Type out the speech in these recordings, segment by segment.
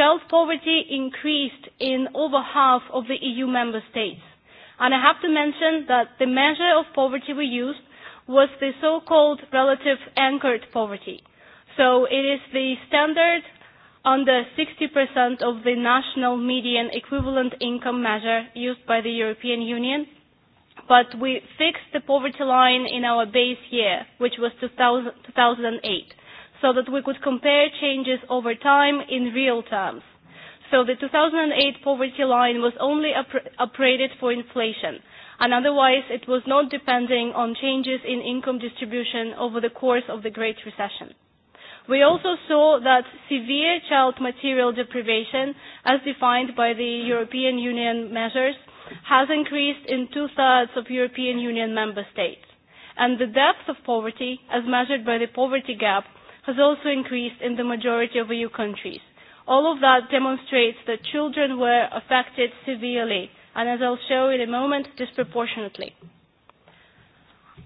child poverty increased in over half of the EU member states. And I have to mention that the measure of poverty we used was the so-called relative anchored poverty. So it is the standard under 60% of the national median equivalent income measure used by the European Union. But we fixed the poverty line in our base year, which was 2000, 2008 so that we could compare changes over time in real terms. So the 2008 poverty line was only upgraded for inflation, and otherwise it was not depending on changes in income distribution over the course of the Great Recession. We also saw that severe child material deprivation, as defined by the European Union measures, has increased in two-thirds of European Union member states. And the depth of poverty, as measured by the poverty gap, has also increased in the majority of EU countries. All of that demonstrates that children were affected severely and, as I'll show in a moment, disproportionately.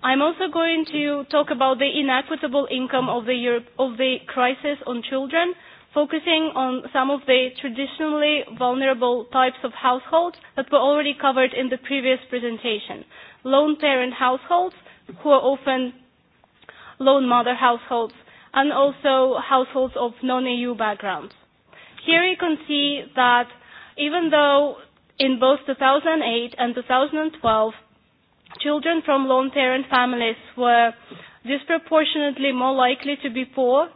I'm also going to talk about the inequitable income of the, Europe, of the crisis on children, focusing on some of the traditionally vulnerable types of households that were already covered in the previous presentation. Lone parent households, who are often lone mother households, and also households of non-EU backgrounds. Here you can see that even though in both 2008 and 2012, children from lone parent families were disproportionately more likely to be poor,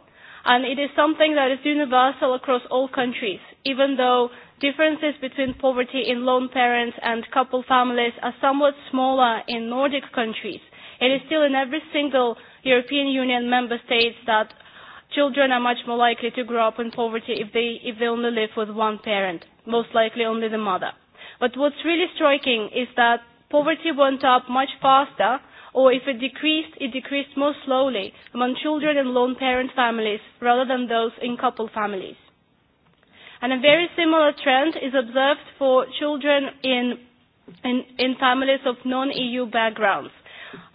and it is something that is universal across all countries, even though differences between poverty in lone parents and couple families are somewhat smaller in Nordic countries. It is still in every single European Union member states that children are much more likely to grow up in poverty if they, if they only live with one parent, most likely only the mother. But what's really striking is that poverty went up much faster, or if it decreased, it decreased more slowly among children in lone parent families rather than those in couple families. And a very similar trend is observed for children in, in, in families of non-EU backgrounds.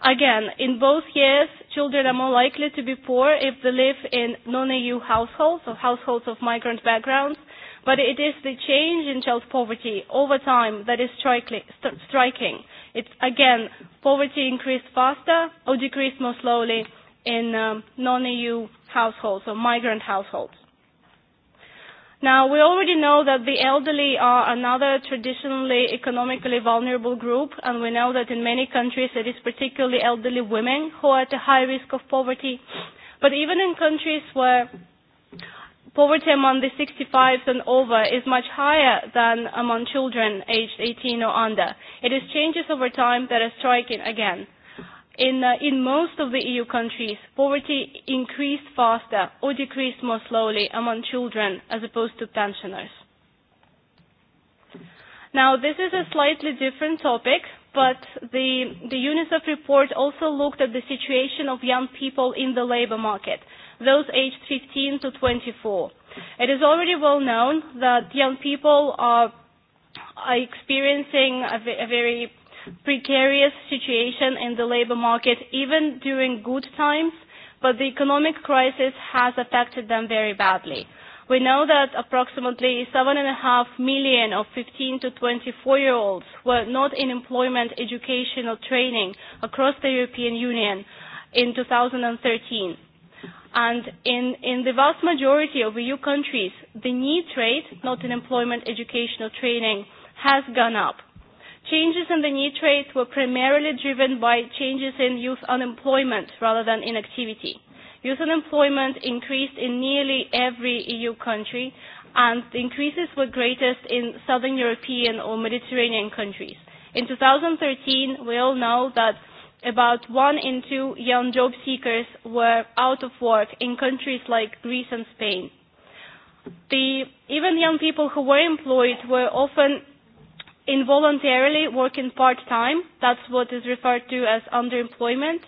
Again, in both years, Children are more likely to be poor if they live in non-EU households or households of migrant backgrounds, but it is the change in child poverty over time that is striking. It's again, poverty increased faster or decreased more slowly in um, non-EU households or migrant households. Now, we already know that the elderly are another traditionally economically vulnerable group, and we know that in many countries it is particularly elderly women who are at a high risk of poverty. But even in countries where poverty among the 65s and over is much higher than among children aged 18 or under. It is changes over time that are striking again. In, uh, in most of the EU countries, poverty increased faster or decreased more slowly among children as opposed to pensioners. Now, this is a slightly different topic, but the, the UNICEF report also looked at the situation of young people in the labor market, those aged 15 to 24. It is already well known that young people are, are experiencing a, a very precarious situation in the labor market even during good times, but the economic crisis has affected them very badly. We know that approximately 7.5 million of 15 to 24 year olds were not in employment, education or training across the European Union in 2013. And in, in the vast majority of EU countries, the need rate, not in employment, education or training, has gone up. Changes in the need rate were primarily driven by changes in youth unemployment rather than inactivity. Youth unemployment increased in nearly every EU country, and the increases were greatest in southern European or Mediterranean countries. In 2013, we all know that about one in two young job seekers were out of work in countries like Greece and Spain. The, even young people who were employed were often involuntarily working part-time. That's what is referred to as underemployment.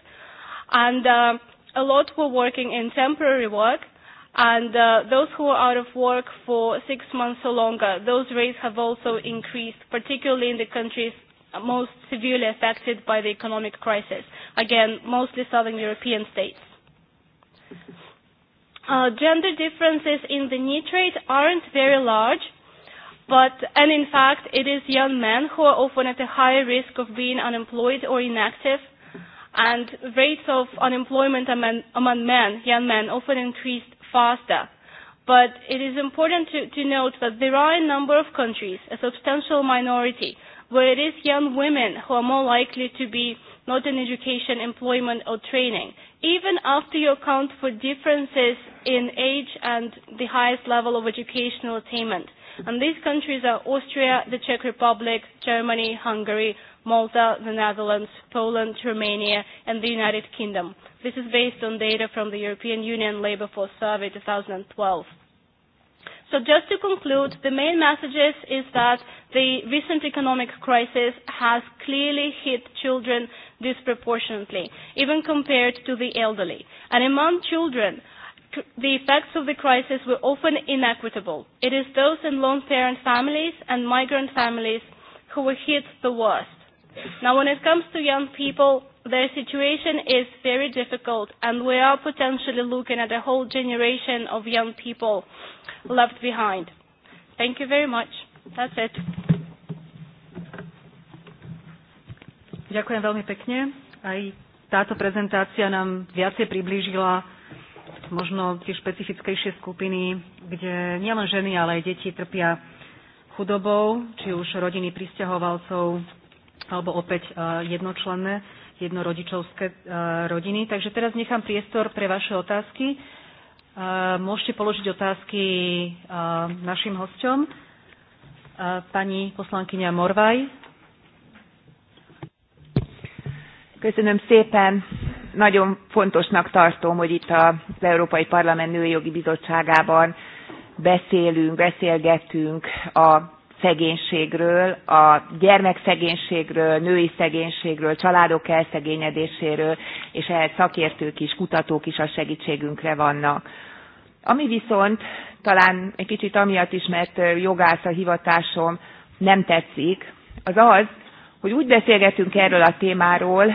And uh, a lot were working in temporary work. And uh, those who are out of work for six months or longer, those rates have also increased, particularly in the countries most severely affected by the economic crisis. Again, mostly southern European states. Uh, gender differences in the need rate aren't very large, But, and in fact, it is young men who are often at a higher risk of being unemployed or inactive, and rates of unemployment among, among men, young men, often increased faster. But it is important to, to note that there are a number of countries, a substantial minority, where it is young women who are more likely to be not in education, employment or training. Even after you account for differences in age and the highest level of educational attainment. And these countries are Austria, the Czech Republic, Germany, Hungary, Malta, the Netherlands, Poland, Romania, and the United Kingdom. This is based on data from the European Union Labour Force Survey 2012. So just to conclude, the main messages is that the recent economic crisis has clearly hit children disproportionately, even compared to the elderly. And among children, the effects of the crisis were often inequitable. It is those in lone parent families and migrant families who were hit the worst. Now, when it comes to young people, their situation is very difficult, and we are potentially looking at a whole generation of young people left behind. Thank you very much. That's it. Ďakujem veľmi pekne. Aj táto prezentácia nám viacej priblížila možno tie špecifickejšie skupiny, kde nielen ženy, ale aj deti trpia chudobou, či už rodiny pristahovalcov, alebo opäť jednočlenné, jednorodičovské rodiny. Takže teraz nechám priestor pre vaše otázky. Môžete položiť otázky našim hosťom. Pani poslankyňa Morvaj. Köszönöm szépen nagyon fontosnak tartom, hogy itt az Európai Parlament női jogi Bizottságában beszélünk, beszélgetünk a szegénységről, a gyermekszegénységről, női szegénységről, családok elszegényedéséről, és ehhez szakértők is, kutatók is a segítségünkre vannak. Ami viszont talán egy kicsit amiatt is, mert jogász a hivatásom, nem tetszik, az az, hogy úgy beszélgetünk erről a témáról,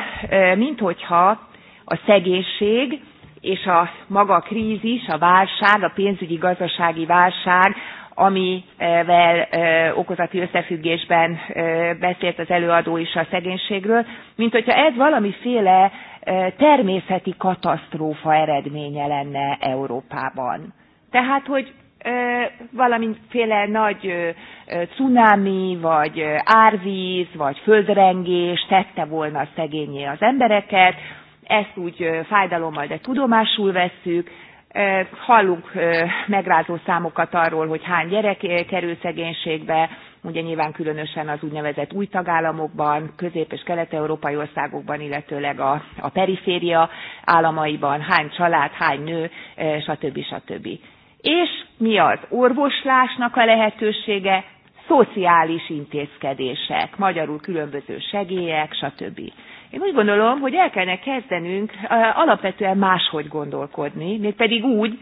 minthogyha a szegénység és a maga a krízis, a válság, a pénzügyi gazdasági válság, amivel okozati összefüggésben beszélt az előadó is a szegénységről, mint hogyha ez valamiféle természeti katasztrófa eredménye lenne Európában. Tehát, hogy valamiféle nagy cunami, vagy árvíz, vagy földrengés tette volna szegényé az embereket, ezt úgy fájdalommal, de tudomásul vesszük, Hallunk megrázó számokat arról, hogy hány gyerek kerül szegénységbe, ugye nyilván különösen az úgynevezett új tagállamokban, közép- és kelet-európai országokban, illetőleg a, a periféria államaiban, hány család, hány nő, stb. stb. És mi az orvoslásnak a lehetősége? Szociális intézkedések, magyarul különböző segélyek, stb. Én úgy gondolom, hogy el kellene kezdenünk alapvetően máshogy gondolkodni, mégpedig úgy,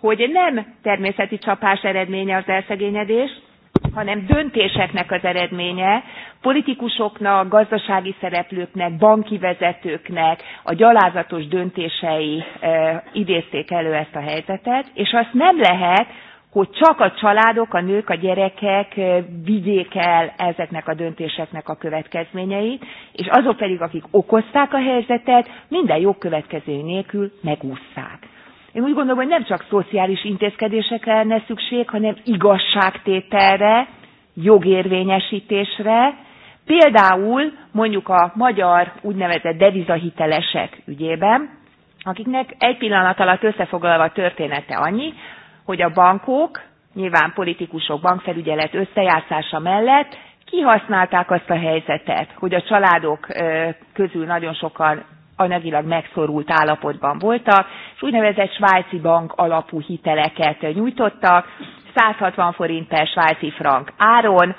hogy nem természeti csapás eredménye az elszegényedés, hanem döntéseknek az eredménye, politikusoknak, gazdasági szereplőknek, banki vezetőknek a gyalázatos döntései e, idézték elő ezt a helyzetet, és azt nem lehet hogy csak a családok, a nők, a gyerekek vigyék el ezeknek a döntéseknek a következményeit, és azok pedig, akik okozták a helyzetet, minden jogkövetkezmény nélkül megúszták. Én úgy gondolom, hogy nem csak szociális intézkedésekre lenne szükség, hanem igazságtételre, jogérvényesítésre, például mondjuk a magyar úgynevezett devizahitelesek ügyében, akiknek egy pillanat alatt összefoglalva a története annyi, hogy a bankok, nyilván politikusok bankfelügyelet összejátszása mellett kihasználták azt a helyzetet, hogy a családok közül nagyon sokan anyagilag megszorult állapotban voltak, és úgynevezett svájci bank alapú hiteleket nyújtottak, 160 forint per svájci frank áron,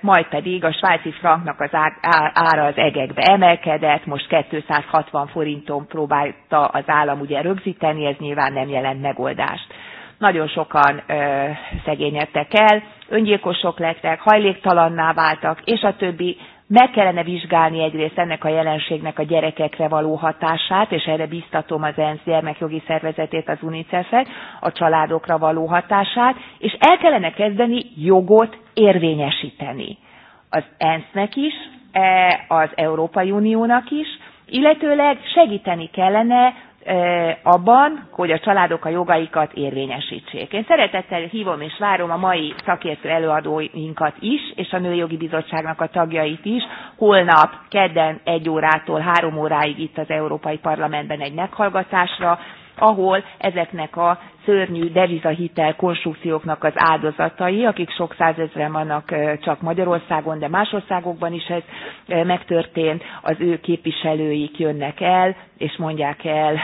majd pedig a svájci franknak az ára az egekbe emelkedett, most 260 forinton próbálta az állam ugye rögzíteni, ez nyilván nem jelent megoldást nagyon sokan ö, szegényedtek el, öngyilkosok lettek, hajléktalanná váltak, és a többi. Meg kellene vizsgálni egyrészt ennek a jelenségnek a gyerekekre való hatását, és erre biztatom az ENSZ gyermekjogi szervezetét, az UNICEF-et, a családokra való hatását, és el kellene kezdeni jogot érvényesíteni. Az ENSZ-nek is, az Európai Uniónak is, illetőleg segíteni kellene abban, hogy a családok a jogaikat érvényesítsék. Én szeretettel hívom és várom a mai szakértő előadóinkat is, és a Nőjogi Bizottságnak a tagjait is. Holnap kedden egy órától három óráig itt az Európai Parlamentben egy meghallgatásra, ahol ezeknek a szörnyű devizahitel konstrukcióknak az áldozatai, akik sok százezren vannak csak Magyarországon, de más országokban is ez megtörtént, az ő képviselőik jönnek el, és mondják el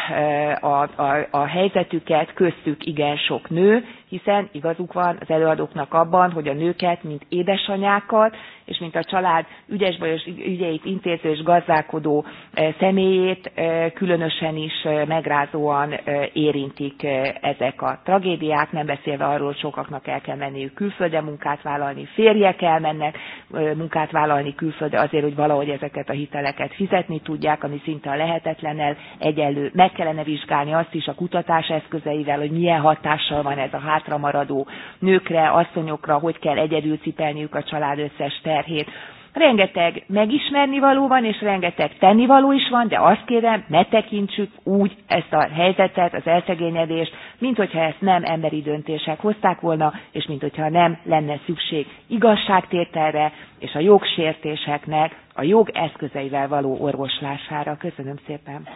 a, a, a helyzetüket, köztük igen sok nő, hiszen igazuk van az előadóknak abban, hogy a nőket, mint édesanyákat, és mint a család ügyes bajos ügyeit intéző és gazdálkodó személyét különösen is megrázóan érintik ezek a tragédiák, nem beszélve arról, hogy sokaknak el kell menniük külföldre munkát vállalni, férjek elmennek munkát vállalni külföldre azért, hogy valahogy ezeket a hiteleket fizetni tudják, ami szinte a lehetetlen mindennel egyenlő. Meg kellene vizsgálni azt is a kutatás eszközeivel, hogy milyen hatással van ez a hátramaradó nőkre, asszonyokra, hogy kell egyedül cipelniük a család összes terhét, Rengeteg megismerni való van, és rengeteg tennivaló is van, de azt kérem, ne tekintsük úgy ezt a helyzetet, az elszegényedést, mint hogyha ezt nem emberi döntések hozták volna, és mint hogyha nem lenne szükség igazságtételre, és a jogsértéseknek a jog eszközeivel való orvoslására. Köszönöm szépen.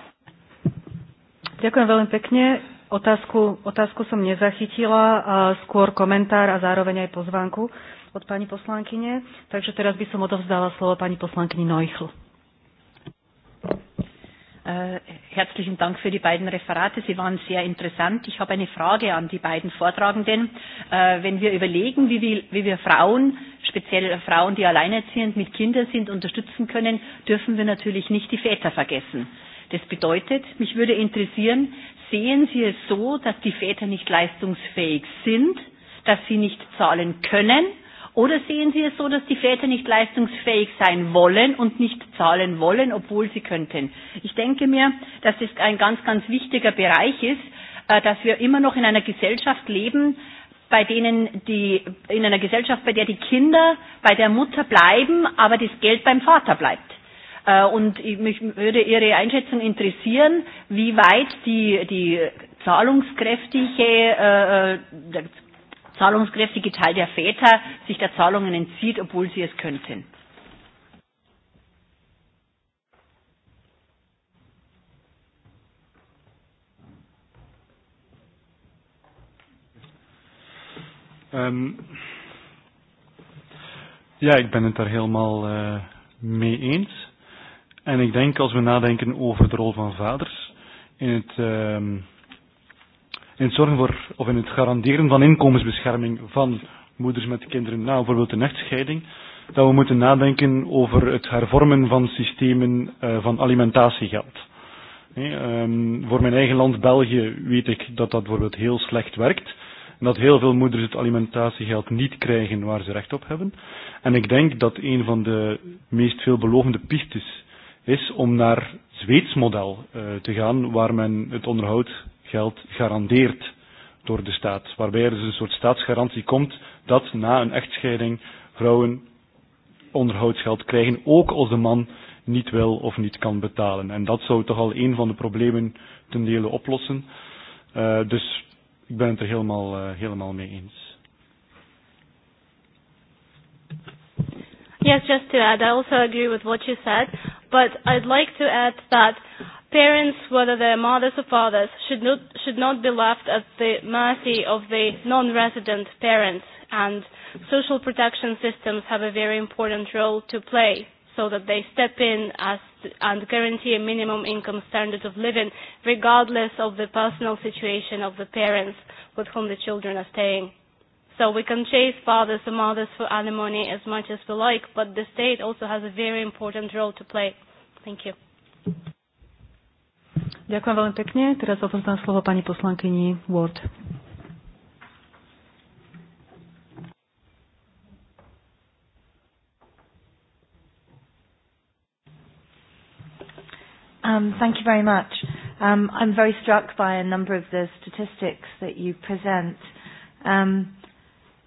Ďakujem veľmi pekne. Otázku, otázku som nezachytila, a skôr komentár a zároveň aj pozvánku od pani poslankyne. Takže teraz by som odovzdala slovo pani poslankyni Neuchl. Äh, herzlichen Dank für die beiden Referate. Sie waren sehr interessant. Ich habe eine Frage an die beiden Vortragenden. Äh, wenn wir überlegen, wie wir Frauen, speziell Frauen, die alleinerziehend mit Kindern sind, unterstützen können, dürfen wir natürlich nicht die Väter vergessen. Das bedeutet, mich würde interessieren, sehen Sie es so, dass die Väter nicht leistungsfähig sind, dass sie nicht zahlen können Oder sehen Sie es so, dass die Väter nicht leistungsfähig sein wollen und nicht zahlen wollen, obwohl sie könnten? Ich denke mir, dass es ein ganz, ganz wichtiger Bereich ist, äh, dass wir immer noch in einer Gesellschaft leben, bei denen die, in einer Gesellschaft, bei der die Kinder bei der Mutter bleiben, aber das Geld beim Vater bleibt. Äh, und mich würde Ihre Einschätzung interessieren, wie weit die, die zahlungskräftige, äh, äh zahlungskräftige Teil der Väter sich der Zahlungen entzieht, obwohl sie es könnten. Um, ja, ik ben het daar helemaal uh, mee eens. En ik denk als we nadenken over de rol van vaders in het um, in het zorgen voor of in het garanderen van inkomensbescherming van moeders met kinderen na nou, bijvoorbeeld een echtscheiding, dat we moeten nadenken over het hervormen van systemen uh, van alimentatiegeld. Nee, um, voor mijn eigen land België weet ik dat dat bijvoorbeeld heel slecht werkt. En dat heel veel moeders het alimentatiegeld niet krijgen waar ze recht op hebben. En ik denk dat een van de meest veelbelovende pistes is om naar Zweeds model uh, te gaan, waar men het onderhoud geld garandeert door de staat. Waarbij er dus een soort staatsgarantie komt dat na een echtscheiding vrouwen onderhoudsgeld krijgen, ook als de man niet wil of niet kan betalen. En dat zou toch al een van de problemen ten dele oplossen. Uh, dus ik ben het er helemaal, uh, helemaal mee eens. Yes, just to add, I also agree with what you said, but I'd like to add that Parents, whether they're mothers or fathers, should not, should not be left at the mercy of the non-resident parents, and social protection systems have a very important role to play so that they step in as, and guarantee a minimum income standard of living, regardless of the personal situation of the parents with whom the children are staying. So we can chase fathers and mothers for alimony as much as we like, but the state also has a very important role to play. Thank you. Ďakujem veľmi pekne. Teraz odovzdám slovo pani poslankyni Ward. Um, thank you very much. Um, I'm very struck by a number of the statistics that you present. Um,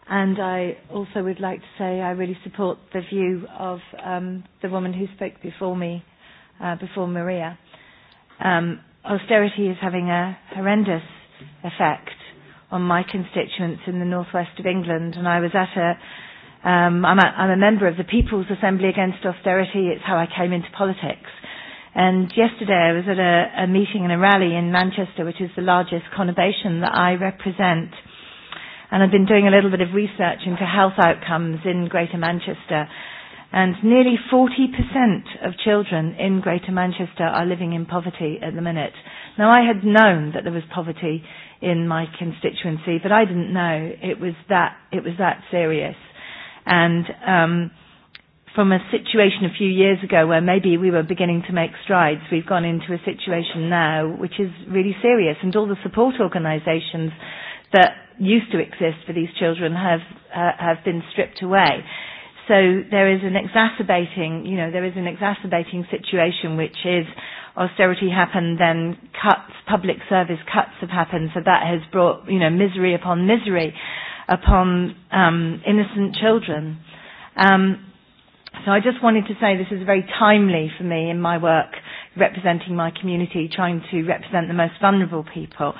and I also would like to say I really support the view of um, the woman who spoke before me, uh, before Maria. Um, austerity is having a horrendous effect on my constituents in the northwest of England, and I was at a um, I'm, a, I'm a member of the People's Assembly Against Austerity. It's how I came into politics. And yesterday I was at a, a meeting and a rally in Manchester, which is the largest conurbation that I represent. And I've been doing a little bit of research into health outcomes in Greater Manchester and nearly 40% of children in Greater Manchester are living in poverty at the minute. Now, I had known that there was poverty in my constituency, but I didn't know it was that, it was that serious. And um, from a situation a few years ago where maybe we were beginning to make strides, we've gone into a situation now which is really serious. And all the support organisations that used to exist for these children have, uh, have been stripped away. So there is an exacerbating, you know, there is an exacerbating situation which is austerity happened, then cuts, public service cuts have happened. So that has brought, you know, misery upon misery upon um, innocent children. Um, so I just wanted to say this is very timely for me in my work representing my community, trying to represent the most vulnerable people.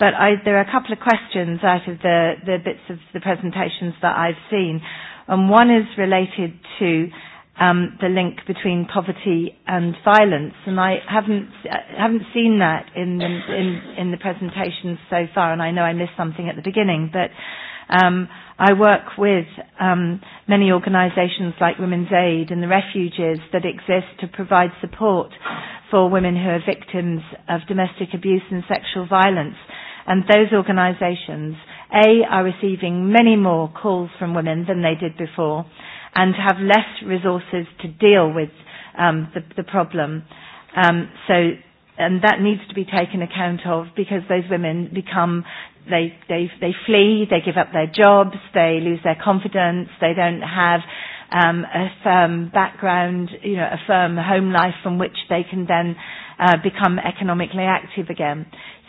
But I, there are a couple of questions out of the, the bits of the presentations that I've seen and one is related to um, the link between poverty and violence, and I haven't I haven't seen that in the, in, in the presentations so far, and I know I missed something at the beginning, but um, I work with um, many organisations like Women's Aid and the refuges that exist to provide support for women who are victims of domestic abuse and sexual violence, and those organisations a, are receiving many more calls from women than they did before and have less resources to deal with um, the, the problem. Um, so, and that needs to be taken account of because those women become, they, they, they flee, they give up their jobs, they lose their confidence, they don't have um, a firm background, you know, a firm home life from which they can then uh, become economically active again.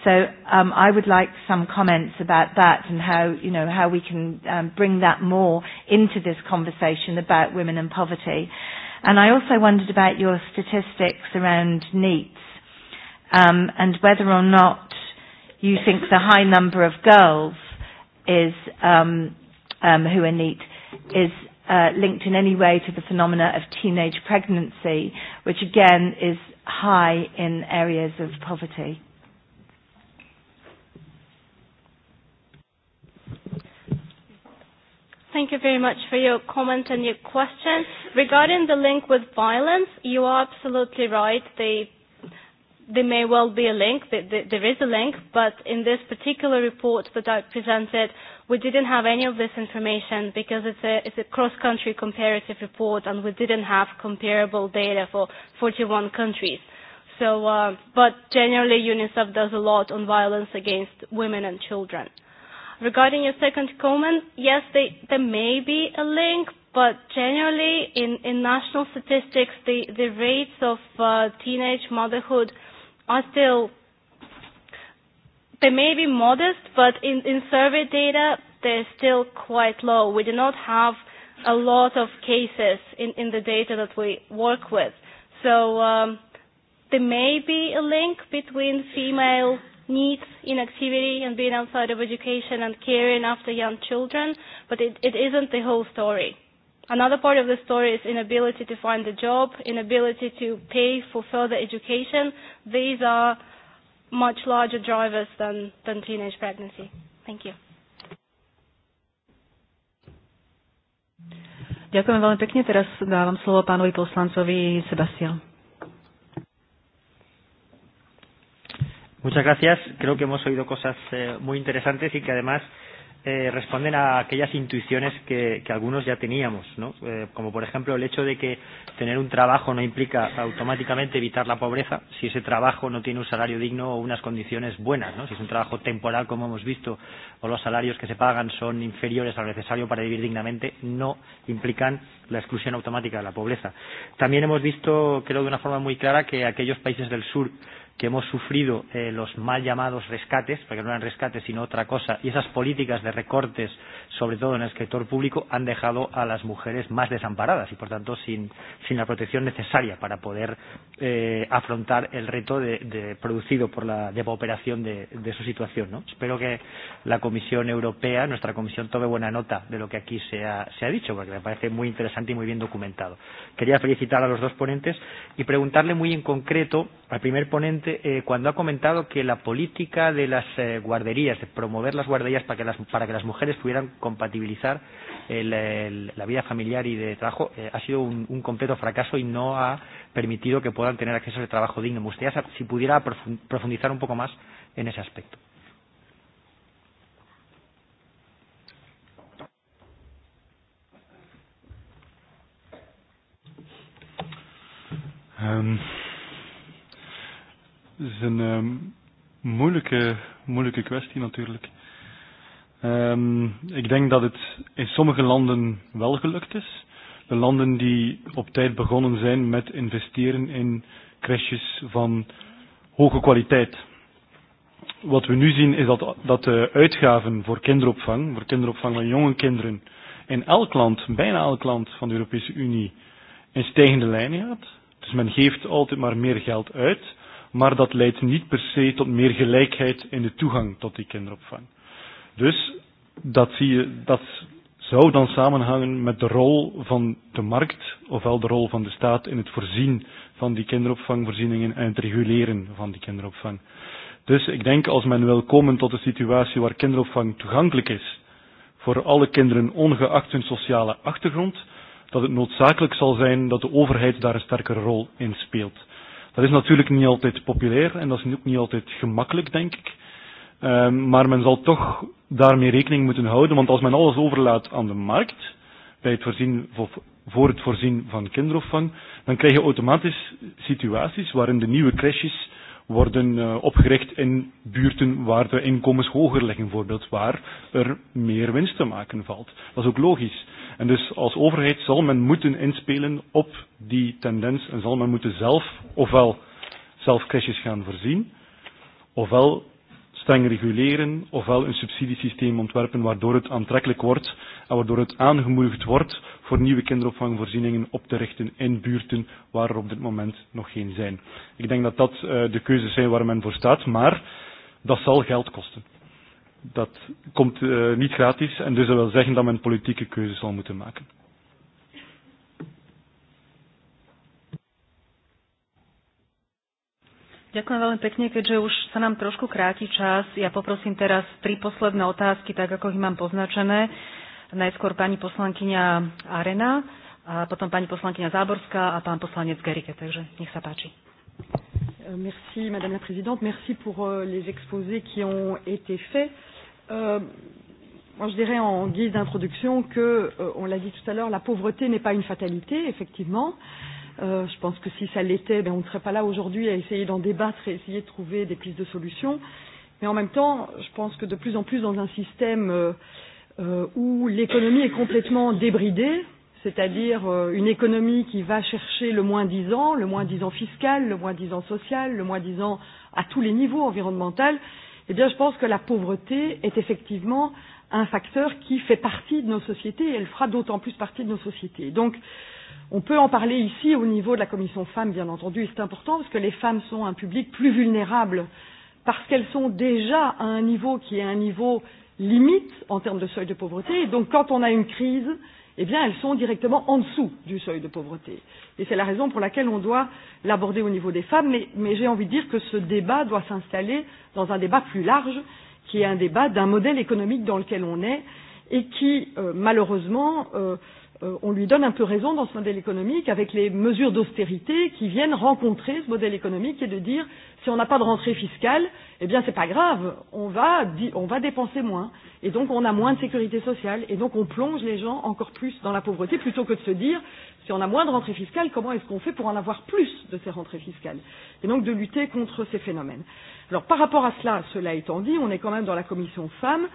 So um, I would like some comments about that and how you know how we can um, bring that more into this conversation about women and poverty. And I also wondered about your statistics around NEETs um, and whether or not you think the high number of girls is um, um, who are NEET is uh, linked in any way to the phenomena of teenage pregnancy, which again is high in areas of poverty. Thank you very much for your comment and your question. Regarding the link with violence, you are absolutely right. They, there may well be a link, there is a link, but in this particular report that I presented, we didn't have any of this information because it's a, it's a cross-country comparative report and we didn't have comparable data for 41 countries. So, uh, but generally UNICEF does a lot on violence against women and children. Regarding your second comment, yes, they, there may be a link, but generally in, in national statistics, the, the rates of uh, teenage motherhood are still, they may be modest, but in, in survey data, they're still quite low. We do not have a lot of cases in, in the data that we work with. So um, there may be a link between female needs inactivity and being outside of education and caring after young children, but it, it isn't the whole story. Another part of the story is inability to find a job, inability to pay for further education. These are much larger drivers than, than teenage pregnancy. Thank you. Ďakujem veľmi pekne. Teraz dávam slovo pánovi poslancovi Sebastian. Muchas gracias. Creo que hemos oído cosas eh, muy interesantes y que además eh, responden a aquellas intuiciones que, que algunos ya teníamos, ¿no? Eh, como por ejemplo el hecho de que tener un trabajo no implica automáticamente evitar la pobreza si ese trabajo no tiene un salario digno o unas condiciones buenas, ¿no? Si es un trabajo temporal, como hemos visto, o los salarios que se pagan son inferiores a lo necesario para vivir dignamente, no implican la exclusión automática de la pobreza. También hemos visto, creo de una forma muy clara, que aquellos países del sur que hemos sufrido eh, los mal llamados rescates, porque no eran rescates sino otra cosa, y esas políticas de recortes, sobre todo en el sector público, han dejado a las mujeres más desamparadas y, por tanto, sin, sin la protección necesaria para poder eh, afrontar el reto de, de, producido por la depauperación de, de su situación. ¿no? Espero que la Comisión Europea, nuestra Comisión, tome buena nota de lo que aquí se ha, se ha dicho, porque me parece muy interesante y muy bien documentado. Quería felicitar a los dos ponentes y preguntarle muy en concreto al primer ponente eh, cuando ha comentado que la política de las eh, guarderías, de promover las guarderías para que las, para que las mujeres pudieran compatibilizar el, el, la vida familiar y de trabajo, eh, ha sido un, un completo fracaso y no ha permitido que puedan tener acceso a trabajo digno. Me gustaría si pudiera profundizar un poco más en ese aspecto. Um, is een um, moeilijke, moeilijke kwestie natuurlijk. Um, ik denk dat het in sommige landen wel gelukt is. De landen die op tijd begonnen zijn met investeren in crèches van hoge kwaliteit. Wat we nu zien is dat, dat de uitgaven voor kinderopvang, voor kinderopvang van jonge kinderen, in elk land, bijna elk land van de Europese Unie, in stijgende lijn gaat. Dus men geeft altijd maar meer geld uit maar dat leidt niet per se tot meer gelijkheid in de toegang tot die kinderopvang. Dus dat, zie je, dat zou dan samenhangen met de rol van de markt, ofwel de rol van de staat in het voorzien van die kinderopvangvoorzieningen en het reguleren van die kinderopvang. Dus ik denk als men wil komen tot een situatie waar kinderopvang toegankelijk is voor alle kinderen ongeacht hun sociale achtergrond, dat het noodzakelijk zal zijn dat de overheid daar een sterkere rol in speelt. Dat is natuurlijk niet altijd populair en dat is ook niet altijd gemakkelijk, denk ik. Um, maar men zal toch daarmee rekening moeten houden, want als men alles overlaat aan de markt, bij het voorzien, voor het voorzien van kinderopvang, dan krijg je automatisch situaties waarin de nieuwe crashes worden uh, opgericht in buurten waar de inkomens hoger liggen, bijvoorbeeld waar er meer winst te maken valt. Dat is ook logisch. En dus als overheid zal men moeten inspelen op die tendens en zal men moeten zelf ofwel zelf crèches gaan voorzien, ofwel streng reguleren, ofwel een subsidiesysteem ontwerpen waardoor het aantrekkelijk wordt en waardoor het aangemoedigd wordt voor nieuwe kinderopvangvoorzieningen op te richten in buurten waar er op dit moment nog geen zijn. Ik denk dat dat eh, de keuzes zijn waar men voor staat, maar dat zal geld kosten dat komt uh, niet gratis en dus dat wil zeggen dat men politieke keuzes zal moeten maken. Ďakujem veľmi pekne, keďže už sa nám trošku kráti čas. Ja poprosím teraz tri posledné otázky, tak ako ich mám poznačené. Najskôr pani poslankyňa Arena, a potom pani poslankyňa Záborská a pán poslanec Gerike. Takže nech sa páči. Merci Madame la Présidente, merci pour euh, les exposés qui ont été faits. Euh, moi, je dirais en guise d'introduction que, euh, on l'a dit tout à l'heure, la pauvreté n'est pas une fatalité, effectivement. Euh, je pense que si ça l'était, ben, on ne serait pas là aujourd'hui à essayer d'en débattre et essayer de trouver des pistes de solutions. Mais en même temps, je pense que de plus en plus dans un système euh, euh, où l'économie est complètement débridée, c'est-à-dire euh, une économie qui va chercher le moins dix ans, le moins dix ans fiscal, le moins dix ans social, le moins dix ans à tous les niveaux environnementaux, eh bien, je pense que la pauvreté est effectivement un facteur qui fait partie de nos sociétés et elle fera d'autant plus partie de nos sociétés. Donc, on peut en parler ici au niveau de la commission femmes, bien entendu, et c'est important parce que les femmes sont un public plus vulnérable parce qu'elles sont déjà à un niveau qui est un niveau limite en termes de seuil de pauvreté. Et donc, quand on a une crise, euh, eh bien, elles sont directement en dessous du seuil de pauvreté. Et c'est la raison pour laquelle on doit l'aborder au niveau des femmes, mais, mais j'ai envie de dire que ce débat doit s'installer dans un débat plus large, qui est un débat d'un modèle économique dans lequel on est, et qui, euh, malheureusement, euh, euh, on lui donne un peu raison dans ce modèle économique avec les mesures d'austérité qui viennent rencontrer ce modèle économique et de dire si on n'a pas de rentrée fiscale, eh bien c'est pas grave, on va, on va dépenser moins et donc on a moins de sécurité sociale et donc on plonge les gens encore plus dans la pauvreté plutôt que de se dire si on a moins de rentrées fiscales, comment est-ce qu'on fait pour en avoir plus de ces rentrées fiscales et donc de lutter contre ces phénomènes. Alors par rapport à cela, cela étant dit, on est quand même dans la commission femmes.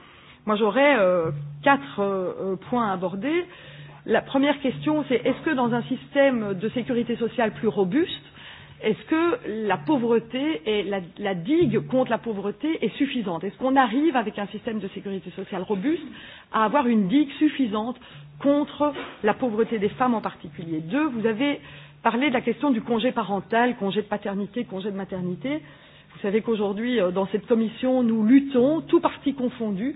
Moi j'aurais euh, quatre euh, euh points à aborder. Euh, la première question, c'est est-ce que dans un système de sécurité sociale plus robuste, est-ce que la pauvreté et la, la digue contre la pauvreté est suffisante Est-ce qu'on arrive, avec un système de sécurité sociale robuste, à avoir une digue suffisante contre la pauvreté des femmes en particulier Deux, vous avez parlé de la question du congé parental, congé de paternité, congé de maternité. Vous savez qu'aujourd'hui, euh, dans cette commission, nous luttons, tout parti confondu,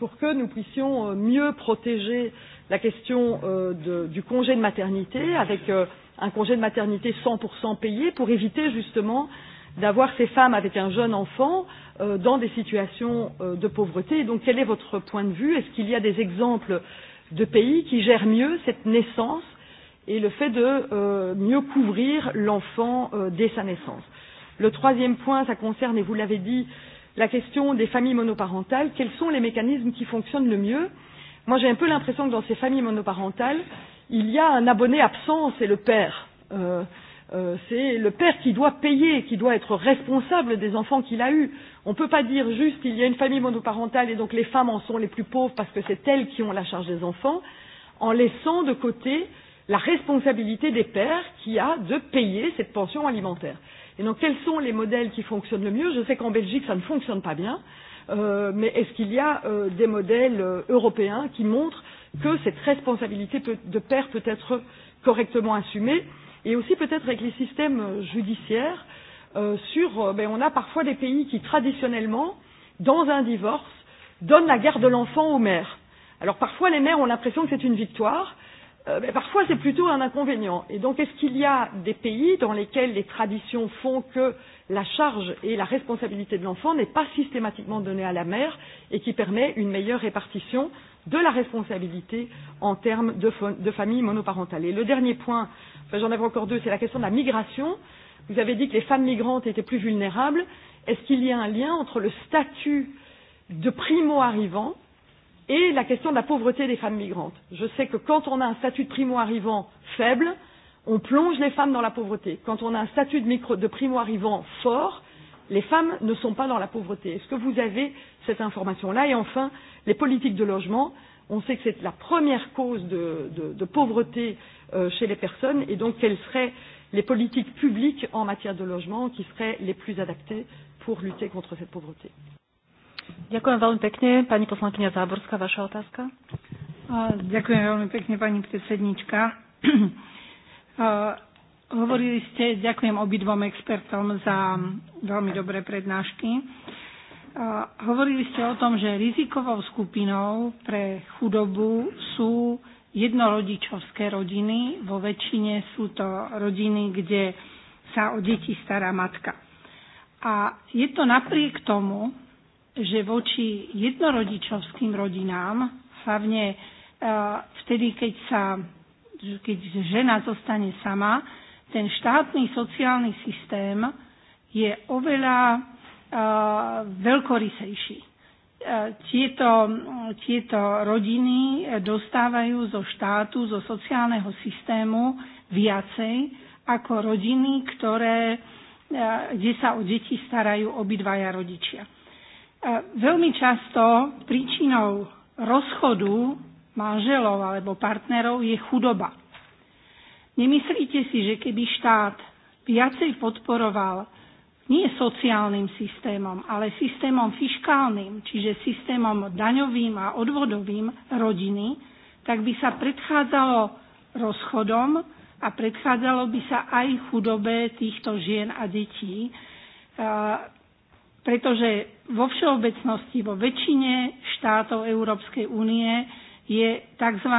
pour que nous puissions euh, mieux protéger euh, la question euh, de, du congé de maternité, avec euh, un congé de maternité 100% payé, pour éviter justement d'avoir ces femmes avec un jeune enfant euh, dans des situations euh, de pauvreté. Et donc, quel est votre point de vue Est-ce qu'il y a des exemples de pays qui gèrent mieux cette naissance et le fait de euh, mieux couvrir l'enfant euh, dès sa naissance Le troisième point, ça concerne, et vous l'avez dit, la question des familles monoparentales. Quels sont les mécanismes qui fonctionnent le mieux euh, Moi, j'ai un peu l'impression que dans ces familles monoparentales, il y a un abonné absent, c'est le père. Euh, euh, c'est le père qui doit payer, qui doit être responsable des enfants qu'il a eus. On ne peut pas dire juste qu'il y a une famille monoparentale et donc les femmes en sont les plus pauvres parce que c'est elles qui ont la charge des enfants, en laissant de côté la responsabilité des pères qui a de payer cette pension alimentaire. Et donc quels sont les modèles qui fonctionnent le mieux Je sais qu'en Belgique ça ne fonctionne pas bien. Euh, Euh, mais est-ce qu'il y a euh, des modèles euh, européens qui montrent que cette responsabilité peut, de père peut être correctement assumée et aussi peut-être avec les systèmes euh, judiciaires euh, sur euh, ben, on a parfois des pays qui traditionnellement dans un divorce donnent la garde de l'enfant aux mères. Alors parfois les mères ont l'impression que c'est une victoire, euh, mais parfois c'est plutôt un inconvénient. Et donc est-ce qu'il y a des pays dans lesquels les traditions font que euh, la charge et la responsabilité de l'enfant n'est pas systématiquement donnée à la mère et qui permet une meilleure répartition de la responsabilité en termes de, de famille monoparentale. Et le dernier point, enfin j'en avais encore deux, c'est la question de la migration. Vous avez dit que les femmes migrantes étaient plus vulnérables. Est-ce qu'il y a un lien entre le statut de primo-arrivant et la question de la pauvreté des femmes migrantes Je sais que quand on a un statut de primo-arrivant faible, euh, on plonge les femmes dans la pauvreté. Quand on a un statut de, micro, de primo-arrivant fort, les femmes ne sont pas dans la pauvreté. Est-ce que vous avez cette information-là Et enfin, les politiques de logement. On sait que c'est la première cause de, de, de pauvreté euh, chez les personnes et donc quelles seraient les politiques publiques en matière de logement qui seraient les plus adaptées pour lutter contre cette pauvreté. Ďakujem veľmi pekne. Pani poslankyňa Záborská, vaša otázka. Ďakujem veľmi pekne, pani predsednička. Eh, hovorili ste, ďakujem obidvom expertom za veľmi dobré prednášky. Eh, hovorili ste o tom, že rizikovou skupinou pre chudobu sú jednorodičovské rodiny. Vo väčšine sú to rodiny, kde sa o deti stará matka. A je to napriek tomu, že voči jednorodičovským rodinám, hlavne eh, vtedy, keď sa že keď žena zostane sama, ten štátny sociálny systém je oveľa uh, veľkorysejší. Eh, tieto, tieto rodiny dostávajú zo štátu, zo sociálneho systému viacej ako rodiny, ktoré, eh, kde sa o deti starajú obidvaja rodičia. veľmi často príčinou rozchodu manželov alebo partnerov je chudoba. Nemyslíte si, že keby štát viacej podporoval nie sociálnym systémom, ale systémom fiškálnym, čiže systémom daňovým a odvodovým rodiny, tak by sa predchádzalo rozchodom a predchádzalo by sa aj chudobe týchto žien a detí, pretože vo všeobecnosti vo väčšine štátov Európskej únie je tzv.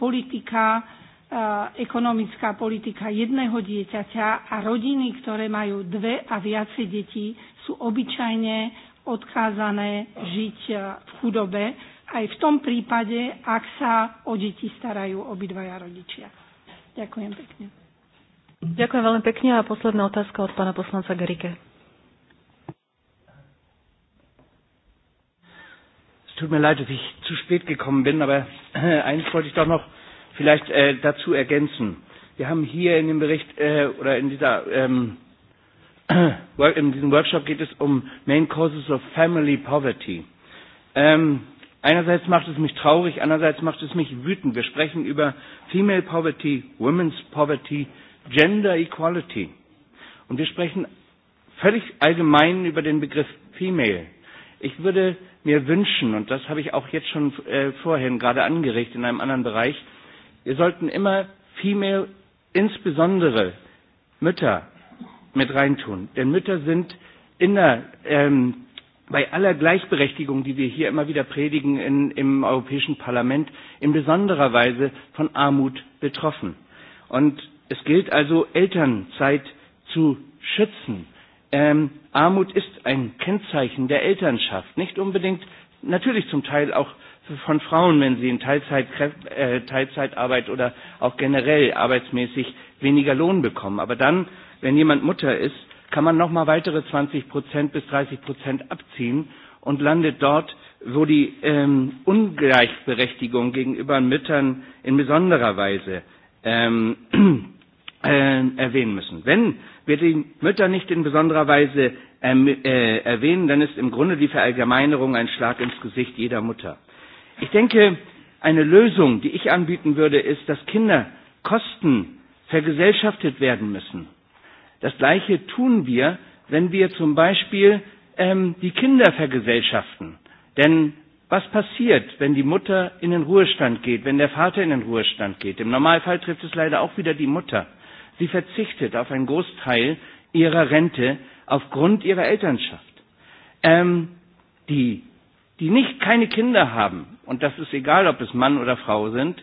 politika, eh, ekonomická politika jedného dieťaťa a rodiny, ktoré majú dve a viacej detí, sú obyčajne odkázané žiť eh, v chudobe, aj v tom prípade, ak sa o deti starajú obidvaja rodičia. Ďakujem pekne. Ďakujem veľmi pekne a posledná otázka od pána poslanca Garike. Tut mir leid, dass ich zu spät gekommen bin, aber äh, eins wollte ich doch noch vielleicht äh, dazu ergänzen. Wir haben hier in dem Bericht äh, oder in, dieser, ähm, in diesem Workshop geht es um Main Causes of Family Poverty. Ähm, einerseits macht es mich traurig, andererseits macht es mich wütend. Wir sprechen über Female Poverty, Women's Poverty, Gender Equality. Und wir sprechen völlig allgemein über den Begriff Female. Ich würde mir wünschen, und das habe ich auch jetzt schon äh, vorhin gerade angeregt in einem anderen Bereich, wir sollten immer Female, insbesondere Mütter, mit reintun. Denn Mütter sind in der, ähm, bei aller Gleichberechtigung, die wir hier immer wieder predigen in, im Europäischen Parlament, in besonderer Weise von Armut betroffen. Und es gilt also, Elternzeit zu schützen Ähm, Armut ist ein Kennzeichen der Elternschaft, nicht unbedingt, natürlich zum Teil auch von Frauen, wenn sie in Teilzeit, äh, Teilzeitarbeit oder auch generell arbeitsmäßig weniger Lohn bekommen. Aber dann, wenn jemand Mutter ist, kann man noch mal weitere 20 Prozent bis 30 Prozent abziehen und landet dort, wo die ähm, Ungleichberechtigung gegenüber Müttern in besonderer Weise ähm, äh, erwähnen müssen. Wenn werde die Mütter nicht in besonderer Weise ähm, äh, erwähnen, dann ist im Grunde die Verallgemeinerung ein Schlag ins Gesicht jeder Mutter. Ich denke, eine Lösung, die ich anbieten würde, ist, dass Kinder Kosten vergesellschaftet werden müssen. Das Gleiche tun wir, wenn wir zum Beispiel ähm, die Kinder vergesellschaften. Denn was passiert, wenn die Mutter in den Ruhestand geht, wenn der Vater in den Ruhestand geht? Im Normalfall trifft es leider auch wieder die Mutter. Sie verzichtet auf einen Großteil ihrer Rente aufgrund ihrer Elternschaft. Ähm, die, die nicht keine Kinder haben, und das ist egal, ob es Mann oder Frau sind,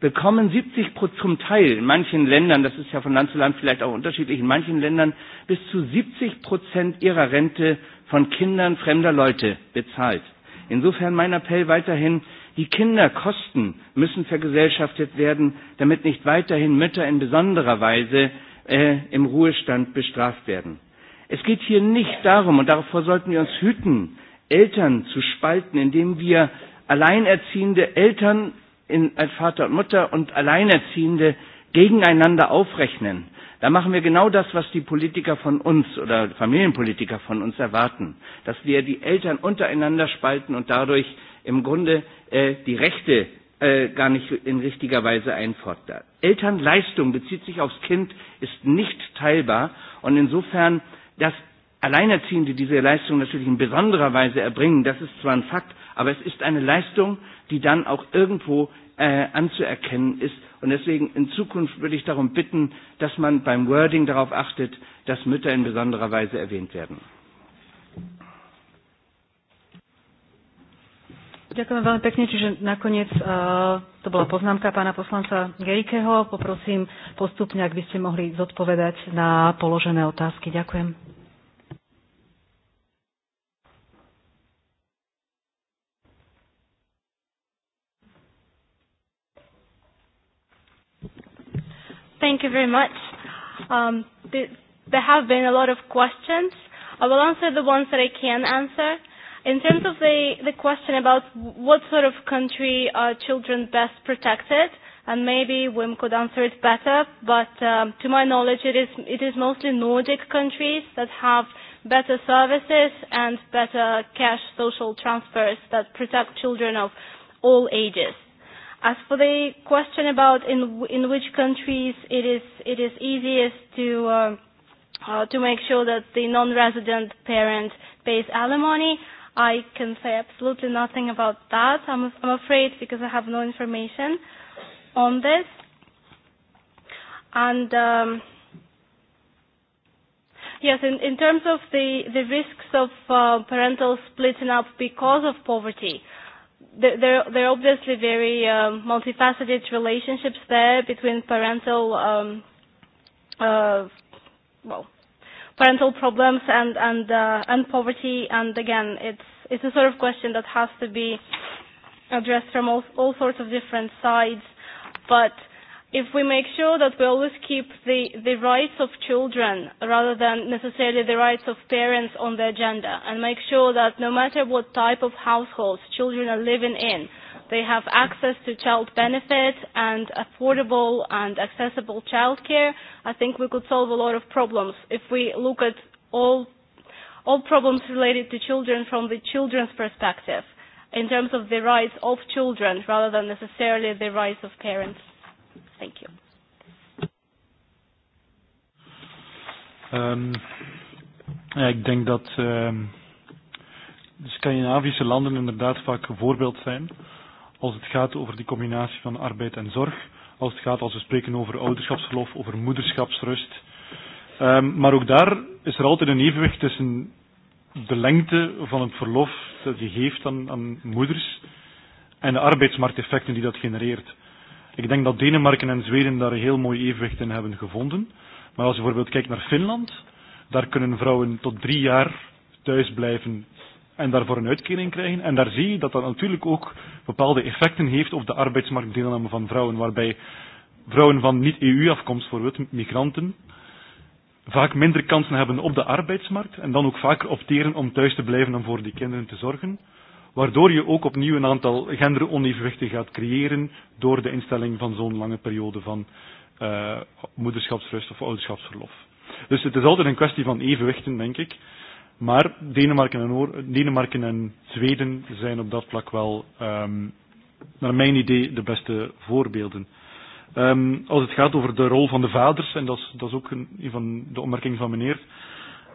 bekommen 70 zum Teil in manchen Ländern, das ist ja von Land zu Land vielleicht auch unterschiedlich, in manchen Ländern bis zu 70 Prozent ihrer Rente von Kindern fremder Leute bezahlt. Insofern mein Appell weiterhin, Die Kinderkosten müssen vergesellschaftet werden, damit nicht weiterhin Mütter in besonderer Weise äh, im Ruhestand bestraft werden. Es geht hier nicht darum, und davor sollten wir uns hüten, Eltern zu spalten, indem wir alleinerziehende Eltern in, als Vater und Mutter und alleinerziehende gegeneinander aufrechnen. Da machen wir genau das, was die Politiker von uns oder Familienpolitiker von uns erwarten, dass wir die Eltern untereinander spalten und dadurch im Grunde äh, die Rechte äh, gar nicht in richtiger Weise einfordert. Elternleistung bezieht sich aufs Kind, ist nicht teilbar und insofern, dass Alleinerziehende diese Leistung natürlich in besonderer Weise erbringen, das ist zwar ein Fakt, aber es ist eine Leistung, die dann auch irgendwo äh, anzuerkennen ist. Und deswegen in Zukunft würde ich darum bitten, dass man beim Wording darauf achtet, dass Mütter in besonderer Weise erwähnt werden. Ďakujem veľmi pekne, čiže nakoniec uh, to bola poznámka pána poslanca Gejkeho. Poprosím postupne, ak by ste mohli zodpovedať na položené otázky. Ďakujem. Thank you very much. Um, th there have been a lot of questions. I will answer the ones that I can answer. In terms of the, the question about what sort of country are children best protected, and maybe Wim could answer it better, but um, to my knowledge, it is, it is mostly Nordic countries that have better services and better cash social transfers that protect children of all ages. As for the question about in, in which countries it is, it is easiest to, uh, uh, to make sure that the non-resident parent pays alimony, I can say absolutely nothing about that. I'm, I'm afraid because I have no information on this. And um, yes, in, in terms of the, the risks of uh, parental splitting up because of poverty, there, there are obviously very um, multifaceted relationships there between parental, um, uh, well, parental problems and and uh, and poverty. And again, it's it's a sort of question that has to be addressed from all, all sorts of different sides. But if we make sure that we always keep the, the rights of children rather than necessarily the rights of parents on the agenda and make sure that no matter what type of households children are living in, They have access to child benefit and affordable and accessible childcare. I think we could solve a lot of problems if we look at all, all problems related to children from the children's perspective in terms of the rights of children rather than necessarily the rights of parents. Thank you. Um, ja, ik denk dat um, de Scandinavische landen inderdaad vaak een voorbeeld zijn als het gaat over die combinatie van arbeid en zorg, als het gaat als we spreken over ouderschapsverlof, over moederschapsrust. Um, maar ook daar is er altijd een evenwicht tussen de lengte van het verlof dat je geeft aan, aan moeders en de arbeidsmarkteffecten die dat genereert. Ik denk dat Denemarken en Zweden daar een heel mooi evenwicht in hebben gevonden. Maar als je bijvoorbeeld kijkt naar Finland, daar kunnen vrouwen tot drie jaar thuis blijven en daarvoor een uitkering krijgen. En daar zie je dat dat natuurlijk ook bepaalde effecten heeft op de arbeidsmarktdeelname van vrouwen, waarbij vrouwen van niet-EU-afkomst, bijvoorbeeld migranten, vaak minder kansen hebben op de arbeidsmarkt en dan ook vaker opteren om thuis te blijven om voor die kinderen te zorgen. Waardoor je ook opnieuw een aantal genderonevenwichten gaat creëren door de instelling van zo'n lange periode van uh, moederschapsrust of ouderschapsverlof. Dus het is altijd een kwestie van evenwichten, denk ik. Maar Denemarken en, Oor Denemarken en Zweden zijn op dat vlak wel, um, naar mijn idee, de beste voorbeelden. Um, als het gaat over de rol van de vaders, en dat is, dat is ook een, een van de opmerkingen van meneer,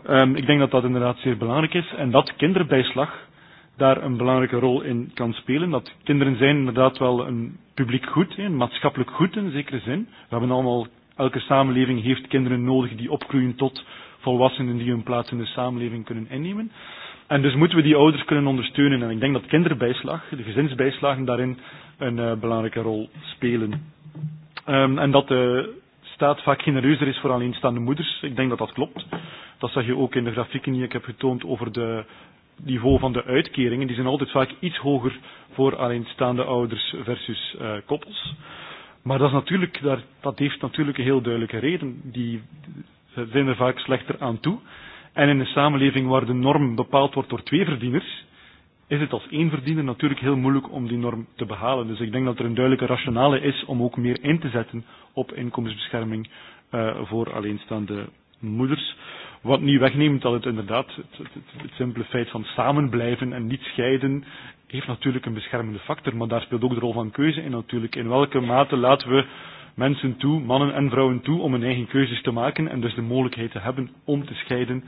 um, ik denk dat dat inderdaad zeer belangrijk is en dat kinderbijslag daar een belangrijke rol in kan spelen. Dat kinderen zijn inderdaad wel een publiek goed, een maatschappelijk goed in zekere zin. We hebben allemaal, elke samenleving heeft kinderen nodig die opgroeien tot volwassenen die hun plaats in de samenleving kunnen innemen. En dus moeten we die ouders kunnen ondersteunen. En ik denk dat kinderbijslag, de gezinsbijslagen daarin een uh, belangrijke rol spelen. Um, en dat de staat vaak genereuzer is voor alleenstaande moeders. Ik denk dat dat klopt. Dat zag je ook in de grafieken die ik heb getoond over de niveau van de uitkeringen. Die zijn altijd vaak iets hoger voor alleenstaande ouders versus uh, koppels. Maar dat, is natuurlijk, dat heeft natuurlijk een heel duidelijke reden. Die Ze eh, zijn er vaak slechter aan toe. En in een samenleving waar de norm bepaald wordt door twee verdieners, is het als één verdiener natuurlijk heel moeilijk om die norm te behalen. Dus ik denk dat er een duidelijke rationale is om ook meer in te zetten op inkomensbescherming uh, voor alleenstaande moeders. Wat niet wegneemt dat het inderdaad het, het, het, het simpele feit van samen blijven en niet scheiden heeft natuurlijk een beschermende factor. Maar daar speelt ook de rol van keuze in natuurlijk. In welke mate laten we mensen toe, mannen en vrouwen toe, om hun eigen keuzes te maken en dus de mogelijkheid te hebben om te scheiden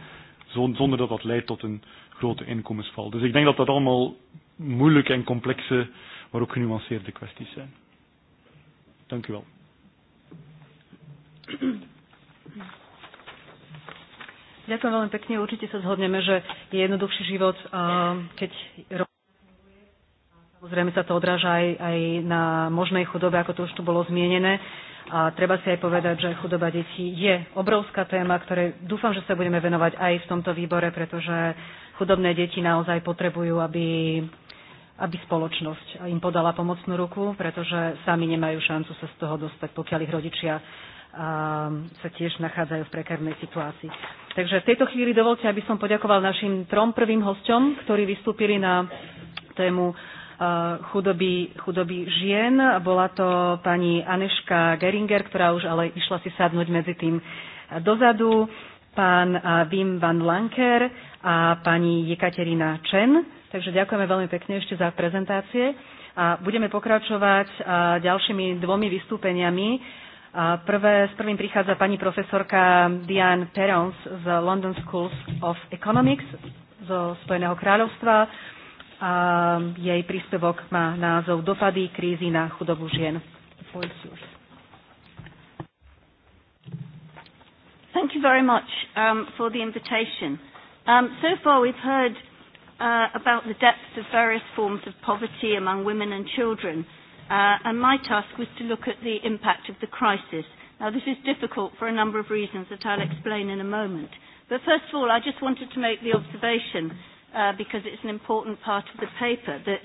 zonder dat dat leidt tot een grote inkomensval. Dus ik denk dat dat allemaal moeilijke en complexe, maar ook genuanceerde kwesties zijn. Dank u wel. Ďakujem veľmi pekne. Určite sa zhodneme, že je jednoduchší život, ehm, keď Samozrejme sa to odráža aj, aj na možnej chudobe, ako to už tu bolo zmienené. A treba si aj povedať, že chudoba detí je obrovská téma, ktorej dúfam, že sa budeme venovať aj v tomto výbore, pretože chudobné deti naozaj potrebujú, aby, aby spoločnosť im podala pomocnú ruku, pretože sami nemajú šancu sa z toho dostať, pokiaľ ich rodičia a sa tiež nachádzajú v prekárnej situácii. Takže v tejto chvíli dovolte, aby som poďakoval našim trom prvým hosťom, ktorí vystúpili na tému uh, Eh, chudoby, chudoby žien. Bola to pani Aneška Geringer, ktorá už ale išla si sadnúť medzi tým dozadu, pán eh, Wim van Lanker a pani Jekaterina Čen. Takže ďakujeme veľmi pekne ešte za prezentácie a budeme pokračovať eh, ďalšími dvomi vystúpeniami. A Prvé, s prvým prichádza pani profesorka Diane Perons z London Schools of Economics zo Spojeného kráľovstva a jej príspevok má názov Dopady krízy na chudobu žien. Thank you very much um, for the invitation. Um, so far we've heard uh, about the depths of various forms of poverty among women and children, uh, and my task was to look at the impact of the crisis. Now this is difficult for a number of reasons that I'll explain in a moment. But first of all, I just wanted to make the observation uh, because it's an important part of the paper, that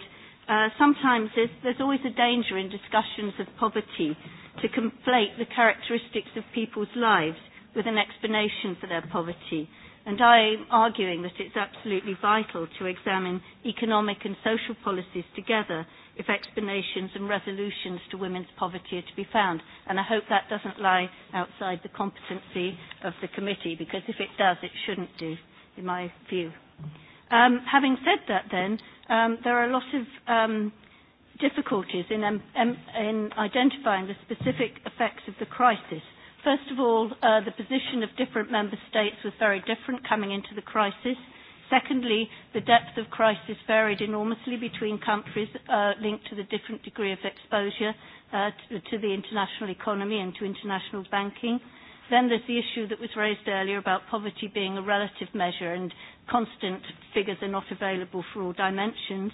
uh, sometimes there's, there's always a danger in discussions of poverty to conflate the characteristics of people's lives with an explanation for their poverty. And I'm arguing that it's absolutely vital to examine economic and social policies together if explanations and resolutions to women's poverty are to be found. And I hope that doesn't lie outside the competency of the committee, because if it does, it shouldn't do, in my view. Um, having said that, then, um, there are a lot of um, difficulties in, um, um, in identifying the specific effects of the crisis. First of all, uh, the position of different member states was very different coming into the crisis. Secondly, the depth of crisis varied enormously between countries uh, linked to the different degree of exposure uh, to, to the international economy and to international banking. Uh, Then there's the issue that was raised earlier about poverty being a relative measure and constant figures are not available for all dimensions.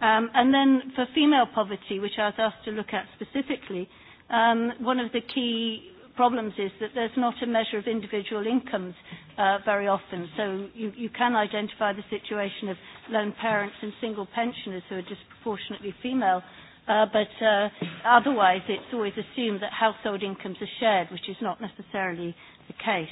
Um, and then for female poverty, which I was asked to look at specifically, um, one of the key problems is that there's not a measure of individual incomes uh, very often. So you, you can identify the situation of lone parents and single pensioners who are disproportionately female Uh, but uh, otherwise, it's always assumed that household incomes are shared, which is not necessarily the case.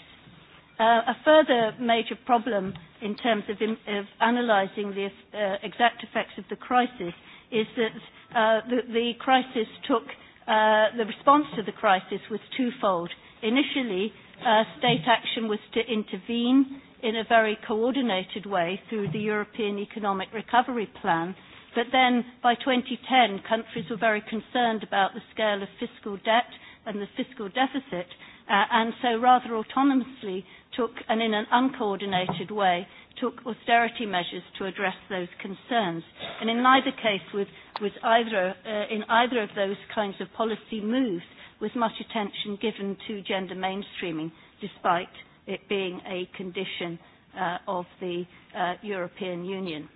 Uh, a further major problem in terms of, of analysing the uh, exact effects of the crisis is that uh, the, the crisis took, uh, the response to the crisis was twofold. Initially, uh, state action was to intervene in a very coordinated way through the European Economic Recovery Plan, But then by 2010, countries were very concerned about the scale of fiscal debt and the fiscal deficit, uh, and so rather autonomously took, and in an uncoordinated way, took austerity measures to address those concerns. And in neither case was, was either, uh, in either of those kinds of policy moves was much attention given to gender mainstreaming, despite it being a condition uh, of the uh, European Union.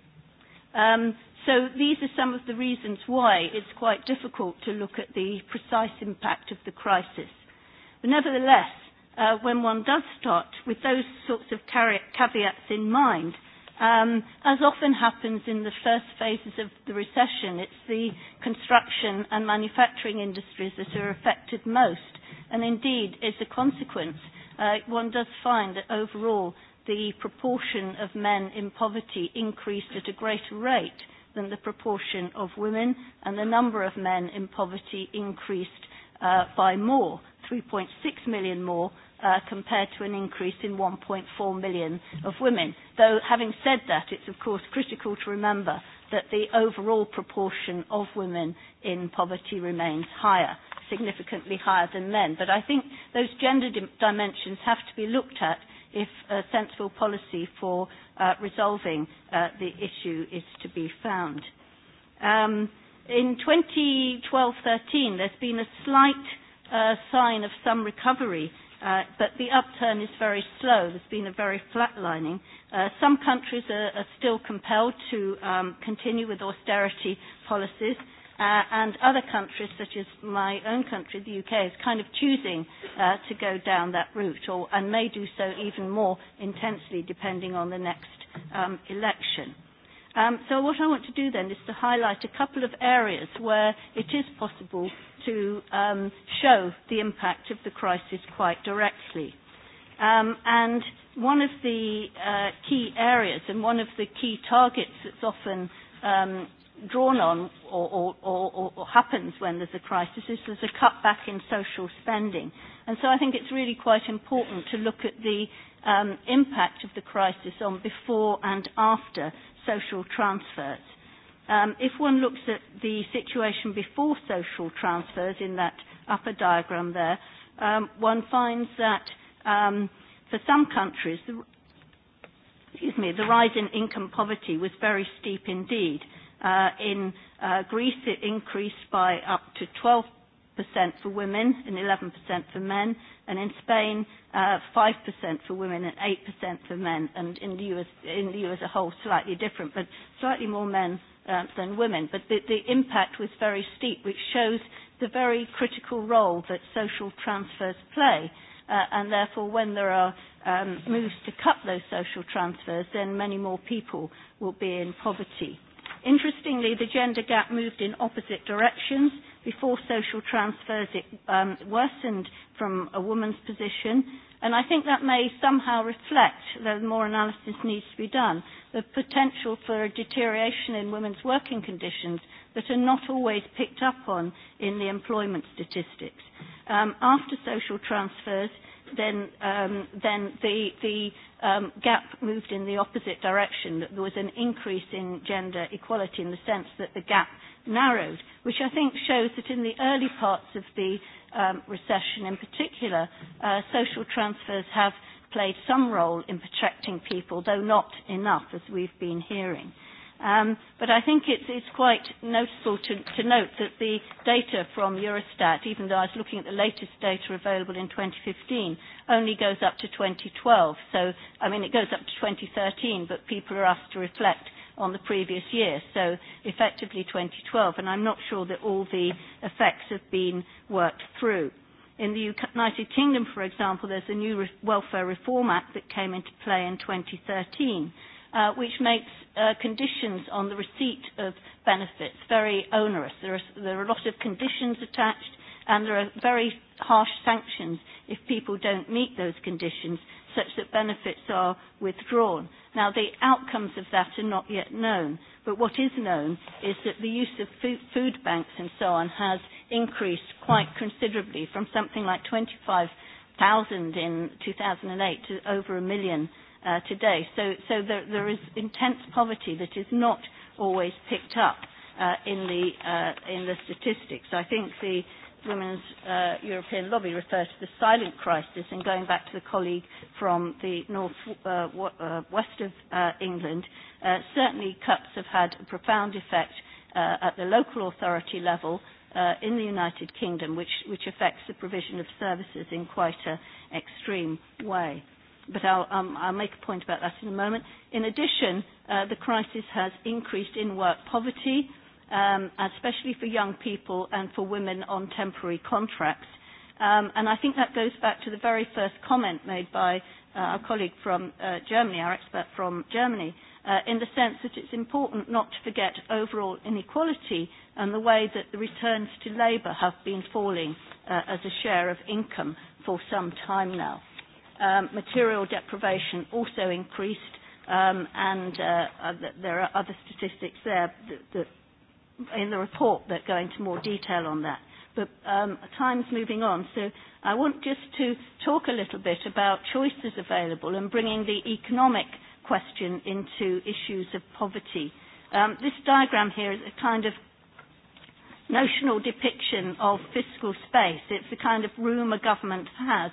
Um, So these are some of the reasons why it's quite difficult to look at the precise impact of the crisis. But nevertheless, uh, when one does start with those sorts of caveats in mind, um, as often happens in the first phases of the recession, it's the construction and manufacturing industries that are affected most. And indeed, as a consequence, uh, one does find that overall the proportion of men in poverty increased at a greater rate than the proportion of women, and the number of men in poverty increased uh, by more, 3.6 million more, uh, compared to an increase in 1.4 million of women. Though, having said that, it's of course critical to remember that the overall proportion of women in poverty remains higher, significantly higher than men. But I think those gender dimensions have to be looked at if a sensible policy for uh, resolving uh, the issue is to be found. Um, in 2012-13, there's been a slight uh, sign of some recovery, uh, but the upturn is very slow. There's been a very flatlining. Uh, some countries are, are still compelled to um, continue with austerity policies uh, and other countries, such as my own country, the UK, is kind of choosing uh, to go down that route, or and may do so even more intensely depending on the next um, election. Um, so what I want to do then is to highlight a couple of areas where it is possible to um, show the impact of the crisis quite directly. Um, and one of the uh, key areas and one of the key targets that's often um, drawn on or, or, or, or happens when there's a crisis is there's a cutback in social spending. And so I think it's really quite important to look at the um, impact of the crisis on before and after social transfers. Um, if one looks at the situation before social transfers in that upper diagram there, um, one finds that um, for some countries, the, excuse me, the rise in income poverty was very steep indeed Uh, in uh, Greece, it increased by up to 12% for women and 11% for men, and in Spain, uh, 5% for women and 8% for men, and in the, US, in the U.S. as a whole, slightly different, but slightly more men uh, than women. But the, the impact was very steep, which shows the very critical role that social transfers play. Uh, and therefore, when there are um, moves to cut those social transfers, then many more people will be in poverty. Interestingly, the gender gap moved in opposite directions. Before social transfers, it um, worsened from a woman's position. And I think that may somehow reflect, though more analysis needs to be done, the potential for a deterioration in women's working conditions that are not always picked up on in the employment statistics. Um, after social transfers, then um, then the the um, gap moved in the opposite direction. That there was an increase in gender equality in the sense that the gap narrowed, which I think shows that in the early parts of the um, recession, in particular, uh, social transfers have played some role in protecting people, though not enough, as we've been hearing. Um, but I think it's, it's quite noticeable to, to note that the data from Eurostat, even though I was looking at the latest data available in 2015, only goes up to 2012. So, I mean, it goes up to 2013, but people are asked to reflect on the previous year, so effectively 2012, and I'm not sure that all the effects have been worked through. In the United Kingdom, for example, there's a new Re- Welfare Reform Act that came into play in 2013, uh, which makes uh, conditions on the receipt of benefits very onerous. There are, there are a lot of conditions attached and there are very harsh sanctions if people don't meet those conditions such that benefits are withdrawn. Now, the outcomes of that are not yet known, but what is known is that the use of food, food banks and so on has increased quite considerably from something like 25,000 in 2008 to over a million uh, today. So, so there, there is intense poverty that is not always picked up uh, in, the, uh, in the statistics. I think the Women's uh, European Lobby referred to the silent crisis, and going back to the colleague from the north uh, w- uh, west of uh, England, uh, certainly cuts have had a profound effect uh, at the local authority level uh, in the United Kingdom, which, which affects the provision of services in quite an extreme way but I'll, um, I'll make a point about that in a moment. In addition, uh, the crisis has increased in work poverty, um, especially for young people and for women on temporary contracts. Um, and I think that goes back to the very first comment made by uh, our colleague from uh, Germany, our expert from Germany, uh, in the sense that it's important not to forget overall inequality and the way that the returns to labour have been falling uh, as a share of income for some time now. Um, material deprivation also increased, um, and uh, uh there are other statistics there that, that in the report that go into more detail on that. But um, time's moving on, so I want just to talk a little bit about choices available and bringing the economic question into issues of poverty. Um, this diagram here is a kind of notional depiction of fiscal space. It's the kind of room a government has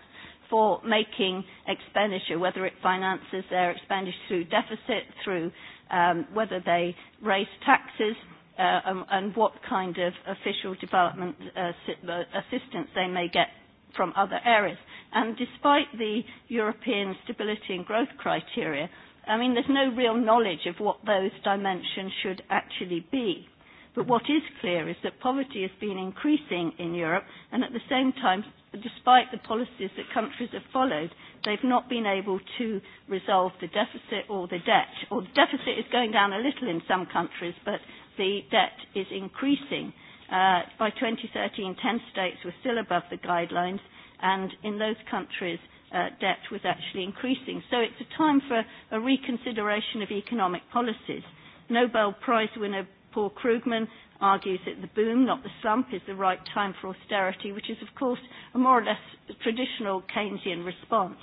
for making expenditure, whether it finances their expenditure through deficit, through um, whether they raise taxes, uh, and, um, and what kind of official development uh, uh, assistance they may get from other areas. And despite the European stability and growth criteria, I mean, there's no real knowledge of what those dimensions should actually be. But what is clear is that poverty has been increasing in Europe, and at the same time, But despite the policies that countries have followed, they've not been able to resolve the deficit or the debt. Or the deficit is going down a little in some countries, but the debt is increasing. Uh, by 2013, 10 states were still above the guidelines, and in those countries, uh, debt was actually increasing. So it's a time for a reconsideration of economic policies. Nobel Prize winner Paul Krugman argues that the boom, not the slump, is the right time for austerity, which is, of course, a more or less traditional Keynesian response.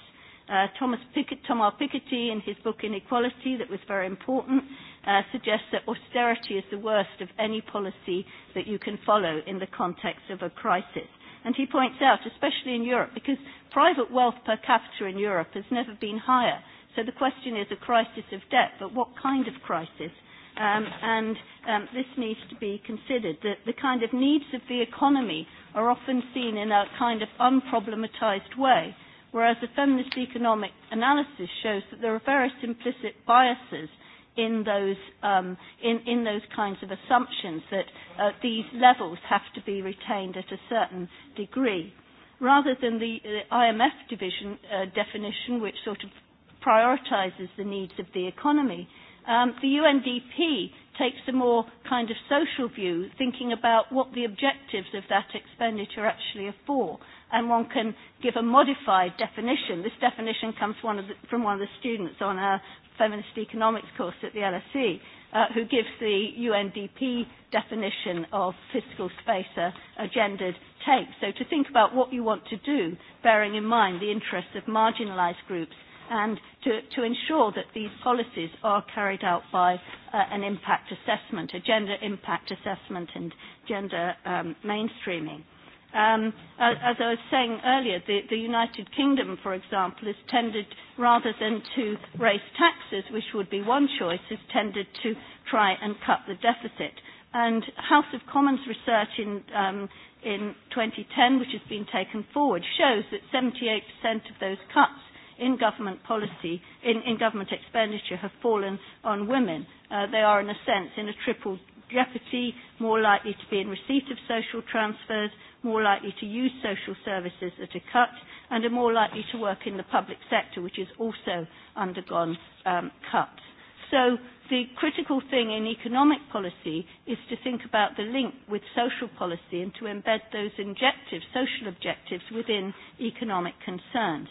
Uh, Thomas Pickett, Thomas Piketty, in his book Inequality, that was very important, uh, suggests that austerity is the worst of any policy that you can follow in the context of a crisis. And he points out, especially in Europe, because private wealth per capita in Europe has never been higher. So the question is a crisis of debt, but what kind of crisis? Um, and um, this needs to be considered. The, the kind of needs of the economy are often seen in a kind of unproblematized way, whereas a feminist economic analysis shows that there are various implicit biases in those, um, in, in those kinds of assumptions that uh, these levels have to be retained at a certain degree. Rather than the, the uh, IMF division, uh, definition, which sort of prioritizes the needs of the economy, Um, the UNDP takes a more kind of social view, thinking about what the objectives of that expenditure actually are for. And one can give a modified definition. This definition comes one of the, from one of the students on our feminist economics course at the LSE, uh, who gives the UNDP definition of fiscal space a, a gendered take. So to think about what you want to do, bearing in mind the interests of marginalised groups and to, to ensure that these policies are carried out by uh, an impact assessment, a gender impact assessment and gender um, mainstreaming. Um, as I was saying earlier, the, the United Kingdom, for example, has tended, rather than to raise taxes, which would be one choice, has tended to try and cut the deficit. And House of Commons research in, um, in 2010, which has been taken forward, shows that 78% of those cuts in government policy, in, in government expenditure, have fallen on women. Uh, they are, in a sense, in a triple jeopardy, more likely to be in receipt of social transfers, more likely to use social services that are cut, and are more likely to work in the public sector, which has also undergone um, cuts. So the critical thing in economic policy is to think about the link with social policy and to embed those objectives, social objectives within economic concerns.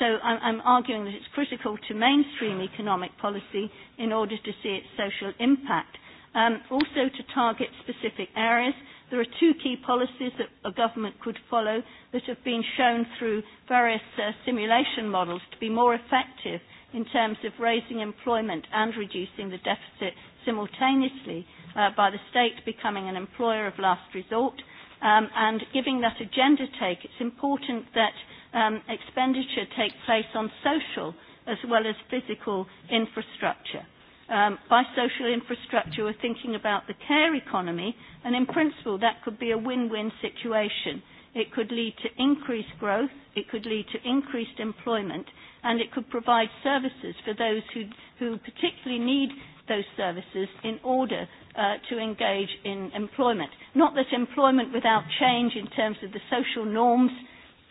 So I'm, I'm arguing that it's critical to mainstream economic policy in order to see its social impact. Um, also to target specific areas. There are two key policies that a government could follow that have been shown through various uh, simulation models to be more effective in terms of raising employment and reducing the deficit simultaneously uh, by the state becoming an employer of last resort um, and giving that agenda take. It's important that um, expenditure take place on social as well as physical infrastructure. Um, by social infrastructure, we're thinking about the care economy, and in principle, that could be a win-win situation. It could lead to increased growth, it could lead to increased employment, and it could provide services for those who, who particularly need those services in order uh, to engage in employment. Not that employment without change in terms of the social norms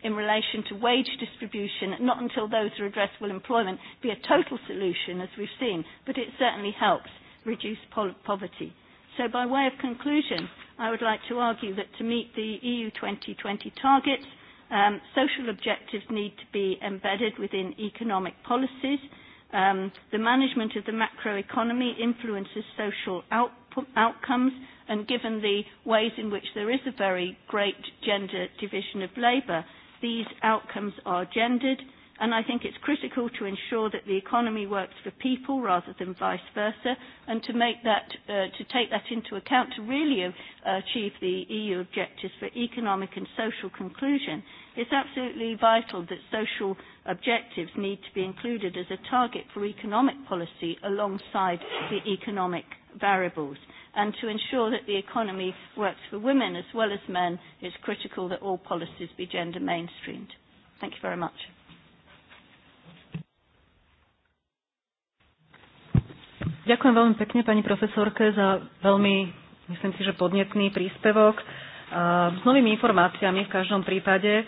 in relation to wage distribution, not until those are addressed will employment be a total solution, as we've seen, but it certainly helps reduce po- poverty. So by way of conclusion, I would like to argue that to meet the EU 2020 targets, um, social objectives need to be embedded within economic policies. Um, the management of the macroeconomy influences social out- outcomes, and given the ways in which there is a very great gender division of labour, these outcomes are gendered, and I think it's critical to ensure that the economy works for people rather than vice versa, and to make that, uh, to take that into account to really uh, achieve the EU objectives for economic and social conclusion. It's absolutely vital that social objectives need to be included as a target for economic policy alongside the economic variables and to ensure that the economy works for women as well as men, it's critical that all policies be gender mainstreamed. Thank you very much. Ďakujem veľmi pekne pani profesorke za veľmi, myslím si, že podnetný príspevok. S novými informáciami v každom prípade.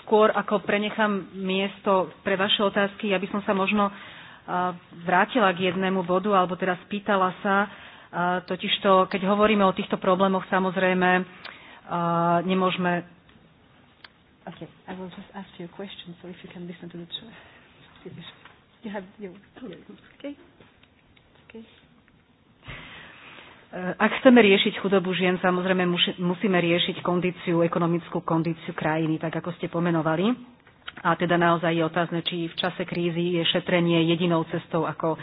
Skôr ako prenechám miesto pre vaše otázky, ja by som sa možno vrátila k jednému bodu, alebo teda spýtala sa, totižto keď hovoríme o týchto problémoch, samozrejme nemôžeme. Ak chceme riešiť chudobu žien, samozrejme musíme riešiť kondíciu, ekonomickú kondíciu krajiny, tak ako ste pomenovali. A teda naozaj je otázne, či v čase krízy je šetrenie jedinou cestou, ako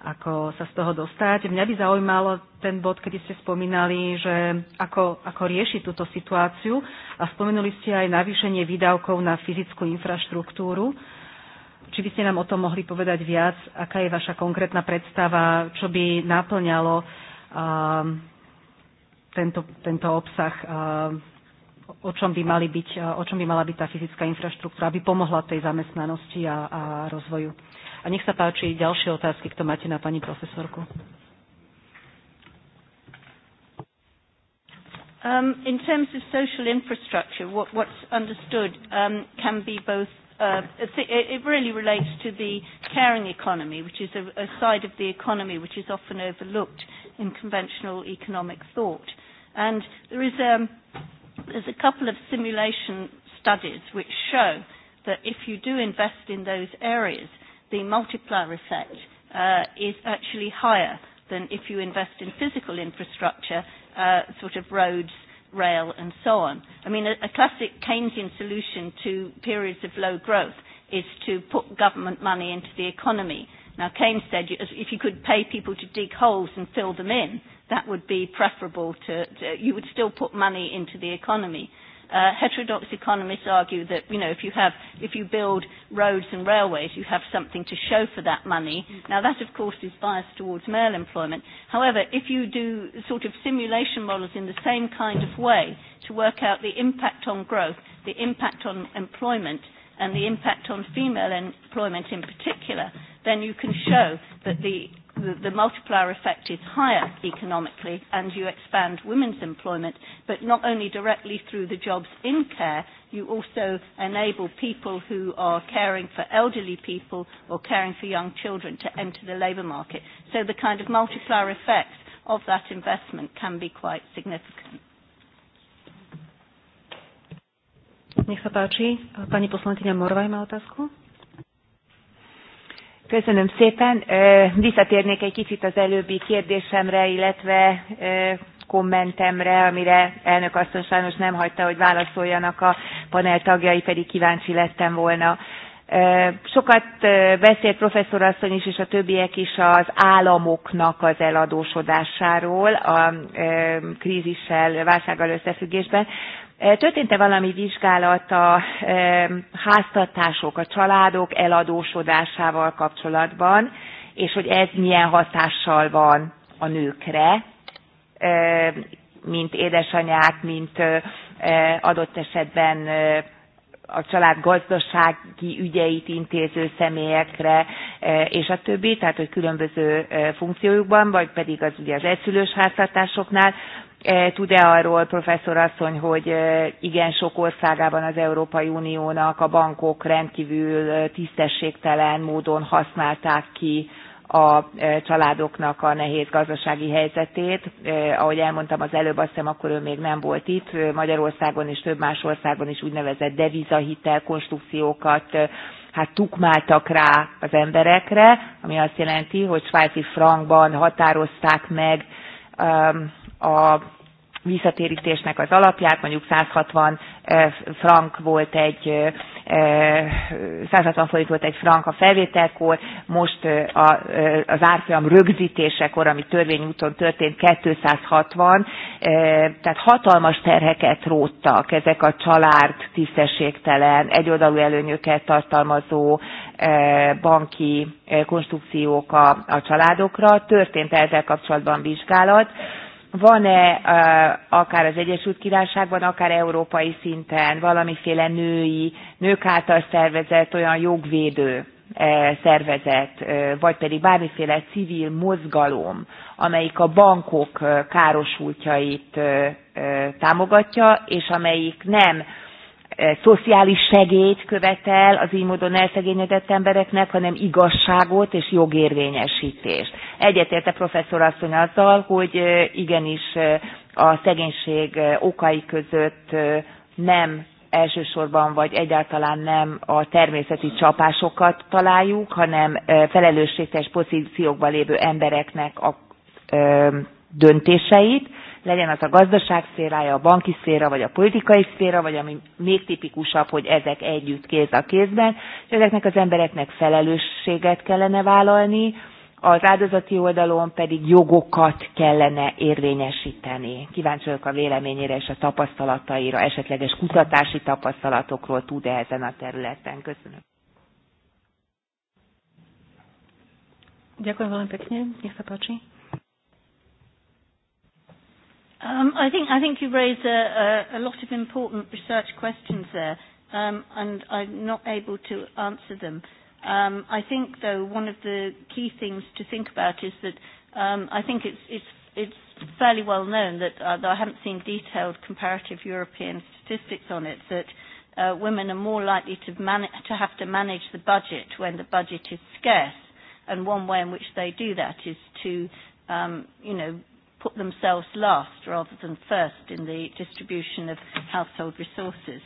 ako sa z toho dostať. Mňa by zaujímalo ten bod, kedy ste spomínali, že ako, ako riešiť túto situáciu a spomenuli ste aj navýšenie výdavkov na fyzickú infraštruktúru. Či by ste nám o tom mohli povedať viac, aká je vaša konkrétna predstava, čo by naplňalo uh, tento, tento obsah uh, o čom by, mali byť, o čom by mala byť tá fyzická infraštruktúra, aby pomohla tej zamestnanosti a, a rozvoju. A nech sa páči ďalšie otázky, kto máte na pani profesorku. Um, in terms of social infrastructure, what, what's understood um, can be both uh, it really relates to the caring economy, which is a, a side of the economy which is often overlooked in conventional economic thought. And there is um, There's a couple of simulation studies which show that if you do invest in those areas, the multiplier effect uh, is actually higher than if you invest in physical infrastructure, uh, sort of roads, rail, and so on. I mean, a, a classic Keynesian solution to periods of low growth is to put government money into the economy. Now, Keynes said if you could pay people to dig holes and fill them in, that would be preferable to, to you would still put money into the economy. Uh, heterodox economists argue that you know if you have if you build roads and railways you have something to show for that money now that of course is biased towards male employment however if you do sort of simulation models in the same kind of way to work out the impact on growth the impact on employment and the impact on female employment in particular then you can show that the the multiplier effect is higher economically and you expand women's employment, but not only directly through the jobs in care, you also enable people who are caring for elderly people or caring for young children to enter the labour market. So the kind of multiplier effects of that investment can be quite significant. Nech sa páči. Pani poslankyňa Morvaj má otázku. Köszönöm szépen. Visszatérnék egy kicsit az előbbi kérdésemre, illetve kommentemre, amire elnök asszony sajnos nem hagyta, hogy válaszoljanak a panel tagjai, pedig kíváncsi lettem volna. Sokat beszélt professzor asszony is, és a többiek is az államoknak az eladósodásáról a krízissel, válsággal összefüggésben. Eh, történt-e valami vizsgálat a eh, háztartások, a családok eladósodásával kapcsolatban, és hogy ez milyen hatással van a nőkre, eh, mint édesanyák, mint adott esetben a család gazdasági ügyeit intéző személyekre, és a többi, tehát hogy különböző funkciójukban, vagy pedig az ugye az egyszülős háztartásoknál, Tud-e arról, professzor asszony, hogy igen sok országában az Európai Uniónak a bankok rendkívül tisztességtelen módon használták ki a családoknak a nehéz gazdasági helyzetét. Ahogy elmondtam az előbb, azt hiszem akkor ő még nem volt itt. Magyarországon és több más országban is úgynevezett devizahitel konstrukciókat hát tukmáltak rá az emberekre, ami azt jelenti, hogy svájci frankban határozták meg um, a visszatérítésnek az alapját, mondjuk 160 eh, frank volt egy 160 eh, eh, forint volt egy frank a felvételkor, most az árfolyam rögzítésekor, ami törvény úton történt, 260, tehát hatalmas terheket róttak ezek a család tisztességtelen, egyoldalú előnyöket tartalmazó banki konstrukciók a családokra. Történt ezzel kapcsolatban vizsgálat van-e akár az Egyesült Királyságban, akár európai szinten valamiféle női, nők által szervezett olyan jogvédő szervezet, vagy pedig bármiféle civil mozgalom, amelyik a bankok károsultjait támogatja, és amelyik nem szociális segélyt követel az így módon elszegényedett embereknek, hanem igazságot és jogérvényesítést. Egyetérte professzor asszony azzal, hogy igenis a szegénység okai között nem elsősorban vagy egyáltalán nem a természeti csapásokat találjuk, hanem felelősséges pozíciókban lévő embereknek a döntéseit, legyen az a gazdaság szférája, a banki szféra, vagy a politikai szféra, vagy ami még tipikusabb, hogy ezek együtt kéz a kézben, és ezeknek az embereknek felelősséget kellene vállalni, az áldozati oldalon pedig jogokat kellene érvényesíteni. Kíváncsi vagyok a véleményére és a tapasztalataira, esetleges kutatási tapasztalatokról tud-e ezen a területen. Köszönöm. Ďakujem veľmi pekne. Nech sa páči. Um, I think I think you raise a, a, a lot of important research questions there, um, and I'm not able to answer them. Um, I think, though, one of the key things to think about is that um, I think it's it's it's fairly well known that uh, though I haven't seen detailed comparative European statistics on it that uh, women are more likely to, man- to have to manage the budget when the budget is scarce. And one way in which they do that is to, um, you know, put themselves last rather than first in the distribution of household resources.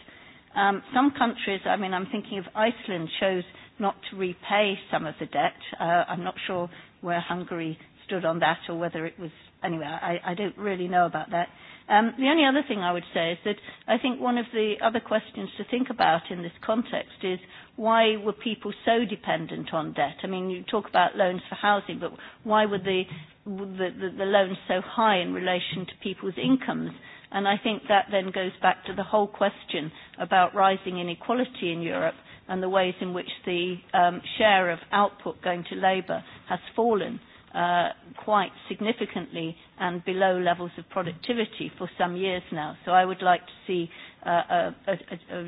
Um, some countries, I mean, I'm thinking of Iceland, chose not to repay some of the debt. Uh, I'm not sure where Hungary stood on that or whether it was. Anyway, I, I don't really know about that. Um, the only other thing I would say is that I think one of the other questions to think about in this context is why were people so dependent on debt? I mean, you talk about loans for housing, but why were the the, the, the loan so high in relation to people's incomes. And I think that then goes back to the whole question about rising inequality in Europe and the ways in which the um, share of output going to labour has fallen uh, quite significantly and below levels of productivity for some years now. So I would like to see uh, uh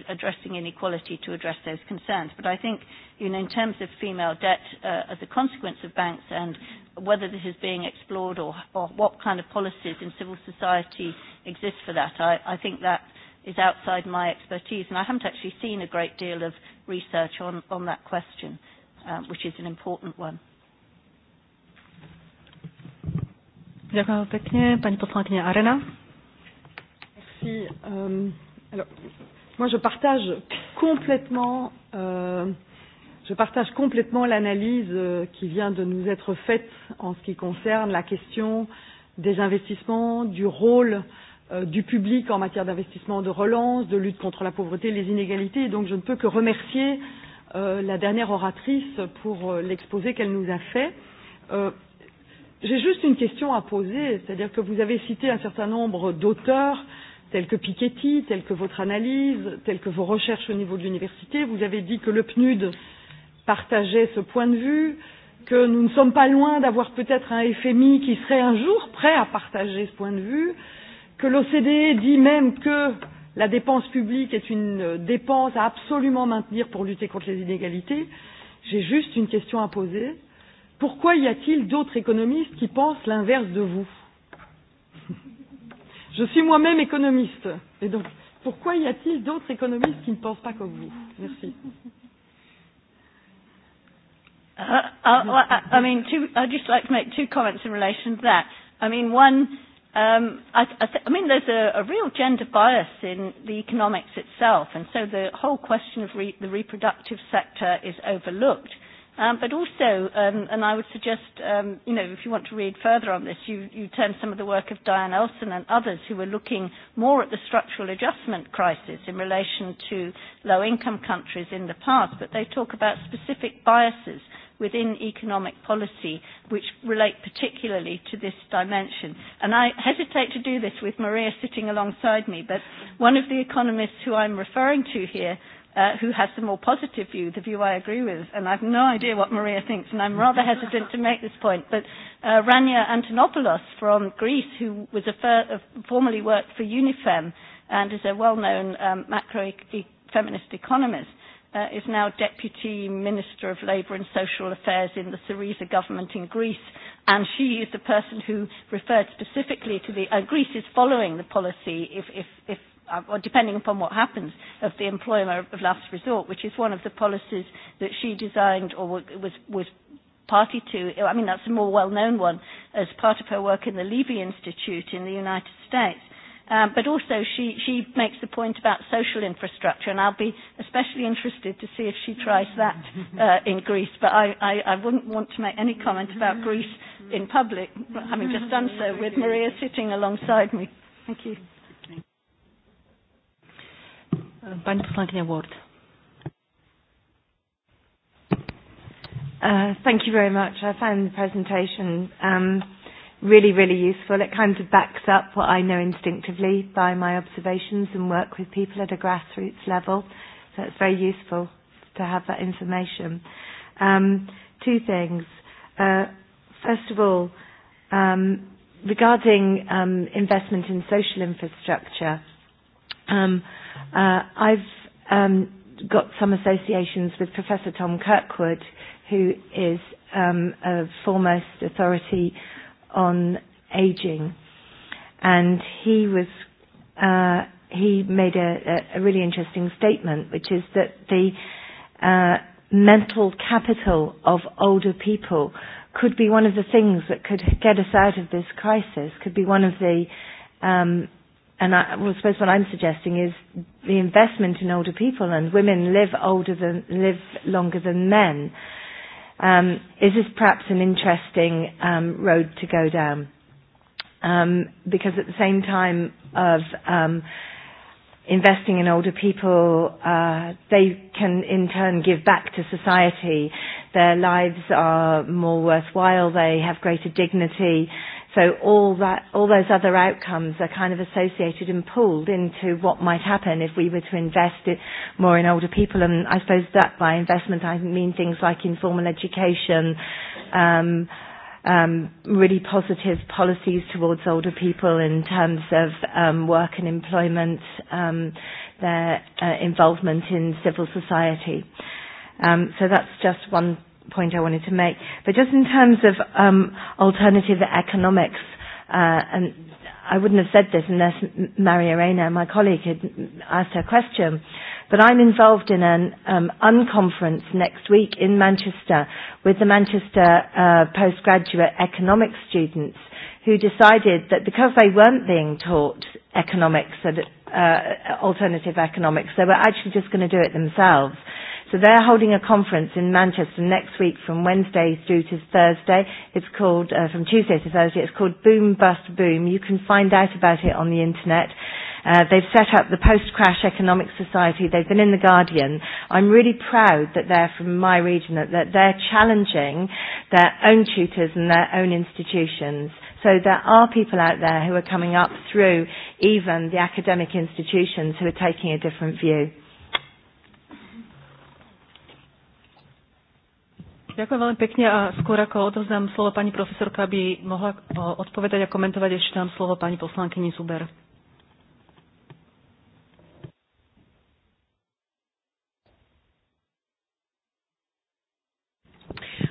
addressing inequality to address those concerns. But I think you know, in terms of female debt uh, as a consequence of banks and whether this is being explored or, or what kind of policies in civil society exist for that, I, I think that is outside my expertise. And I haven't actually seen a great deal of research on, on that question, um, which is an important one. Ďakujem pekne. Pani poslankyňa Arena. Merci. Um, Alors, moi, je partage complètement, euh, je partage complètement l'analyse euh, qui vient de nous être faite en ce qui concerne la question des investissements, du rôle euh, du public en matière d'investissement, de relance, de lutte contre la pauvreté, les inégalités. Et donc, je ne peux que remercier euh, la dernière oratrice pour euh, l'exposé qu'elle nous a fait. Euh, J'ai juste une question à poser, c'est-à-dire que vous avez cité un certain nombre d'auteurs euh, tels que Piketty, tels que votre analyse, tels que vos recherches au niveau de l'université. Vous avez dit que le PNUD partageait ce point de vue, que nous ne sommes pas loin d'avoir peut-être un FMI qui serait un jour prêt à partager ce point de vue, que l'OCDE dit même que la dépense publique est une dépense à absolument maintenir pour lutter contre les inégalités. J'ai juste une question à poser. Pourquoi y a-t-il d'autres économistes qui pensent l'inverse de vous Je suis moi-même économiste. Et donc, pourquoi y a-t-il d'autres économistes qui ne pensent pas comme vous Merci. Uh, uh, well, uh, I, uh, I mean, two, I'd just like to make two comments in relation to that. I mean, one, um, I, I, th- I mean, there's a, a real gender bias in the economics itself, and so the whole question of re- the reproductive sector is overlooked. Um, but also, um, and I would suggest, um, you know, if you want to read further on this, you, you turn some of the work of Diane Elson and others who were looking more at the structural adjustment crisis in relation to low-income countries in the past, but they talk about specific biases within economic policy which relate particularly to this dimension. And I hesitate to do this with Maria sitting alongside me, but one of the economists who I'm referring to here uh, who has the more positive view, the view I agree with, and I've no idea what Maria thinks, and I'm rather hesitant to make this point, but uh, Rania Antonopoulos from Greece, who was a fir- uh, formerly worked for UNIFEM and is a well-known um, macro-feminist e- economist, uh, is now Deputy Minister of Labour and Social Affairs in the Syriza government in Greece. And she is the person who referred specifically to the. Uh, Greece is following the policy, if, if, if or uh, depending upon what happens, of the employer of last resort, which is one of the policies that she designed or was, was party to. I mean, that's a more well-known one as part of her work in the Levy Institute in the United States. Um, but also she, she makes the point about social infrastructure, and I'll be especially interested to see if she tries that uh, in Greece. But I, I, I wouldn't want to make any comment about Greece in public, having just done so with Maria sitting alongside me. Thank you. Paní poslankyně Ward. Uh, thank you very much. I found the presentation um, really, really useful. It kind of backs up what I know instinctively by my observations and work with people at a grassroots level. So it's very useful to have that information. Um, two things. Uh, first of all, um, regarding um, investment in social infrastructure, Um, uh, I've um, got some associations with Professor Tom Kirkwood, who is um, a foremost authority on aging, and he was uh, he made a, a really interesting statement, which is that the uh, mental capital of older people could be one of the things that could get us out of this crisis. Could be one of the um, and I, well, I suppose what I'm suggesting is the investment in older people and women live older than live longer than men. Um, is this perhaps an interesting um, road to go down? Um, because at the same time of um, investing in older people, uh, they can in turn give back to society. Their lives are more worthwhile. They have greater dignity So all that, all those other outcomes are kind of associated and pooled into what might happen if we were to invest it more in older people. And I suppose that by investment I mean things like informal education, um, um, really positive policies towards older people in terms of um, work and employment, um, their uh, involvement in civil society. Um, so that's just one point I wanted to make. But just in terms of um, alternative economics, uh, and I wouldn't have said this unless Maria Arena, my colleague, had asked her question. But I'm involved in an um, unconference next week in Manchester with the Manchester uh, postgraduate economics students who decided that because they weren't being taught economics and uh, alternative economics, they were actually just going to do it themselves. So they're holding a conference in Manchester next week from Wednesday through to Thursday. It's called, uh, from Tuesday to Thursday, it's called Boom Bust Boom. You can find out about it on the internet. Uh, they've set up the Post Crash Economic Society. They've been in The Guardian. I'm really proud that they're from my region, that, that they're challenging their own tutors and their own institutions. So there are people out there who are coming up through even the academic institutions who are taking a different view. Ďakujem veľmi pekne a skôr ako odozdám slovo pani profesorka, aby mohla odpovedať a komentovať, ešte dám slovo pani poslankyni Zuber.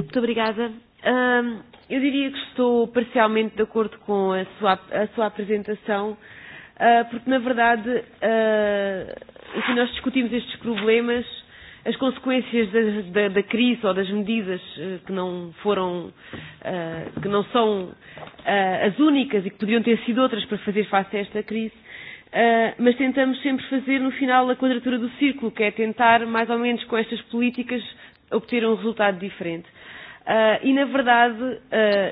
Muito obrigada. Um, eu diria que estou parcialmente de acordo com a sua, a sua apresentação, uh, porque, na verdade, uh, enfim, nós discutimos estes problemas as consequências da, da, da crise ou das medidas eh, que não foram, eh, que não são eh, as únicas e que poderiam ter sido outras para fazer face a esta crise, mas tentamos sempre fazer no final a quadratura do círculo, que é tentar, mais ou menos com estas políticas, obter um resultado diferente. Uh, e, na verdade, uh,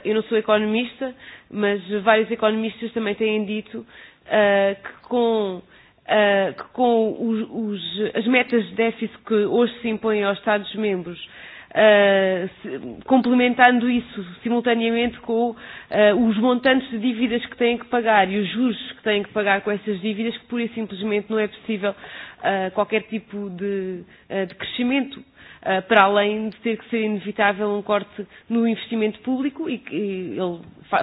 eu não sou economista, mas vários economistas também têm dito uh, que com uh, uh, com os, os, as metas de déficit que hoje se impõem aos Estados-membros, uh, se, complementando isso simultaneamente com uh, os montantes de dívidas que têm que pagar e os juros que têm que pagar com essas dívidas, que pura e simplesmente não é possível uh, qualquer tipo de, uh, de crescimento para além de ter que ser inevitável um corte no investimento público e que ele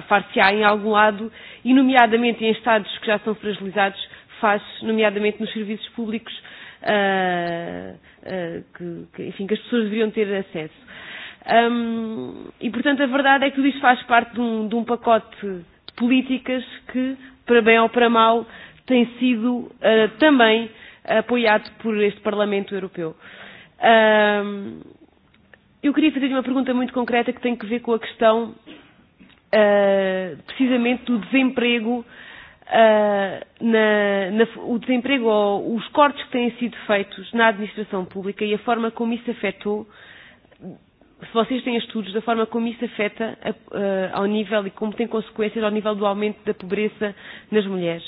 far-se-á em algum lado, e nomeadamente em Estados que já são fragilizados faz, nomeadamente nos serviços públicos, uh, uh, que, que, enfim, que as pessoas deveriam ter acesso. Um, e, portanto, a verdade é que tudo isto faz parte de um, de um pacote de políticas que, para bem ou para mal, tem sido uh, também apoiado por este Parlamento Europeu. Um, eu queria fazer uma pergunta muito concreta que tem que ver com a questão, uh, precisamente, do desemprego uh, Uh, na, na, o desemprego ou os cortes que têm sido feitos na administração pública e a forma como isso afetou, se vocês têm estudos da forma como isso afeta a, uh, eh, ao nível e como tem consequências ao nível do aumento da pobreza nas mulheres.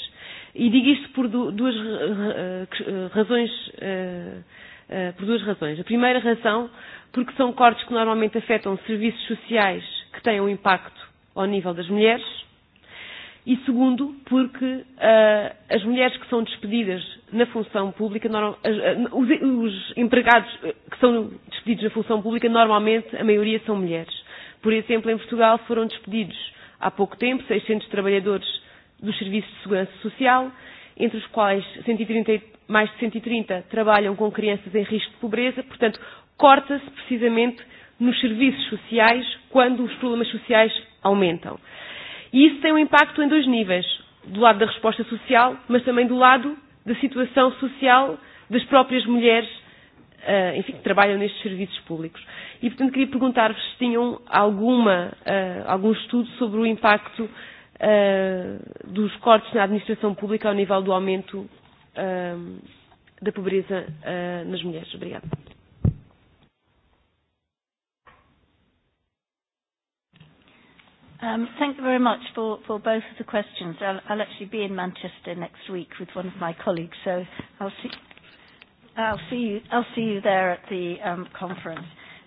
E digo isto por du duas uh, razões. Uh, Uh, por duas razões. A primeira razão, porque são cortes que normalmente afetam serviços sociais que têm um impacto ao nível das mulheres, E segundo, porque uh, as mulheres que são despedidas na função pública, normal, uh, os, os empregados que são despedidos na função pública, normalmente a maioria são mulheres. Por exemplo, em Portugal foram despedidos há pouco tempo 600 trabalhadores dos serviços de segurança social, entre os quais 130, mais de 130 trabalham com crianças em risco de pobreza, portanto, corta-se precisamente nos serviços sociais quando os problemas sociais aumentam. Uh, E isso tem um impacto em dois níveis, do lado da resposta social, mas também do lado da situação social das próprias mulheres uh, enfim, que trabalham nestes serviços públicos. E, portanto, queria perguntar-vos se tinham alguma, uh, algum estudo sobre o impacto uh, dos cortes na administração pública ao nível do aumento uh, da pobreza uh, nas mulheres. Obrigada. Um, thank you very much for, for both of the questions. I'll, I'll actually be in Manchester next week with one of my colleagues, so I'll see, I'll see, you, I'll see you there at the um, conference,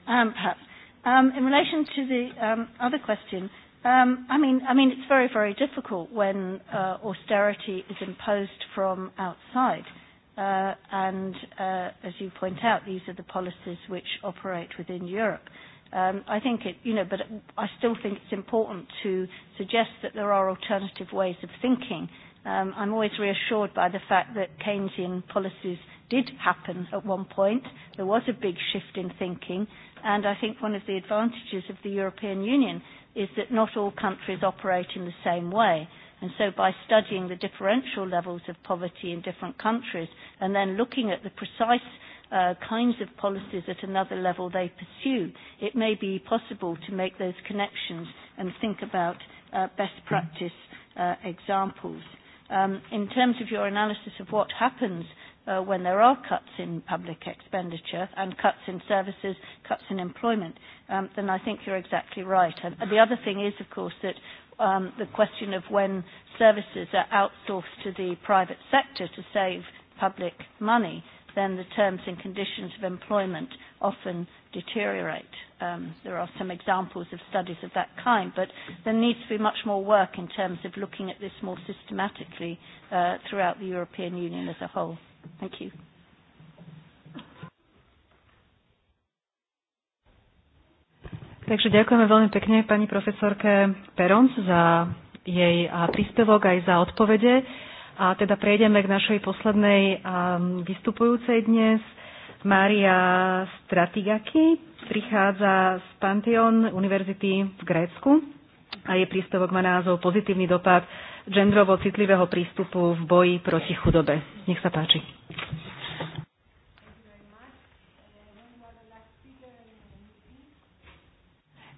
um, perhaps. Um, in relation to the um, other question, um, I, mean, I mean, it's very, very difficult when uh, austerity is imposed from outside. Uh, and uh, as you point out, these are the policies which operate within Europe. Um, I think it, you know, but I still think it's important to suggest that there are alternative ways of thinking. Um, I'm always reassured by the fact that Keynesian policies did happen at one point. There was a big shift in thinking, and I think one of the advantages of the European Union is that not all countries operate in the same way. And so by studying the differential levels of poverty in different countries and then looking at the precise uh, kinds of policies at another level they pursue, it may be possible to make those connections and think about uh, best practice uh, examples. Um, in terms of your analysis of what happens uh, when there are cuts in public expenditure and cuts in services, cuts in employment, um, then I think you're exactly right. And the other thing is, of course, that um, the question of when services are outsourced to the private sector to save public money then the terms and conditions of employment often deteriorate. Um, there are some examples of studies of that kind, but there needs to be much more work in terms of looking at this more systematically uh, throughout the European Union as a whole. Thank you. Takže ďakujeme veľmi pekne pani profesorke Peronc za jej príspevok aj za odpovede. A teda prejdeme k našej poslednej ehm, vystupujúcej dnes. Mária Stratigaki prichádza z Pantheon Univerzity v Grécku a jej príspevok má názov Pozitívny dopad gendrovo citlivého prístupu v boji proti chudobe. Nech sa páči.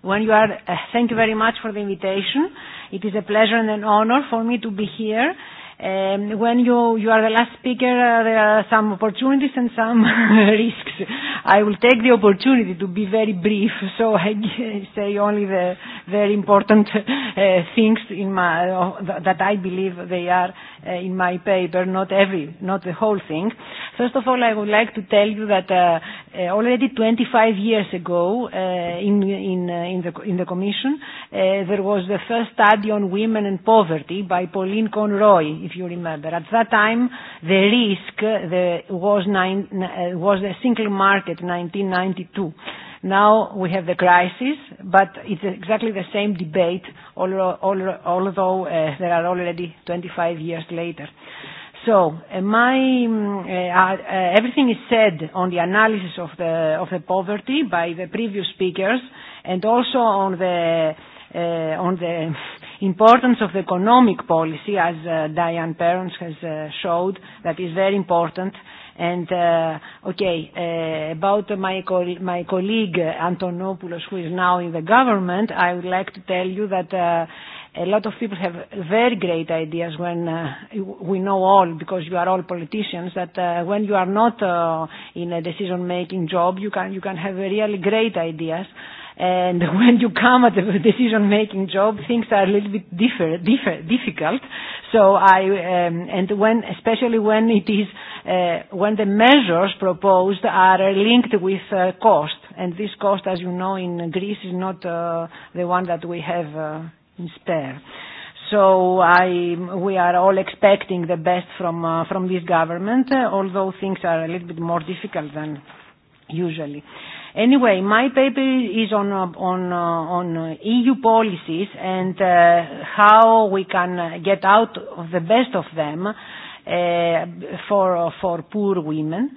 When you are, uh, thank you very much for the invitation. It is a pleasure and an honor for me to be here Um, when you, you are the last speaker, uh, there are some opportunities and some risks. I will take the opportunity to be very brief, so I say only the very important uh, things in my, uh, that I believe they are uh, in my paper, not every, not the whole thing. First of all, I would like to tell you that uh, uh, already 25 years ago, uh, in in uh, in the in the Commission, uh, there was the first study on women and poverty by Pauline Conroy, if you remember. At that time, the risk uh, the was nine, uh, was the single market 1992. Now we have the crisis, but it's exactly the same debate, although uh, there are already 25 years later. So uh, my mm, uh, uh, everything is said on the analysis of the of the poverty by the previous speakers, and also on the uh, on the importance of the economic policy, as uh, Diane Perrons has uh, showed, that is very important And uh, okay, uh, about my, col my colleague Antonopoulos, who is now in the government, I would like to tell you that uh, a lot of people have very great ideas when uh, we know all, because you are all politicians, that uh, when you are not uh, in a decision-making job, you can, you can have really great ideas. And when you come at a decision-making job, things are a little bit differ, differ, difficult. So I, um, and when, especially when it is, uh, when the measures proposed are linked with uh, cost. And this cost, as you know, in Greece is not uh, the one that we have uh, in spare. So I, we are all expecting the best from, uh, from this government, uh, although things are a little bit more difficult than usually. Uh, Anyway, my paper is on uh, on uh, on uh, EU policies and uh, how we can get out of the best of them uh, for for poor women.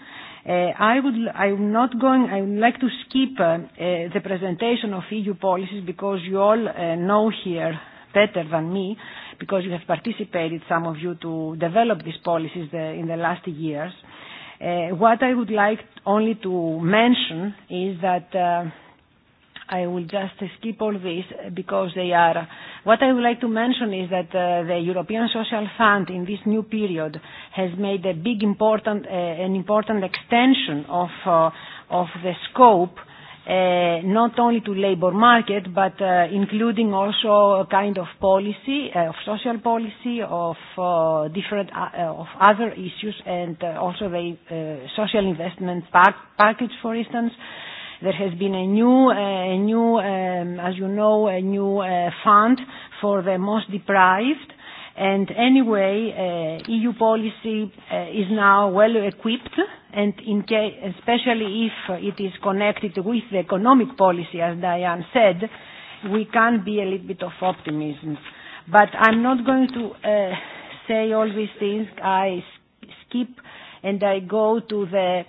Uh, I would I'm not going. I would like to skip uh, uh, the presentation of EU policies because you all uh, know here better than me because you have participated, some of you, to develop these policies the, in the last years. Uh, Uh, what I would like only to mention is that uh, I will just skip all this because they are. What I would like to mention is that uh, the European Social Fund in this new period has made a big important, uh, an important extension of, uh, of the scope uh, uh, not only to labor market, but uh, including also a kind of policy, uh, of social policy, of uh, different uh, uh of other issues, and uh, also the uh, social investment pack package, for instance. There has been a new, uh, a new, um, as you know, a new uh, fund for the most deprived And anyway, uh, EU policy uh, is now well equipped, and in especially if it is connected with the economic policy, as Diane said, we can be a little bit of optimism. But I'm not going to uh, say all these things. I skip and I go to the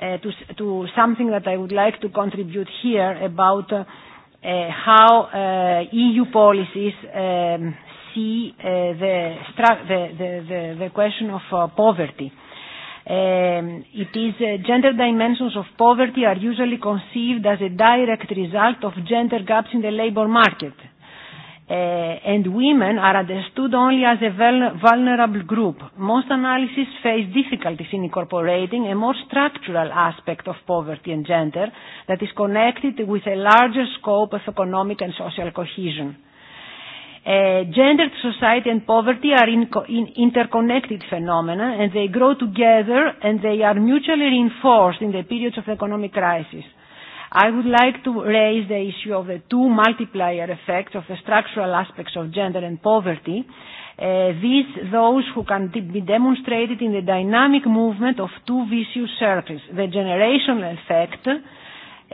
uh, to, to something that I would like to contribute here about uh, uh, how uh, EU policies um, see uh, the, the, the, the question of uh, poverty. Um, it is uh, gender dimensions of poverty are usually conceived as a direct result of gender gaps in the labor market. Uh, and women are understood only as a vulnerable group. Most analyses face difficulties in incorporating a more structural aspect of poverty and gender that is connected with a larger scope of economic and social cohesion. Uh, eh, gendered society and poverty are in, in interconnected phenomena and they grow together and they are mutually reinforced in the periods of economic crisis. I would like to raise the issue of the two multiplier effects of the structural aspects of gender and poverty. Uh, these, those who can be demonstrated in the dynamic movement of two vicious circles, the generational effect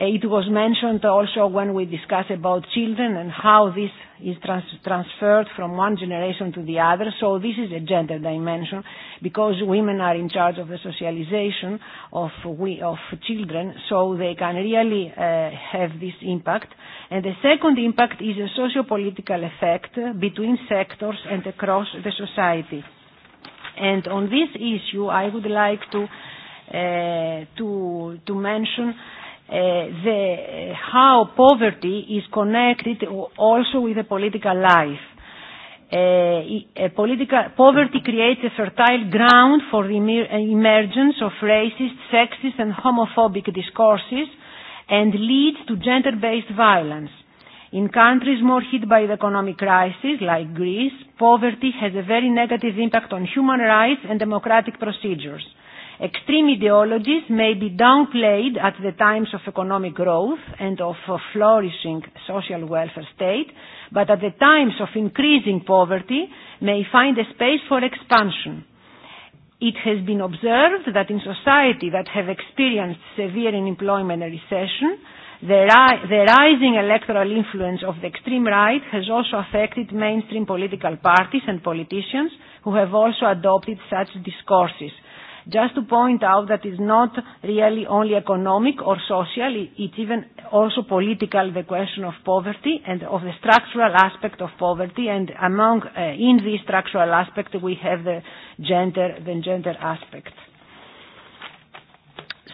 It was mentioned also when we discussed about children and how this is trans transferred from one generation to the other. So this is a gender dimension because women are in charge of the socialization of, we, of children, so they can really uh, have this impact. And the second impact is a socio-political effect between sectors and across the society. And on this issue, I would like to, uh, to, to mention uh, Eh, the, eh, how poverty is connected also with the political life. Uh, eh, political, poverty creates a fertile ground for the emergence of racist, sexist and homophobic discourses and leads to gender-based violence. In countries more hit by the economic crisis, like Greece, poverty has a very negative impact on human rights and democratic procedures. Uh, Extreme ideologies may be downplayed at the times of economic growth and of a flourishing social welfare state, but at the times of increasing poverty may find a space for expansion. It has been observed that in society that have experienced severe unemployment and recession, the, ri- the rising electoral influence of the extreme right has also affected mainstream political parties and politicians who have also adopted such discourses – Just to point out that it's not really only economic or social, it's even also political, the question of poverty and of the structural aspect of poverty. And among, uh, in this structural aspect, we have the gender, the gender aspect.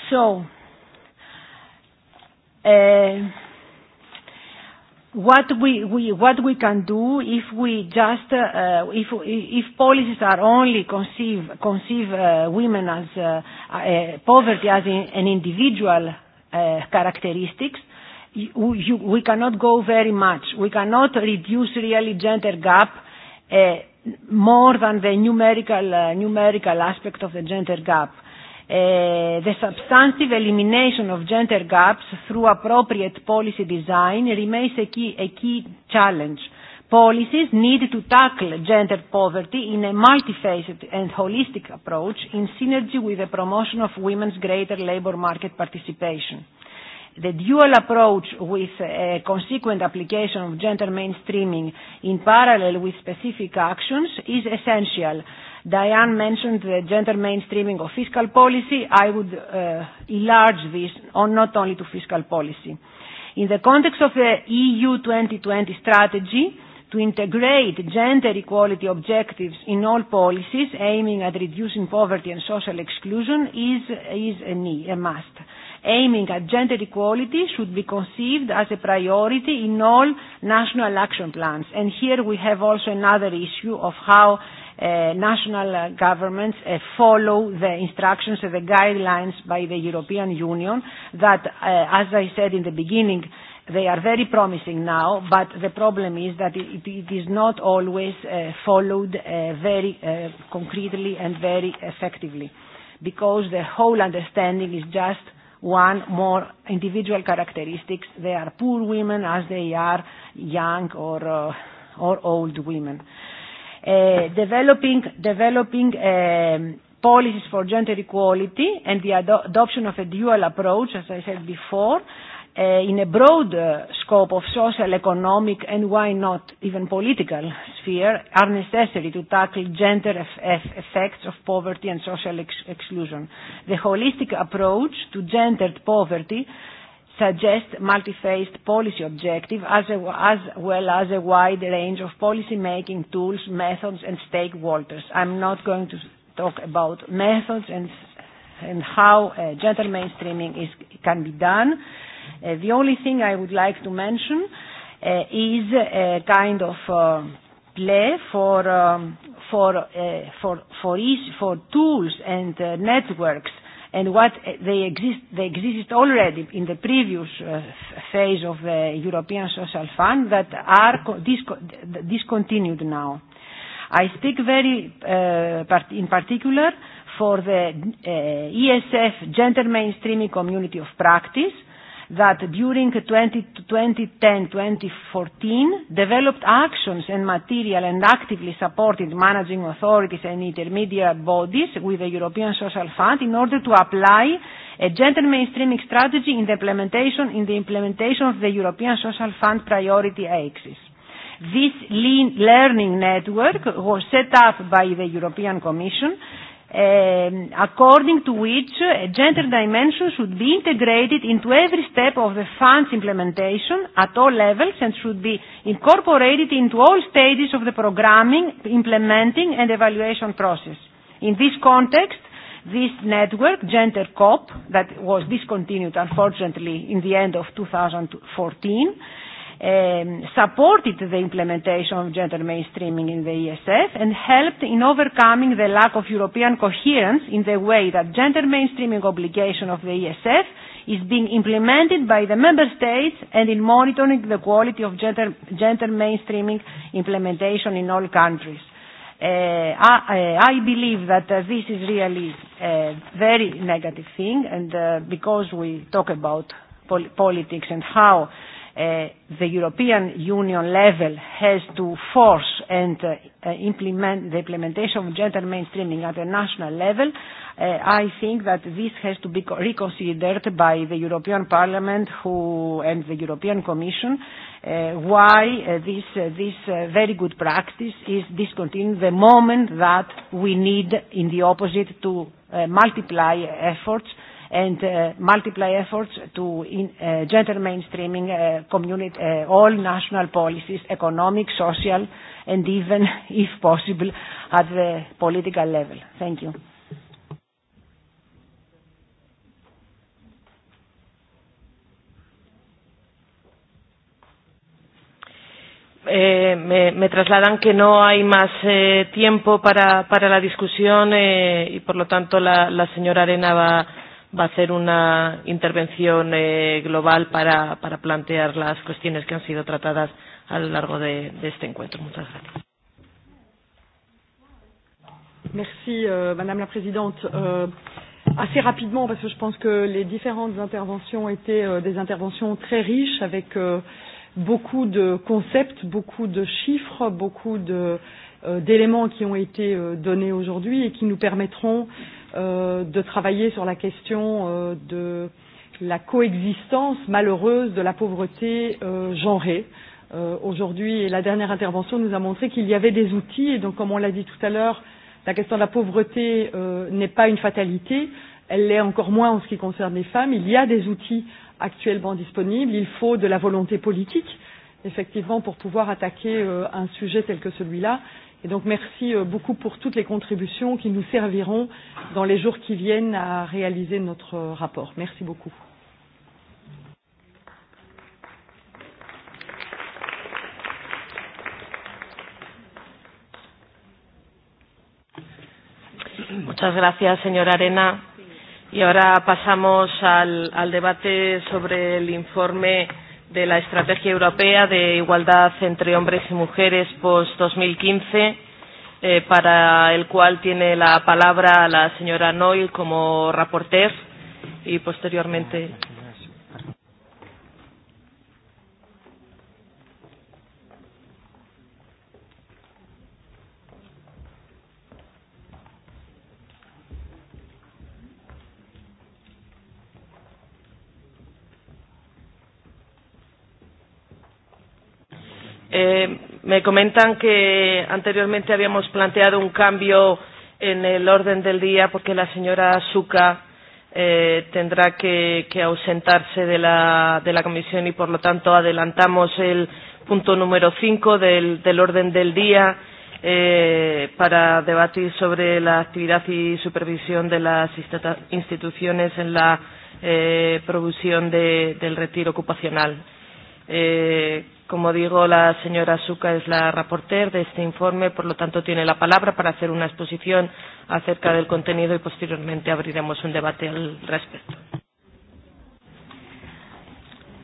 So, uh, what we, we, what we can do if we just, uh, if, if policies are only conceive, conceive uh, women as uh, uh, poverty as in, an individual uh, characteristics, you, you, we cannot go very much. We cannot reduce really gender gap uh, more than the numerical, uh, numerical aspect of the gender gap Uh, the substantive elimination of gender gaps through appropriate policy design remains a key, a key challenge. Policies need to tackle gender poverty in a multifaceted and holistic approach in synergy with the promotion of women's greater labour market participation. The dual approach with a consequent application of gender mainstreaming in parallel with specific actions is essential Diane mentioned the gender mainstreaming of fiscal policy. I would uh, enlarge this on not only to fiscal policy. In the context of the EU 2020 strategy, to integrate gender equality objectives in all policies aiming at reducing poverty and social exclusion is, is a, need, a must. Aiming at gender equality should be conceived as a priority in all national action plans. And here we have also another issue of how uh, national uh, governments uh, follow the instructions and uh, the guidelines by the European Union that, uh, as I said in the beginning, they are very promising now, but the problem is that it, it is not always uh, followed uh, very uh, concretely and very effectively, because the whole understanding is just one more individual characteristics. They are poor women as they are young or, uh, or old women. Uh, Uh, developing, developing um, policies for gender equality and the ado adoption of a dual approach, as I said before, uh, in a broad uh, scope of social, economic, and why not even political sphere, are necessary to tackle gender eff effects of poverty and social ex exclusion. The holistic approach to gendered poverty suggest multi-phased policy objective as, a, as well as a wide range of policy-making tools, methods, and stakeholders. I'm not going to talk about methods and, and how uh, gender mainstreaming is, can be done. Uh, the only thing I would like to mention uh, is a kind of uh, play for, um, for, uh, for, for, for tools and uh, networks and what they exist, they existed already in the previous uh, phase of the European Social Fund that are disco discontinued now. I speak very uh, part in particular for the uh, ESF Gender Mainstreaming Community of Practice that during 2010-2014 developed actions and material and actively supported managing authorities and intermediate bodies with the European Social Fund in order to apply a gender mainstreaming strategy in the implementation, in the implementation of the European Social Fund priority axis. This lean learning network was set up by the European Commission um, according to which a gender dimension should be integrated into every step of the fund's implementation at all levels and should be incorporated into all stages of the programming, implementing and evaluation process. In this context, this network, Gender COP, that was discontinued unfortunately in the end of 2014, um, supported the implementation of gender mainstreaming in the ESF and helped in overcoming the lack of European coherence in the way that gender mainstreaming obligation of the ESF is being implemented by the member states and in monitoring the quality of gender, gender mainstreaming implementation in all countries. Uh, I, uh, I believe that uh, this is really a uh, very negative thing and uh, because we talk about pol politics and how uh, Eh, the European Union level has to force and uh, implement the implementation of gender mainstreaming at a national level, uh, I think that this has to be reconsidered by the European Parliament who, and the European Commission uh, why uh, this, uh, this uh, very good practice is discontinued the moment that we need, in the opposite, to uh, multiply efforts uh, and uh, multiply efforts to in, uh, gender mainstreaming uh, community, uh, all national policies, economic, social, and even, if possible, at the political level. Thank you. eh, me, me trasladan que no hay más eh, tiempo para, para la discusión eh, y por lo tanto la, la señora Arena va va a hacer una intervención eh, global para, para plantear las cuestiones que han sido tratadas a lo largo de, de este encuentro. Muchas gracias. Merci, euh, Madame la Présidente. Euh, assez rapidement, parce que je pense que les différentes interventions étaient euh, des interventions très riches, avec euh, beaucoup de concepts, beaucoup de chiffres, beaucoup euh, d'éléments euh, qui ont été euh, donnés aujourd'hui et qui nous permettront euh, euh, de travailler sur la question euh, de la coexistence malheureuse de la pauvreté euh, genrée. Euh, Aujourd'hui, la dernière intervention nous a montré qu'il y avait des outils, et donc comme on l'a dit tout à l'heure, la question de la pauvreté euh, n'est pas une fatalité, elle l'est encore moins en ce qui concerne les femmes. Il y a des outils actuellement disponibles, il faut de la volonté politique, effectivement, pour pouvoir attaquer euh, un sujet tel que celui-là, Et donc merci euh, beaucoup pour toutes les contributions qui nous serviront dans les jours qui viennent à réaliser notre euh, rapport. Merci beaucoup. Muchas gracias, señora Arena. Y ahora pasamos al, al debate sobre el informe de la Estrategia Europea de Igualdad entre Hombres y Mujeres post-2015, eh, para el cual tiene la palabra la señora Noy como reporter y posteriormente Eh, me comentan que anteriormente habíamos planteado un cambio en el orden del día porque la señora Azuca eh, tendrá que, que ausentarse de la, de la comisión y, por lo tanto, adelantamos el punto número 5 del, del orden del día eh, para debatir sobre la actividad y supervisión de las instituciones en la eh, producción de, del retiro ocupacional. Eh, Como digo, la señora Suca es la reporter de este informe, por lo tanto tiene la palabra para hacer una exposición acerca del contenido y posteriormente abriremos un debate al respecto.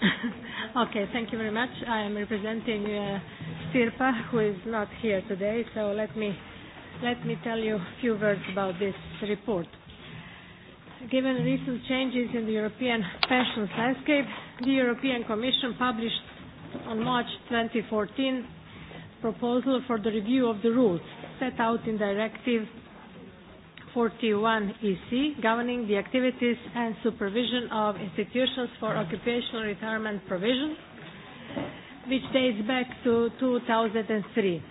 Okay, thank you very much. I am representing uh, Stirpa, who is not here today, so let me, let me tell you a few words about this report. Given recent changes in the European pensions landscape, the European Commission published on March 2014 proposal for the review of the rules set out in Directive 41 EC governing the activities and supervision of institutions for occupational retirement provision, which dates back to 2003.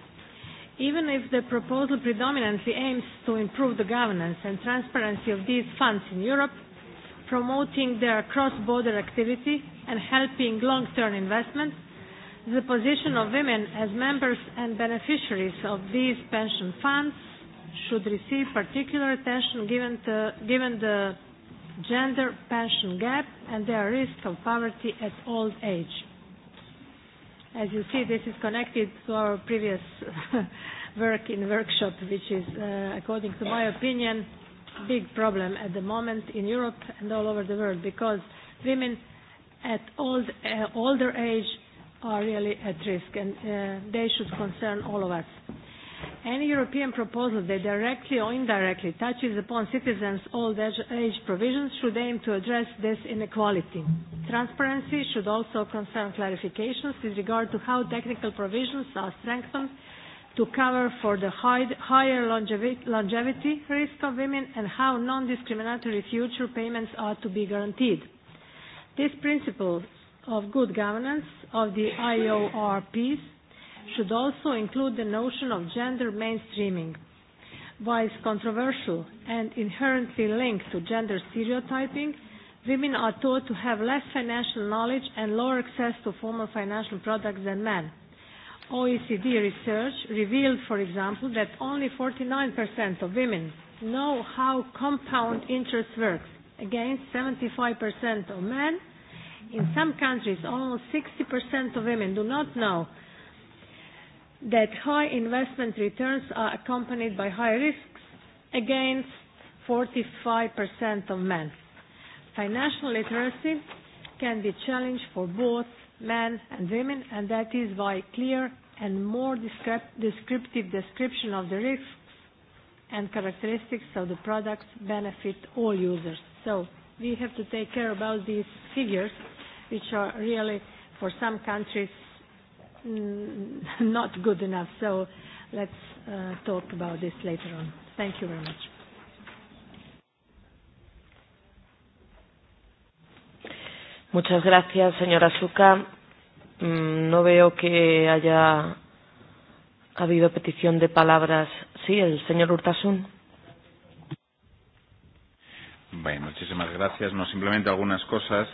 Even if the proposal predominantly aims to improve the governance and transparency of these funds in Europe, promoting their cross-border activity and helping long-term investments, the position of women as members and beneficiaries of these pension funds should receive particular attention given, to, given the gender pension gap and their risk of poverty at old age. As you see, this is connected to our previous work in workshop, which is, uh, according to my opinion, a big problem at the moment in Europe and all over the world because women at old, uh, older age are really at risk, and uh, they should concern all of us. Any European proposal that directly or indirectly touches upon citizens' old age provisions should aim to address this inequality. Transparency should also concern clarifications with regard to how technical provisions are strengthened to cover for the high, higher longevity risk of women and how non-discriminatory future payments are to be guaranteed. These principles of good governance of the IORPs should also include the notion of gender mainstreaming. While controversial and inherently linked to gender stereotyping, women are taught to have less financial knowledge and lower access to formal financial products than men. OECD research revealed, for example, that only 49% of women know how compound interest works, against 75% of men in some countries, almost 60% of women do not know that high investment returns are accompanied by high risks against 45% of men. Financial literacy can be challenged for both men and women, and that is why clear and more descriptive description of the risks and characteristics of the products benefit all users. So we have to take care about these figures which are really for some countries not good enough. So let's uh, talk about this later on. Thank you very much. Muchas gracias, señora Suka. Mm, no veo que haya habido petición de palabras. Sí, el señor Urtasun. Bueno, muchísimas gracias. No, simplemente algunas cosas.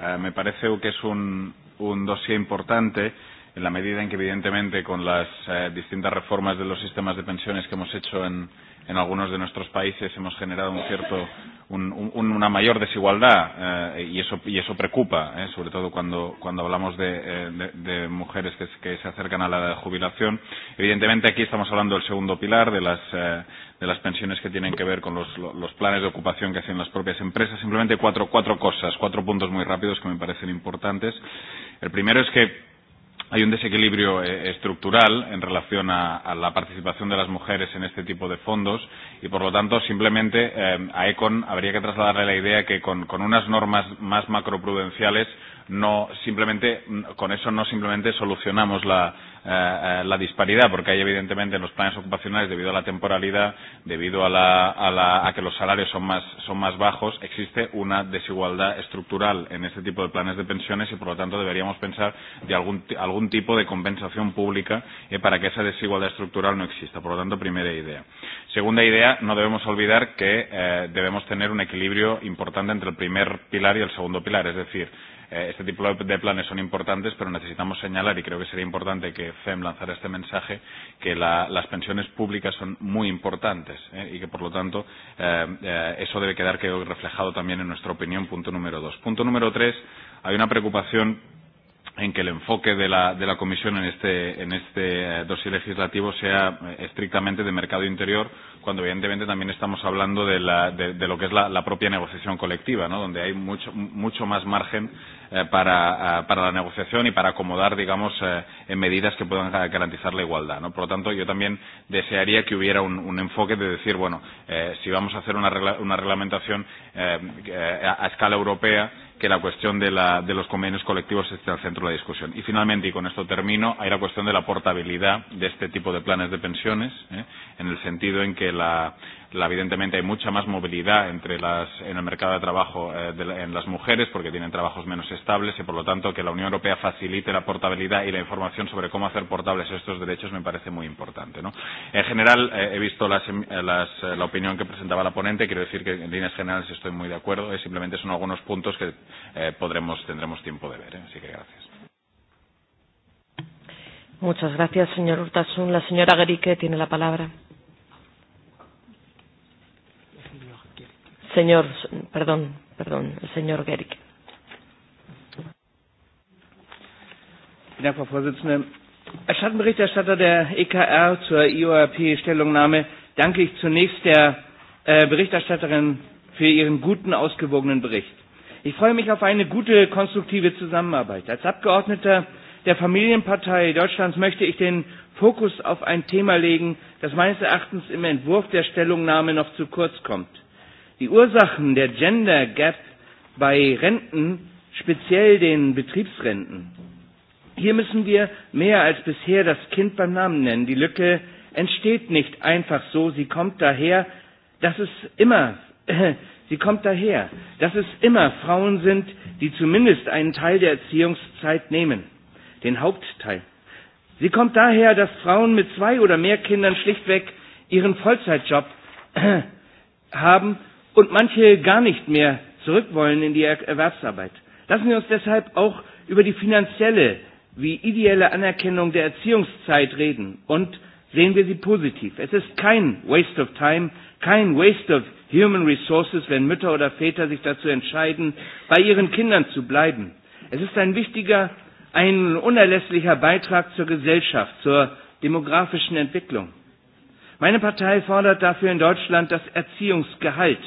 Eh, me parece que es un, un dossier importante en la medida en que, evidentemente, con las eh, distintas reformas de los sistemas de pensiones que hemos hecho en, en algunos de nuestros países hemos generado un cierto, un, un, una mayor desigualdad eh, y, eso, y eso preocupa, eh, sobre todo cuando, cuando hablamos de, eh, de, de mujeres que, que se acercan a la jubilación. Evidentemente aquí estamos hablando del segundo pilar, de las, eh, de las pensiones que tienen que ver con los, los planes de ocupación que hacen las propias empresas. Simplemente cuatro, cuatro cosas, cuatro puntos muy rápidos que me parecen importantes. El primero es que hay un desequilibrio eh, estructural en relación a, a la participación de las mujeres en este tipo de fondos y, por lo tanto, simplemente eh, a ECON habría que trasladarle la idea que con, con unas normas más macroprudenciales no simplemente con eso no simplemente solucionamos la, eh, eh, la disparidad porque hay evidentemente en los planes ocupacionales debido a la temporalidad debido a, la, a, la, a que los salarios son más son más bajos existe una desigualdad estructural en este tipo de planes de pensiones y por lo tanto deberíamos pensar de algún algún tipo de compensación pública eh, para que esa desigualdad estructural no exista por lo tanto primera idea segunda idea no debemos olvidar que eh, debemos tener un equilibrio importante entre el primer pilar y el segundo pilar es decir Eh, este tipo de planes son importantes, pero necesitamos señalar, y creo que sería importante que FEM lanzara este mensaje, que la, las pensiones públicas son muy importantes eh, y que, por lo tanto, eh, eh, eso debe quedar reflejado también en nuestra opinión, punto número dos. Punto número tres, hay una preocupación en que el enfoque de la, de la Comisión en este, en este eh, dossier legislativo sea eh, estrictamente de mercado interior, cuando evidentemente también estamos hablando de, la, de, de lo que es la, la propia negociación colectiva, ¿no? donde hay mucho, mucho más margen eh, para, a, eh, para la negociación y para acomodar, digamos, eh, en medidas que puedan garantizar la igualdad. ¿no? Por lo tanto, yo también desearía que hubiera un, un enfoque de decir, bueno, eh, si vamos a hacer una, regla, una reglamentación eh, eh a, a escala europea, que la cuestión de, la, de los convenios colectivos esté al centro de la discusión. Y finalmente, y con esto termino, hay la cuestión de la portabilidad de este tipo de planes de pensiones, ¿eh? en el sentido en que la, la, evidentemente hay mucha más movilidad entre las, en el mercado de trabajo eh, de, en las mujeres porque tienen trabajos menos estables y por lo tanto que la Unión Europea facilite la portabilidad y la información sobre cómo hacer portables estos derechos me parece muy importante. ¿no? En general eh, he visto las, las, eh, la opinión que presentaba la ponente, quiero decir que en líneas generales estoy muy de acuerdo, eh, simplemente son algunos puntos que eh, podremos, tendremos tiempo de ver. ¿eh? Así que gracias. Muchas gracias, señor Urtasun. La señora Gerique tiene la palabra. señor, perdón, perdón, el señor Gerick. Vielen Frau Vorsitzende. Als Schattenberichterstatter der EKR zur ioap stellungnahme danke ich zunächst der äh, Berichterstatterin für ihren guten, ausgewogenen Bericht. Ich freue mich auf eine gute, konstruktive Zusammenarbeit. Als Abgeordneter der Familienpartei Deutschlands möchte ich den Fokus auf ein Thema legen, das meines Erachtens im Entwurf der Stellungnahme noch zu kurz kommt. Die Ursachen der Gender Gap bei Renten, speziell den Betriebsrenten. Hier müssen wir mehr als bisher das Kind beim Namen nennen. Die Lücke entsteht nicht einfach so, sie kommt daher, dass es immer, äh, sie kommt daher, dass es immer Frauen sind, die zumindest einen Teil der Erziehungszeit nehmen, den Hauptteil. Sie kommt daher, dass Frauen mit zwei oder mehr Kindern schlichtweg ihren Vollzeitjob äh, haben und manche gar nicht mehr zurück wollen in die er-, Erwerbsarbeit. Lassen wir uns deshalb auch über die finanzielle wie ideelle Anerkennung der Erziehungszeit reden und sehen wir sie positiv. Es ist kein Waste of Time, kein Waste of Human Resources, wenn Mütter oder Väter sich dazu entscheiden, bei ihren Kindern zu bleiben. Es ist ein wichtiger, ein unerlässlicher Beitrag zur Gesellschaft, zur demografischen Entwicklung. Meine Partei fordert dafür in Deutschland das Erziehungsgehalt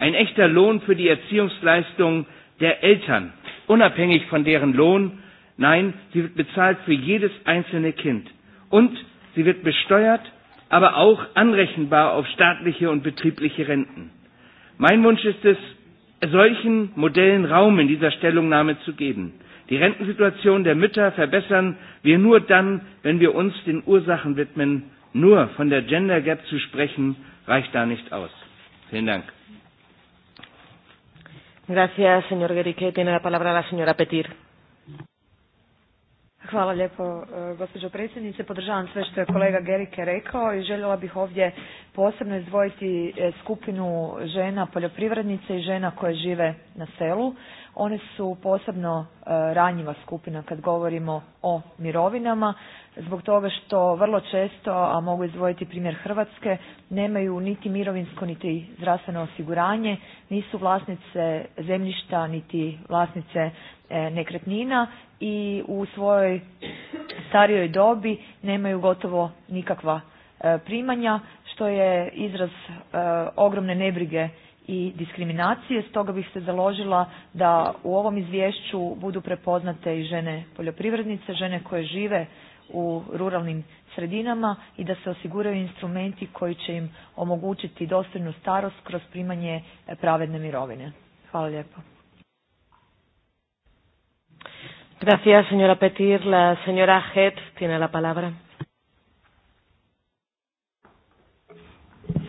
Ein echter Lohn für die Erziehungsleistung der Eltern, unabhängig von deren Lohn. Nein, sie wird bezahlt für jedes einzelne Kind. Und sie wird besteuert, aber auch anrechenbar auf staatliche und betriebliche Renten. Mein Wunsch ist es, solchen Modellen Raum in dieser Stellungnahme zu geben. Die Rentensituation der Mütter verbessern wir nur dann, wenn wir uns den Ursachen widmen. Nur von der Gender Gap zu sprechen, reicht da nicht aus. Vielen Dank. Gracias, señor Gerike. Tiene la palabra la señora Petir. Hvala lijepo eh, gospođo predsjednice. Podržavam sve što je kolega Gerike rekao i željela bih ovdje posebno izdvojiti eh, skupinu žena poljoprivrednice i žena koje žive na selu. One su posebno eh, ranjiva skupina kad govorimo o mirovinama zbog toga što vrlo često, a mogu izdvojiti primjer Hrvatske, nemaju niti mirovinsko niti zdravstveno osiguranje, nisu vlasnice zemljišta niti vlasnice nekretnina i u svojoj starijoj dobi nemaju gotovo nikakva primanja što je izraz ogromne nebrige i diskriminacije. Stoga bih se založila da u ovom izvješću budu prepoznate i žene poljoprivrednice, žene koje žive u ruralnim sredinama i da se osiguraju instrumenti koji će im omogućiti dostojnu starost kroz primanje pravedne mirovine. Hvala lijepo. Gracias, señora Petir. La señora Het tiene la palabra.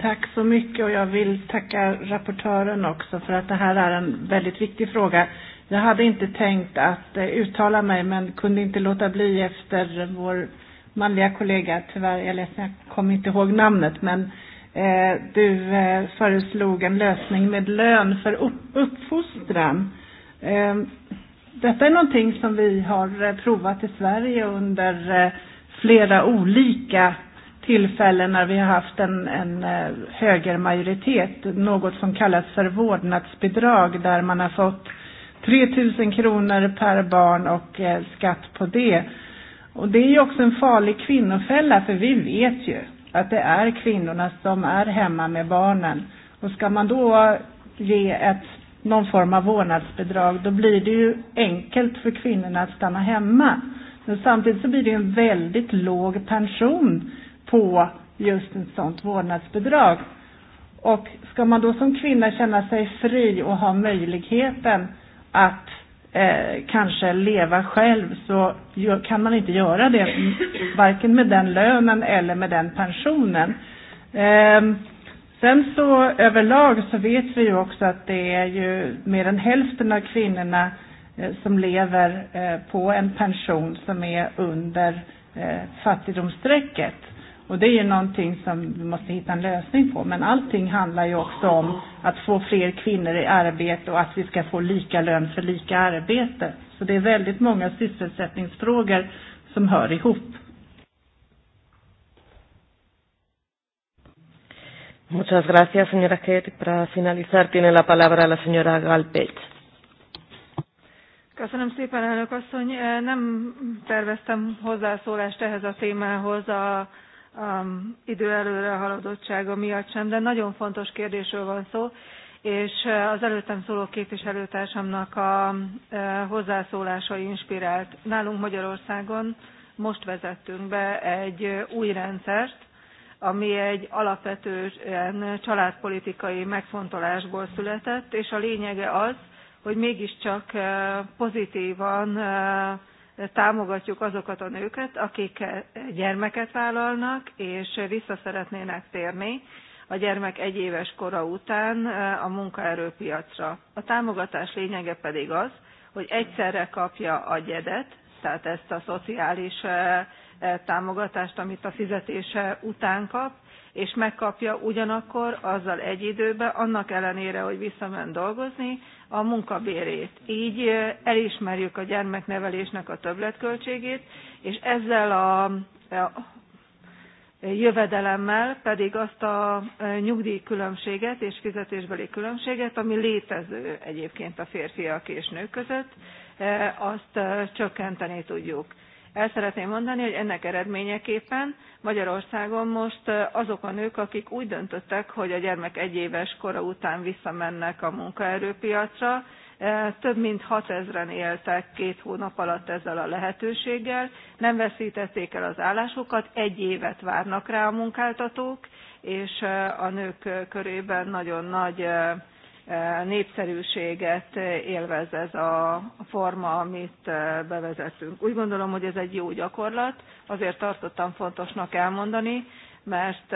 Tack så mycket och jag vill tacka rapportören också för att det här är en väldigt viktig fråga. Jag hade inte tänkt att eh, uttala mig men kunde inte låta bli efter vår manliga kollega, tyvärr, jag läste, jag kommer inte ihåg namnet, men eh, du eh, föreslog en lösning med lön för upp, uppfostran. Eh, detta är någonting som vi har eh, provat i Sverige under eh, flera olika tillfällen när vi har haft en, en eh, högermajoritet, något som kallas för vårdnadsbidrag där man har fått 3.000 kronor per barn och eh, skatt på det. Och det är ju också en farlig kvinnofälla för vi vet ju att det är kvinnorna som är hemma med barnen. Och ska man då ge ett, någon form av vårdnadsbidrag då blir det ju enkelt för kvinnorna att stanna hemma. Men samtidigt så blir det en väldigt låg pension på just ett sådant vårdnadsbidrag. Och ska man då som kvinna känna sig fri och ha möjligheten att eh, kanske leva själv så kan man inte göra det varken med den lönen eller med den pensionen. Eh, sen så överlag så vet vi ju också att det är ju mer än hälften av kvinnorna eh, som lever eh, på en pension som är under eh, fattigdomsstrecket. Och det är ju någonting som vi måste hitta en lösning på. Men allting handlar ju också om att få fler kvinnor i arbete och att vi ska få lika lön för lika arbete. Så det är väldigt många sysselsättningsfrågor som hör ihop. Muchas gracias, señora Kett. Para finalizar, tiene la palabra la señora Galpech. Köszönöm szépen, elnök asszony. Nem terveztem hozzászólást ehhez a témához. A um, idő előre haladottsága miatt sem, de nagyon fontos kérdésről van szó, és uh, az előttem szóló képviselőtársamnak a uh, hozzászólása inspirált. Nálunk Magyarországon most vezettünk be egy uh, új rendszert, ami egy alapvetően családpolitikai megfontolásból született, és a lényege az, hogy mégiscsak pozitívan támogatjuk azokat a nőket akik gyermeket vállalnak és vissza szeretnének térni a gyermek egyéves kora után eh, a munkaerőpiacra. a támogatás lényege pedig az hogy egyszerre kapja a gyedet tehát ezt a szociális eh, eh, támogatást amit a fizetése után kap és megkapja ugyanakkor azzal egy időben annak ellenére hogy visszament dolgozni a munkabérét. Így elismerjük a gyermeknevelésnek a többletköltségét, és ezzel a jövedelemmel pedig azt a nyugdíjkülönbséget és fizetésbeli különbséget, ami létező egyébként a férfiak és nők között, azt csökkenteni tudjuk. El szeretném mondani, hogy ennek eredményeképpen Magyarországon most azok a nők, akik úgy döntöttek, hogy a gyermek egyéves kora után visszamennek a munkaerőpiacra, több mint 6000-en éltek két hónap alatt ezzel a lehetőséggel, nem veszítették el az állásukat, egy évet várnak rá a munkáltatók, és a nők körében nagyon nagy népszerűséget élvez ez a forma, amit bevezetünk. Úgy gondolom, hogy ez egy jó gyakorlat, azért tartottam fontosnak elmondani, mert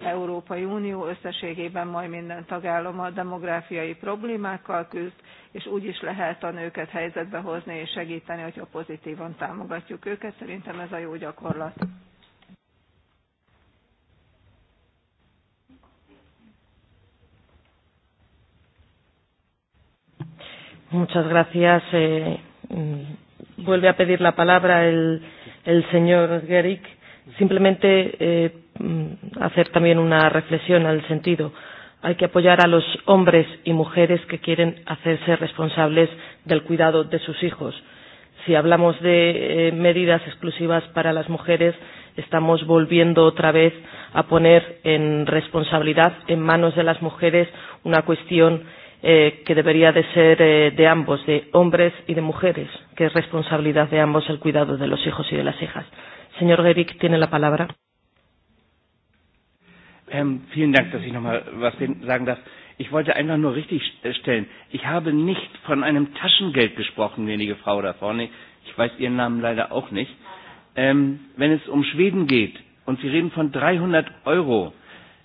Európai Unió összességében majd minden tagállam a demográfiai problémákkal küzd, és úgy is lehet a nőket helyzetbe hozni és segíteni, hogyha pozitívan támogatjuk őket. Szerintem ez a jó gyakorlat. Muchas gracias. Eh, mm, vuelve a pedir la palabra el, el señor Gerick. Simplemente eh, mm, hacer también una reflexión al sentido. Hay que apoyar a los hombres y mujeres que quieren hacerse responsables del cuidado de sus hijos. Si hablamos de eh, medidas exclusivas para las mujeres, estamos volviendo otra vez a poner en responsabilidad en manos de las mujeres una cuestión eh, que debería de ser eh, de ambos, de hombres y de mujeres, que es responsabilidad de ambos el cuidado de los hijos y de las hijas. Señor Gerick, tiene la palabra. Ähm, vielen Dank, dass ich noch mal was sagen darf. Ich wollte einfach nur richtig äh, stellen. Ich habe nicht von einem Taschengeld gesprochen, wenige Frau da vorne. Ich weiß ihren Namen leider auch nicht. Ähm, wenn es um Schweden geht und Sie reden von 300 Euro,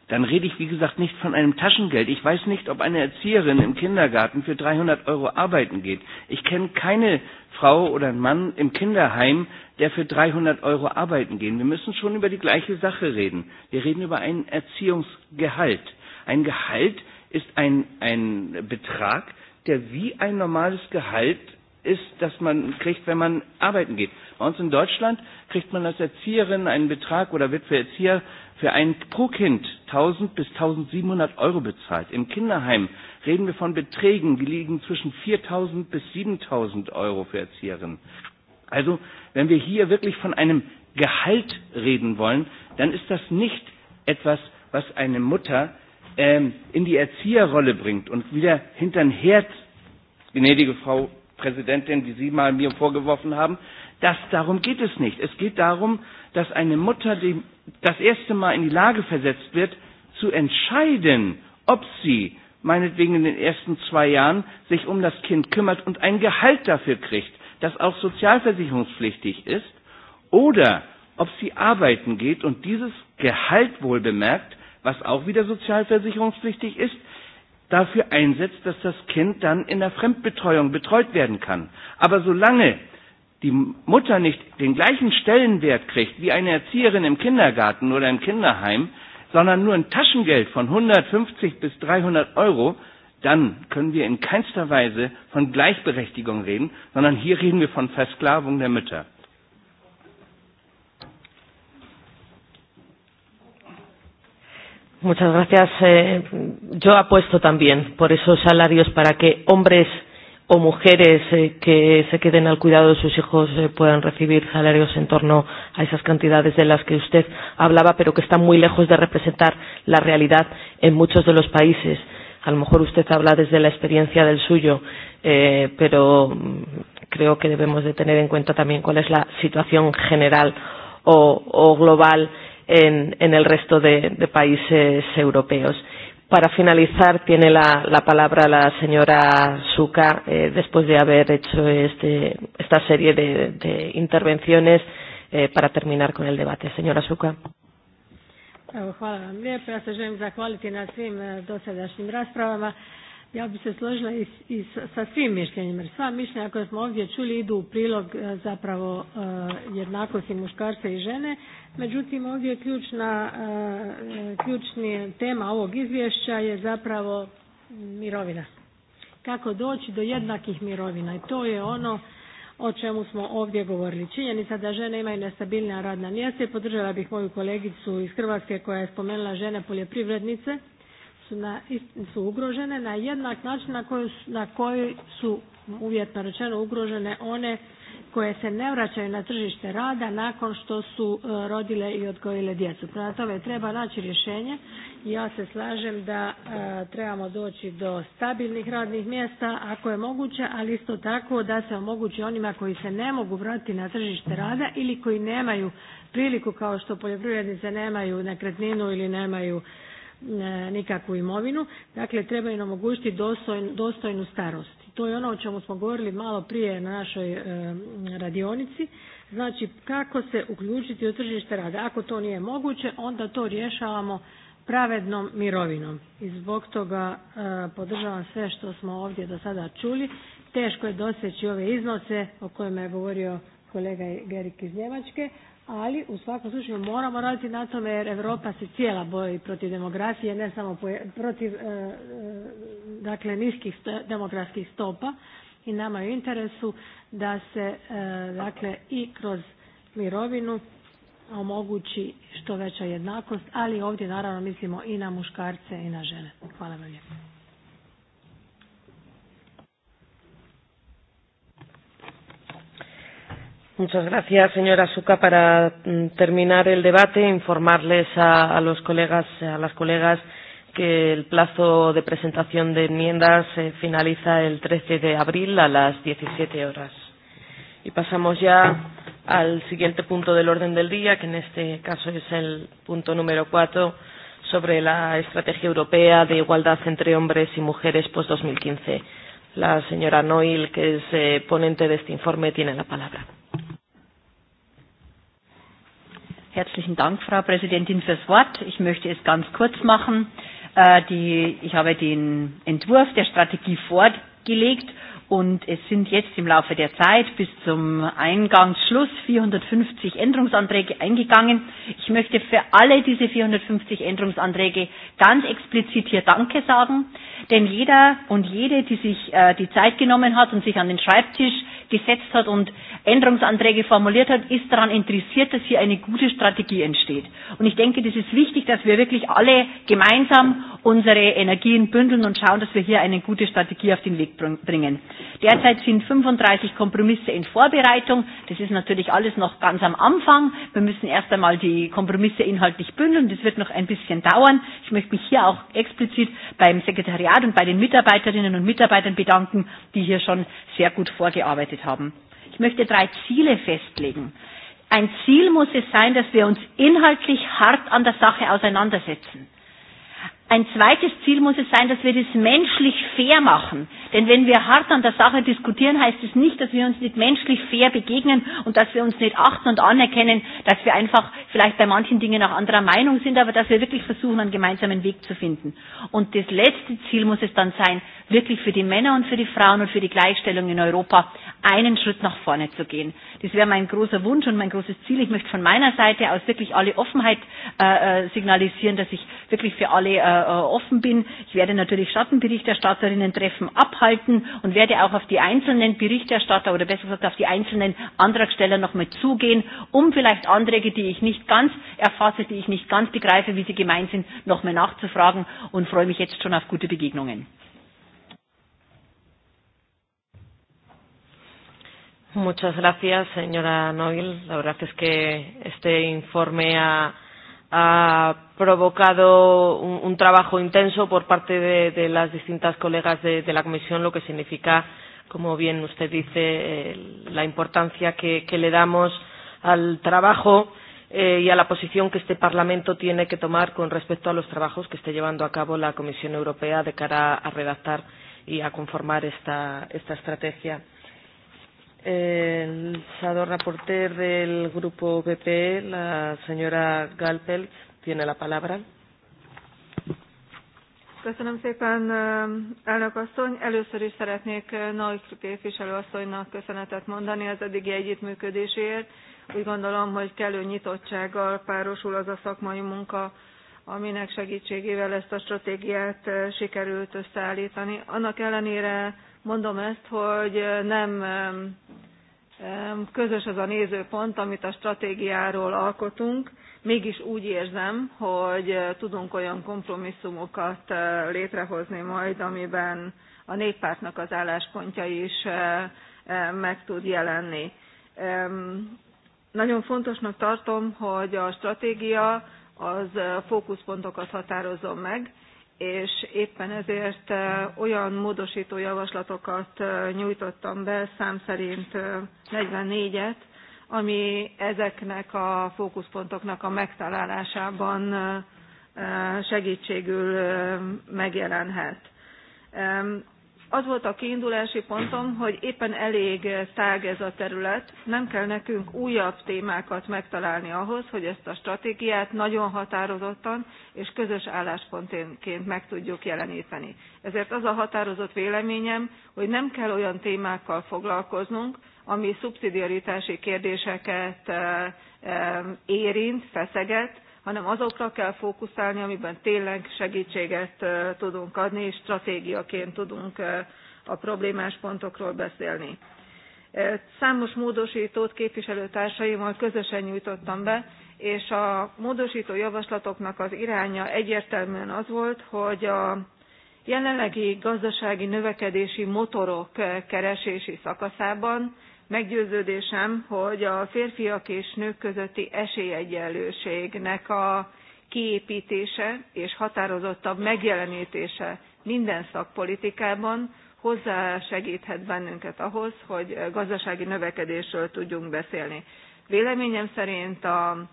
dann rede ich, wie gesagt, nicht von einem Taschengeld. Ich weiß nicht, ob eine Erzieherin im Kindergarten für 300 Euro arbeiten geht. Ich kenne keine Frau oder einen Mann im Kinderheim, der für 300 Euro arbeiten geht. Wir müssen schon über die gleiche Sache reden. Wir reden über ein Erziehungsgehalt. Ein Gehalt ist ein, ein Betrag, der wie ein normales Gehalt ist, das man kriegt, wenn man arbeiten geht. Bei uns in Deutschland kriegt man als Erzieherin einen Betrag oder wird für Erzieher für ein pro Kind 1000 bis 1700 Euro bezahlt. Im Kinderheim reden wir von Beträgen, die liegen zwischen 4000 bis 7000 Euro für Erzieherinnen. Also, wenn wir hier wirklich von einem Gehalt reden wollen, dann ist das nicht etwas, was eine Mutter ähm, in die Erzieherrolle bringt und wieder hinter den Herd, gnädige Frau Präsidentin, wie Sie mal mir vorgeworfen haben, Das, darum geht es nicht. Es geht darum, dass eine Mutter die, das erste Mal in die Lage versetzt wird, zu entscheiden, ob sie meinetwegen in den ersten zwei Jahren sich um das Kind kümmert und ein Gehalt dafür kriegt, das auch sozialversicherungspflichtig ist, oder ob sie arbeiten geht und dieses Gehalt wohl bemerkt, was auch wieder sozialversicherungspflichtig ist, dafür einsetzt, dass das Kind dann in der Fremdbetreuung betreut werden kann. Aber solange die Mutter nicht den gleichen Stellenwert kriegt wie eine Erzieherin im Kindergarten oder im Kinderheim, sondern nur ein Taschengeld von 150 bis 300 Euro, dann können wir in keinster Weise von Gleichberechtigung reden, sondern hier reden wir von Versklavung der Mütter. Muchas gracias. Eh, yo apuesto también por esos salarios para que hombres o mujeres eh, que se queden al cuidado de sus hijos eh, puedan recibir salarios en torno a esas cantidades de las que usted hablaba, pero que están muy lejos de representar la realidad en muchos de los países. A lo mejor usted habla desde la experiencia del suyo, eh, pero mm, creo que debemos de tener en cuenta también cuál es la situación general o, o global en, en el resto de, de países europeos. Para finalizar, tiene la, la palabra la señora Suka, eh, después de haber hecho este, esta serie de, de intervenciones, eh, para terminar con el debate. Señora Suca. Evo, hvala vam lijepo. Ja se želim zahvaliti na svim eh, dosadašnjim raspravama. Ja bi se složila i, i sa, sa svim mišljenjima. Sva mišljenja koje smo ovdje čuli idu u prilog zapravo uh, jednakosti muškarca i žene. Međutim, ovdje ključna, uh, ključni tema ovog izvješća je zapravo mirovina. Kako doći do jednakih mirovina i to je ono o čemu smo ovdje govorili. Činjenica da žene imaju nestabilna radna mjesta i podržala bih moju kolegicu iz Hrvatske koja je spomenula žene poljoprivrednice su, na, su ugrožene na jednak način na koji, na koji su uvjetno rečeno ugrožene one koje se ne vraćaju na tržište rada nakon što su rodile i odgojile djecu. Prema tome treba naći rješenje ja se slažem da trebamo doći do stabilnih radnih mjesta ako je moguće, ali isto tako da se omogući onima koji se ne mogu vratiti na tržište rada ili koji nemaju priliku kao što poljoprivrednice nemaju nekretninu ili nemaju nikakvu imovinu. Dakle, treba im omogućiti dostojnu starost. To je ono o čemu smo govorili malo prije na našoj radionici. Znači, kako se uključiti u tržište rada. Ako to nije moguće, onda to rješavamo pravednom mirovinom. I zbog toga podržavam sve što smo ovdje do sada čuli. Teško je doseći ove iznose o kojima je govorio kolega Gerik iz Njemačke, ali u svakom slučaju moramo raditi na tome jer Europa se cijela boji protiv demografije, ne samo protiv e, dakle niskih sto, demografskih stopa i nama je u interesu da se e, dakle i kroz mirovinu omogući što veća jednakost, ali ovdje naravno mislimo i na muškarce i na žene. Hvala vam lijepo. Muchas gracias, señora Suca. Para mm, terminar el debate, informarles a, a los colegas, a las colegas, que el plazo de presentación de enmiendas eh, finaliza el 13 de abril a las 17 horas. Y pasamos ya al siguiente punto del orden del día, que en este caso es el punto número cuatro sobre la Estrategia Europea de Igualdad entre Hombres y Mujeres post-2015. La señora Noil, que es eh, ponente de este informe, tiene la palabra. Herzlichen Dank, Frau Präsidentin, fürs Wort. Ich möchte es ganz kurz machen. Äh, die, ich habe den Entwurf der Strategie vorgelegt Und es sind jetzt im Laufe der Zeit bis zum Eingangsschluss 450 Änderungsanträge eingegangen. Ich möchte für alle diese 450 Änderungsanträge ganz explizit hier Danke sagen, denn jeder und jede, die sich äh, die Zeit genommen hat und sich an den Schreibtisch gesetzt hat und Änderungsanträge formuliert hat, ist daran interessiert, dass hier eine gute Strategie entsteht. Und ich denke, das ist wichtig, dass wir wirklich alle gemeinsam unsere Energien bündeln und schauen, dass wir hier eine gute Strategie auf den Weg bringen. Derzeit sind 35 Kompromisse in Vorbereitung. Das ist natürlich alles noch ganz am Anfang. Wir müssen erst einmal die Kompromisse inhaltlich bündeln. Das wird noch ein bisschen dauern. Ich möchte mich hier auch explizit beim Sekretariat und bei den Mitarbeiterinnen und Mitarbeitern bedanken, die hier schon sehr gut vorgearbeitet haben. Ich möchte drei Ziele festlegen. Ein Ziel muss es sein, dass wir uns inhaltlich hart an der Sache auseinandersetzen. Ein zweites Ziel muss es sein, dass wir das menschlich fair machen. Denn wenn wir hart an der Sache diskutieren, heißt es das nicht, dass wir uns nicht menschlich fair begegnen und dass wir uns nicht achten und anerkennen, dass wir einfach vielleicht bei manchen Dingen auch anderer Meinung sind, aber dass wir wirklich versuchen, einen gemeinsamen Weg zu finden. Und das letzte Ziel muss es dann sein, wirklich für die Männer und für die Frauen und für die Gleichstellung in Europa einen Schritt nach vorne zu gehen. Das wäre mein großer Wunsch und mein großes Ziel. Ich möchte von meiner Seite aus wirklich alle Offenheit äh, äh signalisieren, dass ich wirklich für alle äh, Äh, offen bin. Ich werde natürlich Schattenberichterstatterinnen treffen, abhalten und werde auch auf die einzelnen Berichterstatter oder besser gesagt auf die einzelnen Antragsteller nochmal zugehen, um vielleicht Anträge, die ich nicht ganz erfasse, die ich nicht ganz begreife, wie sie gemeint sind, nochmal nachzufragen und freue mich jetzt schon auf gute Begegnungen. Muchas gracias, señora Noil. La verdad es que este informe ha ha provocado un, un trabajo intenso por parte de, de las distintas colegas de, de la Comisión, lo que significa, como bien usted dice, eh, la importancia que, que le damos al trabajo eh, y a la posición que este Parlamento tiene que tomar con respecto a los trabajos que esté llevando a cabo la Comisión Europea de cara a redactar y a conformar esta, esta estrategia el senador reporter del grupo PPE, la señora Galpel, tiene la palabra. Köszönöm szépen, um, elnök asszony. Először is szeretnék uh, Nagy képviselő asszonynak köszönetet mondani az eddigi együttműködéséért. Úgy gondolom, hogy kellő nyitottsággal párosul az a szakmai munka, aminek segítségével ezt a stratégiát uh, sikerült összeállítani. Annak ellenére Mondom ezt, hogy nem közös az a nézőpont, amit a stratégiáról alkotunk, mégis úgy érzem, hogy tudunk olyan kompromisszumokat létrehozni majd, amiben a néppártnak az álláspontja is meg tud jelenni. Nagyon fontosnak tartom, hogy a stratégia az fókuszpontokat határozzon meg, és éppen ezért olyan módosító javaslatokat nyújtottam be szám szerint 44-et, ami ezeknek a fókuszpontoknak a megtalálásában segítségül megjelenhet Az volt a kiindulási pontom, hogy éppen elég tág ez a terület, nem kell nekünk újabb témákat megtalálni ahhoz, hogy ezt a stratégiát nagyon határozottan és közös álláspontként meg tudjuk jeleníteni. Ezért az a határozott véleményem, hogy nem kell olyan témákkal foglalkoznunk, ami szubszidiaritási kérdéseket eh, eh, érint, feszeget, hanem azokra kell fókuszálni, amiben tényleg segítséget tudunk adni, és stratégiaként tudunk a problémás pontokról beszélni. Számos módosítót képviselőtársaimmal közösen nyújtottam be, és a módosító javaslatoknak az iránya egyértelműen az volt, hogy a jelenlegi gazdasági növekedési motorok keresési szakaszában Meggyőződésem, hogy a férfiak és nők közötti esélyegyenlőségnek a kiépítése és határozottabb megjelenítése minden szakpolitikában hozzásegthet bennünket ahhoz hogy gazdasági növekedésről tudjunk beszélni. véleményem szerint a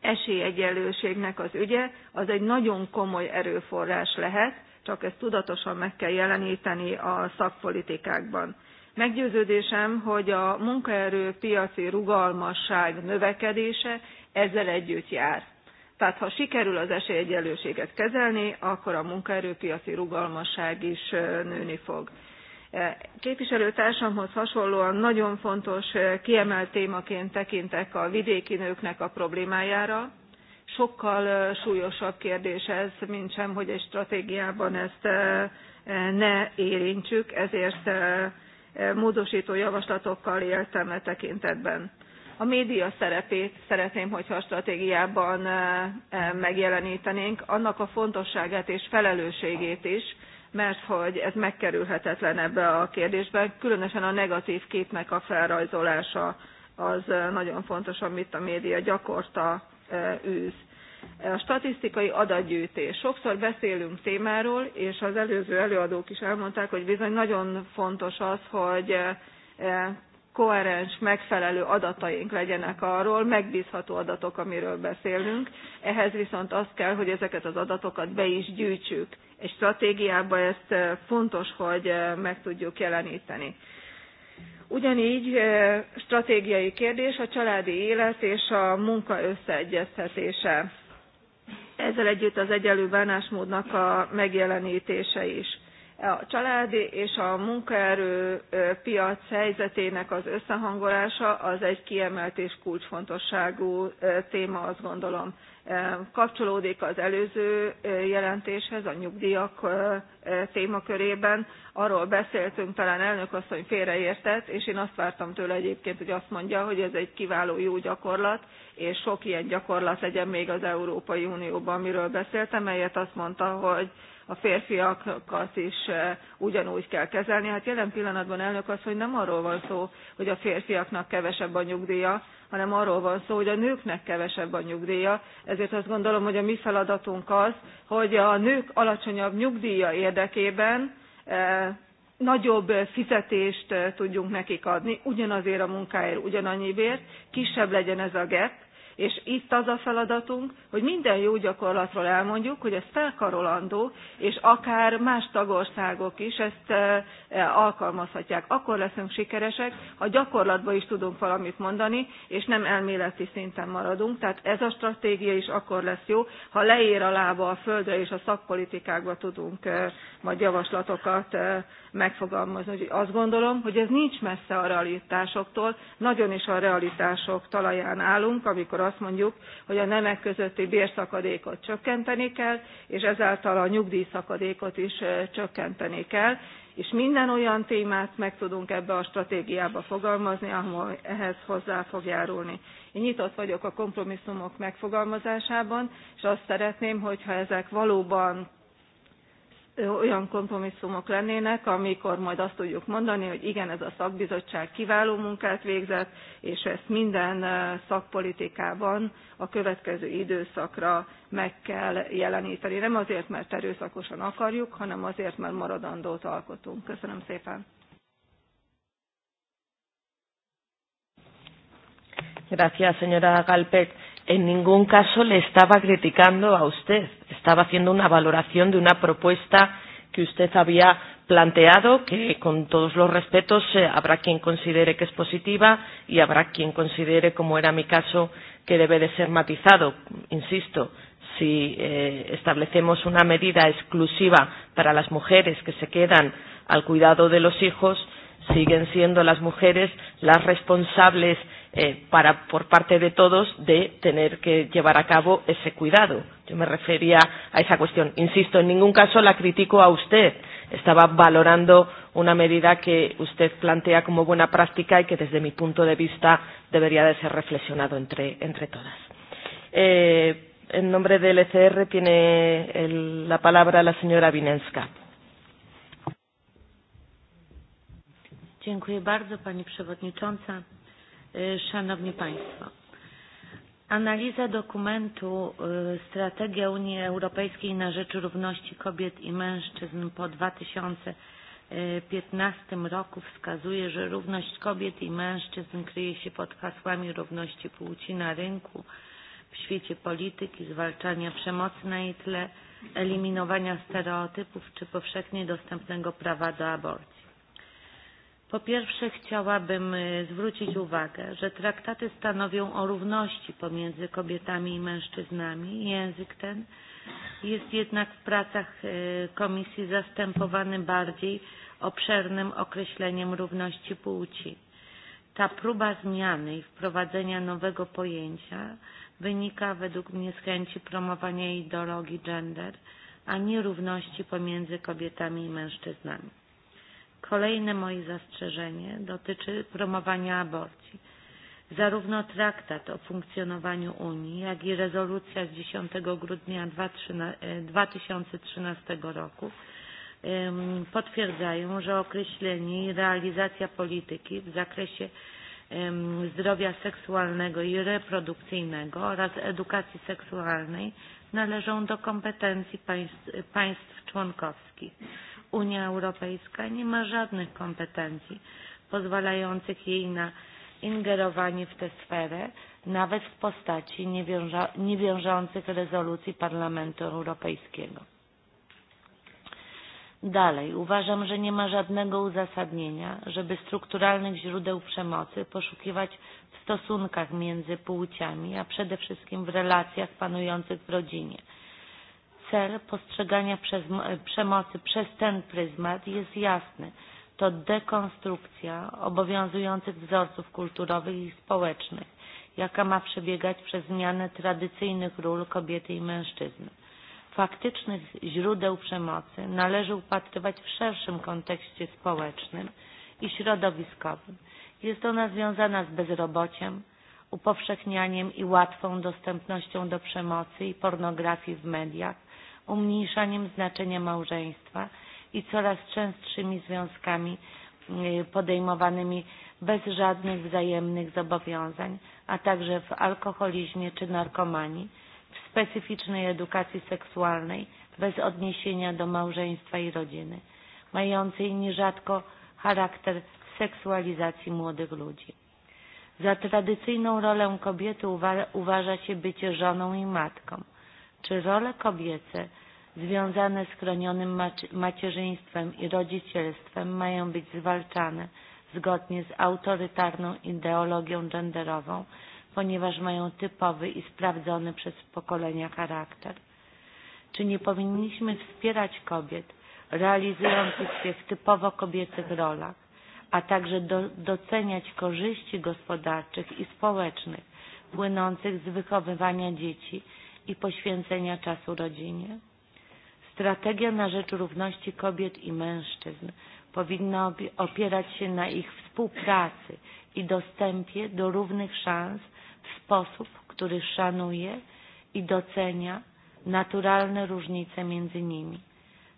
esélyegyenlőségnek az ügye az egy nagyon komoly erőforrás lehet csak ezt tudatosan meg kell jeleníteni a szakpolitikákban. Meggyőződésem, hogy a munkaerő piaci rugalmasság növekedése ezzel együtt jár. Tehát ha sikerül az esélyegyenlőséget kezelni, akkor a munkaerőpiaci rugalmasság is nőni fog. Képviselőtársamhoz hasonlóan nagyon fontos kiemelt témaként tekintek a vidéki nőknek a problémájára. Sokkal súlyosabb kérdés ez, mint sem, hogy egy stratégiában ezt ne érintsük, ezért Eh, módosító javaslatokkal éltem e tekintetben. A média szerepét szeretném, hogyha a stratégiában eh, eh, megjelenítenénk, annak a fontosságát és felelősségét is, mert hogy ez megkerülhetetlen ebbe a kérdésben, különösen a negatív képnek a felrajzolása az nagyon fontos, amit a média gyakorta űz a statisztikai adatgyűjtés. Sokszor beszélünk témáról, és az előző előadók is elmondták, hogy bizony nagyon fontos az, hogy eh, koherens, megfelelő adataink legyenek arról, megbízható adatok, amiről beszélünk. Ehhez viszont az kell, hogy ezeket az adatokat be is gyűjtsük. Egy stratégiában ezt eh, fontos, hogy eh, meg tudjuk jeleníteni. Ugyanígy stratégiai kérdés a családi élet és a munka összeegyeztetése ezzel együtt az egyenlő bánásmódnak a megjelentése is a családi és a munkaerő piac helyzetének az összehangolása az egy kiemelt és kulcsfontosságú téma azt gondolom. kapcsolódik az előző jelentéshez a nyugdíjak témakörében arról beszéltünk talán elnök asszony félreértett és én azt vártam tőle egyébként hogy azt mondja hogy ez egy kiváló jó gyakorlat és sok ilyen gyakorlat legyen még az európai unióban amiről beszéltem melyet azt mondta hogy a férfiakat is eh, ugyanúgy kell kezelni. Hát jelen pillanatban elnök az, hogy nem arról van szó, hogy a férfiaknak kevesebb a nyugdíja, hanem arról van szó, hogy a nőknek kevesebb a nyugdíja, ezért azt gondolom, hogy a mi feladatunk az, hogy a nők alacsonyabb nyugdíja érdekében eh, nagyobb fizetést eh, tudjunk nekik adni, ugyanazért a munkáért, ugyanannyi bért, kisebb legyen ez a gap, És itt az a feladatunk, hogy minden jó gyakorlatról elmondjuk, hogy ez felkarolandó, és akár más tagországok is ezt alkalmazhatják. Akkor leszünk sikeresek, ha gyakorlatban is tudunk valamit mondani, és nem elméleti szinten maradunk. Tehát ez a stratégia is akkor lesz jó, ha leér a lába a földre, és a szakpolitikákba tudunk majd javaslatokat megfogalmazni. Úgyhogy azt gondolom, hogy ez nincs messze a realitásoktól, nagyon is a realitások talaján állunk, amikor azt mondjuk hogy a nemek közötti bérszakadékot csökkenteni kell és ezáltal a nyugdjszakadékot is csökkenteni kell és minden olyan témát meg tudunk ebbe a stratégiába fogalmazni ahol ehhez hozzá fog járulni. én nyitott vagyok a kompromisszumok megfogalmazásában és azt szeretném hogyha ezek valóban olyan kompromisszumok lennének, amikor majd azt tudjuk mondani, hogy igen, ez a szakbizottság kiváló munkát végzett, és ezt minden eh, szakpolitikában a következő időszakra meg kell jeleníteni. Nem azért, mert erőszakosan akarjuk, hanem azért, mert maradandót alkotunk. Köszönöm szépen! Gracias, señora Galpec en ningún caso le estaba criticando a usted, estaba haciendo una valoración de una propuesta que usted había planteado, que con todos los respetos eh, habrá quien considere que es positiva y habrá quien considere, como era mi caso, que debe de ser matizado. Insisto, si eh, establecemos una medida exclusiva para las mujeres que se quedan al cuidado de los hijos, siguen siendo las mujeres las responsables eh, para, por parte de todos de tener que llevar a cabo ese cuidado. Yo me refería a esa cuestión. Insisto, en ningún caso la critico a usted. Estaba valorando una medida que usted plantea como buena práctica y que desde mi punto de vista debería de ser reflexionado entre, entre todas. Eh, en nombre del ECR tiene el, la palabra la señora Vinenska. Dziękuję bardzo Pani Przewodnicząca. Szanowni Państwo, analiza dokumentu Strategia Unii Europejskiej na rzecz równości kobiet i mężczyzn po 2015 roku wskazuje, że równość kobiet i mężczyzn kryje się pod hasłami równości płci na rynku, w świecie polityki, zwalczania przemocy na jej tle, eliminowania stereotypów czy powszechnie dostępnego prawa do aborcji. Po pierwsze chciałabym zwrócić uwagę, że traktaty stanowią o równości pomiędzy kobietami i mężczyznami. Język ten jest jednak w pracach komisji zastępowany bardziej obszernym określeniem równości płci. Ta próba zmiany i wprowadzenia nowego pojęcia wynika według mnie z chęci promowania ideologii gender, a nie równości pomiędzy kobietami i mężczyznami. Kolejne moje zastrzeżenie dotyczy promowania aborcji. Zarówno traktat o funkcjonowaniu Unii, jak i rezolucja z 10 grudnia 2013 roku potwierdzają, że określenie i realizacja polityki w zakresie zdrowia seksualnego i reprodukcyjnego oraz edukacji seksualnej należą do kompetencji państw, państw członkowskich Unia Europejska nie ma żadnych kompetencji pozwalających jej na ingerowanie w tę sferę, nawet w postaci niewiąża, niewiążących rezolucji Parlamentu Europejskiego. Dalej, uważam, że nie ma żadnego uzasadnienia, żeby strukturalnych źródeł przemocy poszukiwać w stosunkach między płciami, a przede wszystkim w relacjach panujących w rodzinie – cel postrzegania przez, przemocy przez ten pryzmat jest jasny. To dekonstrukcja obowiązujących wzorców kulturowych i społecznych, jaka ma przebiegać przez zmianę tradycyjnych ról kobiety i mężczyzny. Faktycznych źródeł przemocy należy upatrywać w szerszym kontekście społecznym i środowiskowym. Jest ona związana z bezrobociem, upowszechnianiem i łatwą dostępnością do przemocy i pornografii w mediach, umniejszaniem znaczenia małżeństwa i coraz częstszymi związkami podejmowanymi bez żadnych wzajemnych zobowiązań, a także w alkoholizmie czy narkomanii, w specyficznej edukacji seksualnej bez odniesienia do małżeństwa i rodziny, mającej nierzadko charakter seksualizacji młodych ludzi. Za tradycyjną rolę kobiety uwa uważa się bycie żoną i matką czy role kobiece związane z chronionym macierzyństwem i rodzicielstwem mają być zwalczane zgodnie z autorytarną ideologią genderową, ponieważ mają typowy i sprawdzony przez pokolenia charakter? Czy nie powinniśmy wspierać kobiet realizujących się w typowo kobiecych rolach, a także do, doceniać korzyści gospodarczych i społecznych płynących z wychowywania dzieci i poświęcenia czasu rodzinie. Strategia na rzecz równości kobiet i mężczyzn powinna opierać się na ich współpracy i dostępie do równych szans w sposób, który szanuje i docenia naturalne różnice między nimi.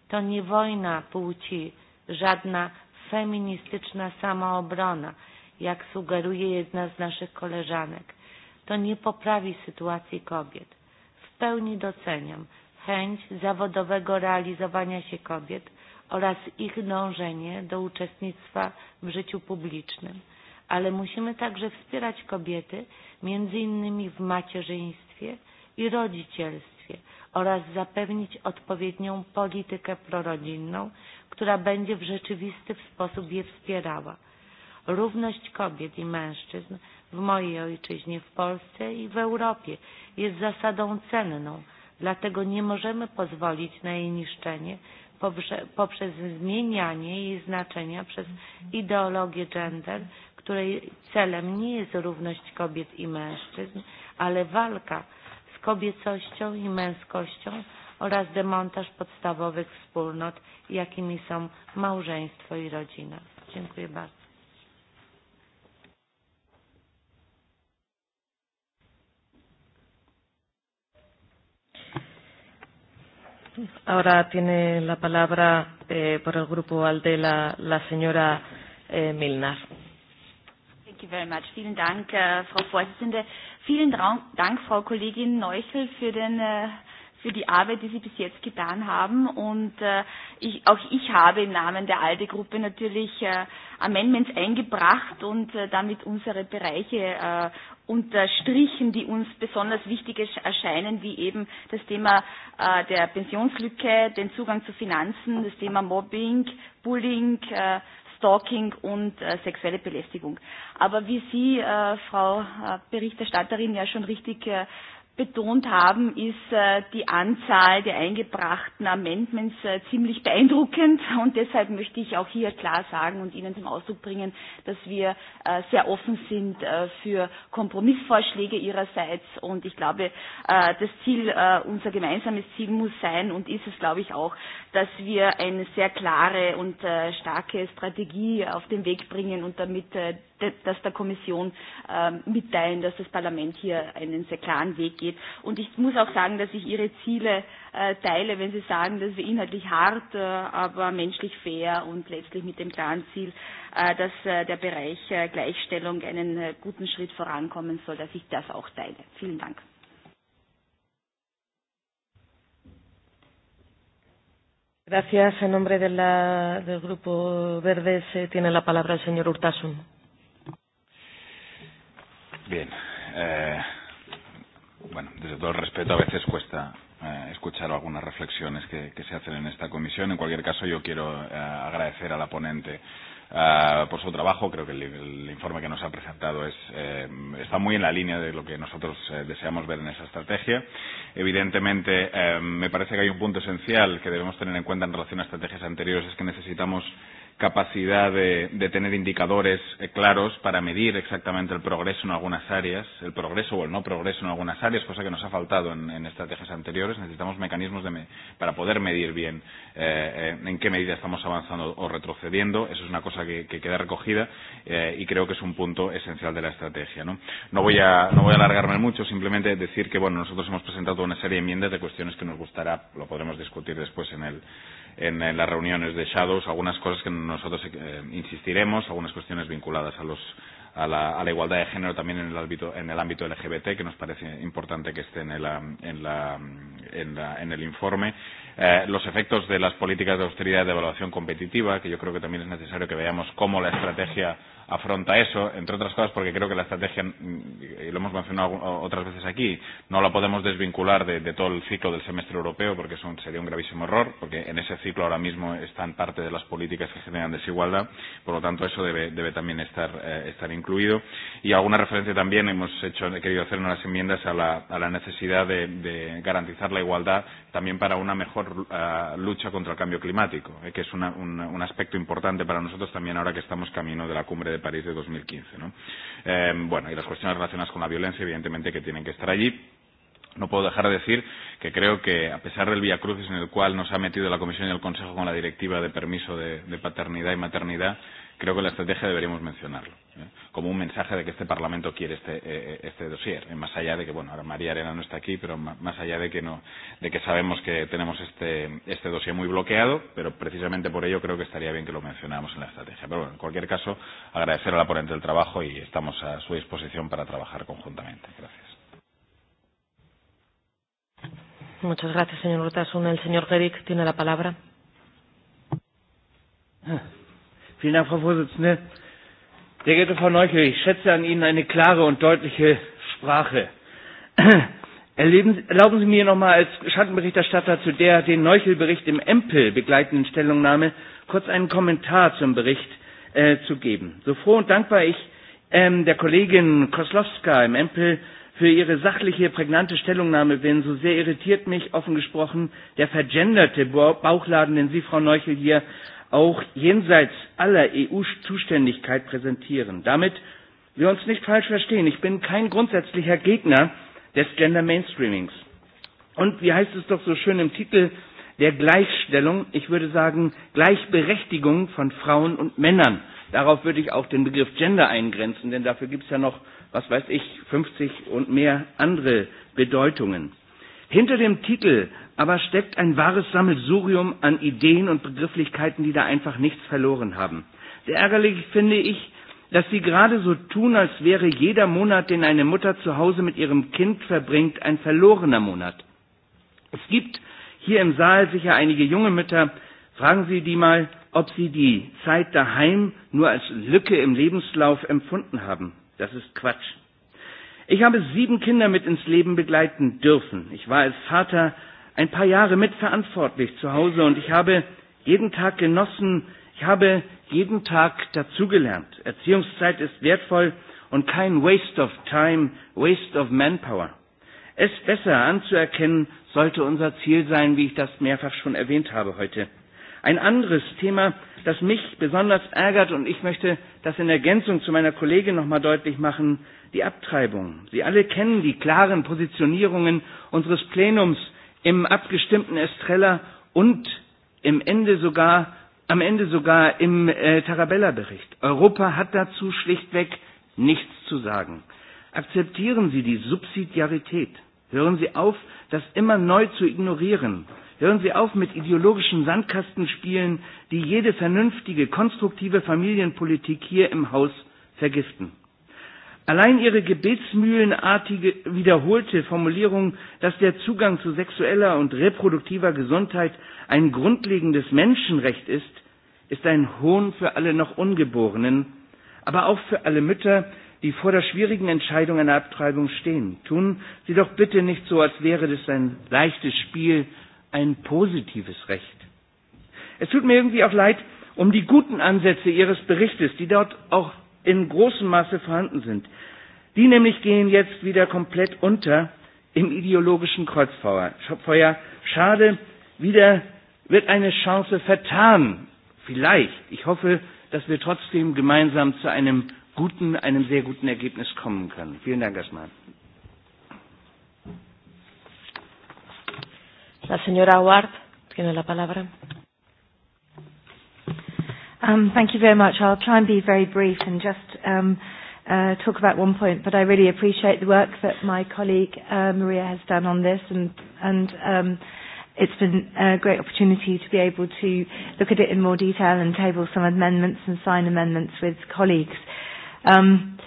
To nie wojna płci, żadna feministyczna samoobrona, jak sugeruje jedna z naszych koleżanek. To nie poprawi sytuacji kobiet pełni doceniam chęć zawodowego realizowania się kobiet oraz ich dążenie do uczestnictwa w życiu publicznym, ale musimy także wspierać kobiety między innymi w macierzyństwie i rodzicielstwie oraz zapewnić odpowiednią politykę prorodzinną, która będzie w rzeczywisty sposób je wspierała. Równość kobiet i mężczyzn w mojej ojczyźnie, w Polsce i w Europie jest zasadą cenną, dlatego nie możemy pozwolić na jej niszczenie poprzez zmienianie jej znaczenia przez ideologię gender, której celem nie jest równość kobiet i mężczyzn, ale walka z kobiecością i męskością oraz demontaż podstawowych wspólnot, jakimi są małżeństwo i rodzina. Dziękuję bardzo. Ahora tiene la palabra eh, por el grupo ALDE la, la señora eh, Milnar. Thank you very much. Vielen Dank, uh, Frau Vorsitzende. Vielen Dank, Frau Kollegin Neuchel, für den uh für die Arbeit, die Sie bis jetzt getan haben. Und äh, ich, auch ich habe im Namen der ALDE-Gruppe natürlich äh, Amendments eingebracht und äh, damit unsere Bereiche äh, unterstrichen, die uns besonders wichtig erscheinen, wie eben das Thema äh, der Pensionslücke, den Zugang zu Finanzen, das Thema Mobbing, Bullying, äh, Stalking und äh, sexuelle Belästigung. Aber wie Sie, äh, Frau äh, Berichterstatterin, ja schon richtig äh, betont haben, ist äh, die Anzahl der eingebrachten Amendments äh, ziemlich beeindruckend. Und deshalb möchte ich auch hier klar sagen und Ihnen zum Ausdruck bringen, dass wir äh, sehr offen sind für Kompromissvorschläge Ihrerseits. Und ich glaube, das Ziel, unser gemeinsames Ziel muss sein und ist es, glaube ich, auch, dass wir eine sehr klare und starke Strategie auf den Weg bringen und damit dass der Kommission äh, mitteilen, dass das Parlament hier einen sehr klaren Weg geht. Und ich muss auch sagen, dass ich Ihre Ziele äh, teile, wenn Sie sagen, dass wir inhaltlich hart, äh, aber menschlich fair und letztlich mit dem klaren Ziel, äh, dass äh, der Bereich äh, Gleichstellung einen äh, guten Schritt vorankommen soll, dass ich das auch teile. Vielen Dank. Gracias. En nombre de la, del Grupo Verdes eh, tiene la palabra el señor Urtasun. Bien. Eh, bueno, desde todo el respeto a veces cuesta eh, escuchar algunas reflexiones que, que se hacen en esta comisión. En cualquier caso, yo quiero eh, agradecer a la ponente uh, por su trabajo. Creo que el, el informe que nos ha presentado es, eh, está muy en la línea de lo que nosotros eh, deseamos ver en esa estrategia. Evidentemente, eh, me parece que hay un punto esencial que debemos tener en cuenta en relación a estrategias anteriores, es que necesitamos capacidad de, de tener indicadores eh, claros para medir exactamente el progreso en algunas áreas, el progreso o el no progreso en algunas áreas, cosa que nos ha faltado en, en estrategias anteriores. Necesitamos mecanismos de me, para poder medir bien eh, eh, en qué medida estamos avanzando o retrocediendo. Eso es una cosa que, que queda recogida eh, y creo que es un punto esencial de la estrategia. ¿no? No, voy a, no voy a alargarme mucho, simplemente decir que bueno, nosotros hemos presentado una serie de enmiendas de cuestiones que nos gustará, lo podremos discutir después en el, en, en las reuniones de Shadows algunas cosas que nosotros eh, insistiremos, algunas cuestiones vinculadas a los a la, a la igualdad de género también en el ámbito en el ámbito LGBT que nos parece importante que esté en el, en la, en la, en el informe eh, los efectos de las políticas de austeridad y de evaluación competitiva que yo creo que también es necesario que veamos cómo la estrategia afronta eso, entre otras cosas porque creo que la estrategia, mm, y lo hemos mencionado otras veces aquí, no la podemos desvincular de, de todo el ciclo del semestre europeo porque eso sería un gravísimo error, porque en ese ciclo ahora mismo están parte de las políticas que generan desigualdad, por lo tanto eso debe, debe también estar, eh, estar incluido. Y alguna referencia también hemos hecho, he querido hacer en las enmiendas a la, a la necesidad de, de garantizar la igualdad también para una mejor uh, lucha contra el cambio climático, eh, que es una, una, un aspecto importante para nosotros también ahora que estamos camino de la cumbre de París de 2015. ¿no? Eh, bueno, y las cuestiones relacionadas con la violencia, evidentemente, que tienen que estar allí. No puedo dejar de decir que creo que, a pesar del vía crucis en el cual nos ha metido la Comisión y el Consejo con la directiva de permiso de, de paternidad y maternidad, creo que en la estrategia deberíamos mencionarlo, ¿eh? como un mensaje de que este Parlamento quiere este, eh, eh este dossier, más allá de que, bueno, ahora María Arena no está aquí, pero más allá de que, no, de que sabemos que tenemos este, este dossier muy bloqueado, pero precisamente por ello creo que estaría bien que lo mencionáramos en la estrategia. Pero bueno, en cualquier caso, agradecer a la ponente el trabajo y estamos a su disposición para trabajar conjuntamente. Gracias. Muchas gracias, señor Urtasun. El señor Gerick tiene la palabra. Vielen Dank, Frau Vorsitzende. Sehr geehrte Frau Neuchel, ich schätze an Ihnen eine klare und deutliche Sprache. Erleben, erlauben Sie mir nochmal als Schattenberichterstatter zu der den Neuchel-Bericht im Empel begleitenden Stellungnahme kurz einen Kommentar zum Bericht äh, zu geben. So froh und dankbar ich ähm, der Kollegin Koslowska im Empel für ihre sachliche, prägnante Stellungnahme bin, so sehr irritiert mich, offen gesprochen, der vergenderte Bauchladen, den Sie, Frau Neuchel, hier auch jenseits aller EU-Zuständigkeit präsentieren. Damit wir uns nicht falsch verstehen, ich bin kein grundsätzlicher Gegner des Gender Mainstreamings. Und wie heißt es doch so schön im Titel der Gleichstellung, ich würde sagen Gleichberechtigung von Frauen und Männern. Darauf würde ich auch den Begriff Gender eingrenzen, denn dafür gibt es ja noch, was weiß ich, 50 und mehr andere Bedeutungen. Hinter dem Titel aber steckt ein wahres Sammelsurium an Ideen und Begrifflichkeiten, die da einfach nichts verloren haben. Sehr ärgerlich finde ich, dass sie gerade so tun, als wäre jeder Monat, den eine Mutter zu Hause mit ihrem Kind verbringt, ein verlorener Monat. Es gibt hier im Saal sicher einige junge Mütter, fragen Sie die mal, ob sie die Zeit daheim nur als Lücke im Lebenslauf empfunden haben. Das ist Quatsch. Ich habe sieben Kinder mit ins Leben begleiten dürfen. Ich war als Vater ein paar Jahre mitverantwortlich zu Hause und ich habe jeden Tag genossen, ich habe jeden Tag dazugelernt. Erziehungszeit ist wertvoll und kein Waste of Time, Waste of Manpower. Es besser anzuerkennen sollte unser Ziel sein, wie ich das mehrfach schon erwähnt habe heute. Ein anderes Thema, das mich besonders ärgert und ich möchte das in Ergänzung zu meiner Kollegin nochmal deutlich machen, die Abtreibung. Sie alle kennen die klaren Positionierungen unseres Plenums im abgestimmten Estrella und im Ende sogar, am Ende sogar im äh, Tarabella-Bericht. Europa hat dazu schlichtweg nichts zu sagen. Akzeptieren Sie die Subsidiarität. Hören Sie auf, das immer neu zu ignorieren. Hören Sie auf mit ideologischen Sandkastenspielen, die jede vernünftige, konstruktive Familienpolitik hier im Haus vergiften. Allein ihre gebetsmühlenartige wiederholte Formulierung, dass der Zugang zu sexueller und reproduktiver Gesundheit ein grundlegendes Menschenrecht ist, ist ein Hohn für alle noch Ungeborenen, aber auch für alle Mütter, die vor der schwierigen Entscheidung einer Abtreibung stehen. Tun Sie doch bitte nicht so, als wäre das ein leichtes Spiel, ein positives Recht. Es tut mir irgendwie auch leid um die guten Ansätze Ihres Berichtes, die dort auch in großem Maße vorhanden sind. Die nämlich gehen jetzt wieder komplett unter im ideologischen Kreuzfeuer. Schade, wieder wird eine Chance vertan. Vielleicht. Ich hoffe, dass wir trotzdem gemeinsam zu einem guten, einem sehr guten Ergebnis kommen können. Vielen Dank erstmal. La señora Ward tiene la palabra. Um, thank you very much. I'll try and be very brief and just um, uh, talk about one point, but I really appreciate the work that my colleague uh, Maria has done on this, and, and um, it's been a great opportunity to be able to look at it in more detail and table some amendments and sign amendments with colleagues. Um,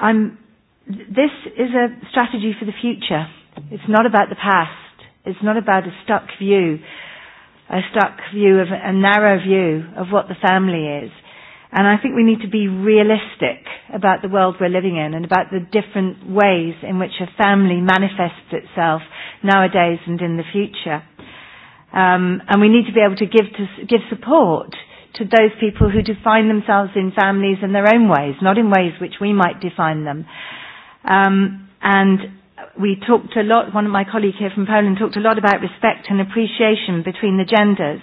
I'm, this is a strategy for the future. It's not about the past. It's not about a stuck view a stuck view of a narrow view of what the family is. And I think we need to be realistic about the world we're living in and about the different ways in which a family manifests itself nowadays and in the future. Um, and we need to be able to give, to give support to those people who define themselves in families in their own ways, not in ways which we might define them. Um, and we talked a lot, one of my colleagues here from Poland talked a lot about respect and appreciation between the genders.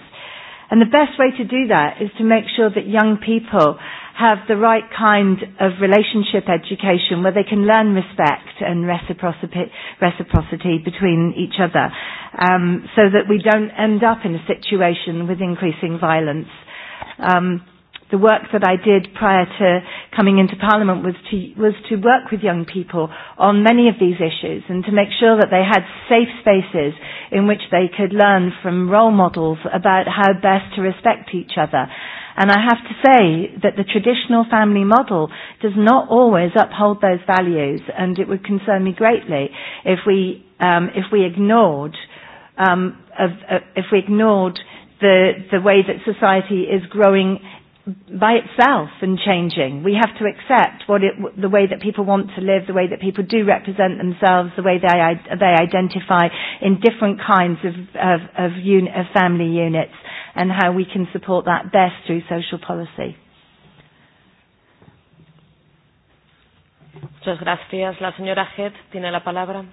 And the best way to do that is to make sure that young people have the right kind of relationship education where they can learn respect and reciprocity, reciprocity between each other um, so that we don't end up in a situation with increasing violence. Um, the work that I did prior to coming into Parliament was to, was to work with young people on many of these issues and to make sure that they had safe spaces in which they could learn from role models about how best to respect each other. And I have to say that the traditional family model does not always uphold those values and it would concern me greatly if we, um, if we ignored um, of, uh, if we ignored the, the way that society is growing by itself and changing. We have to accept what it, the way that people want to live, the way that people do represent themselves, the way they, they identify in different kinds of, of, of, un, of family units and how we can support that best through social policy. Muchas gracias. La señora Head tiene la palabra.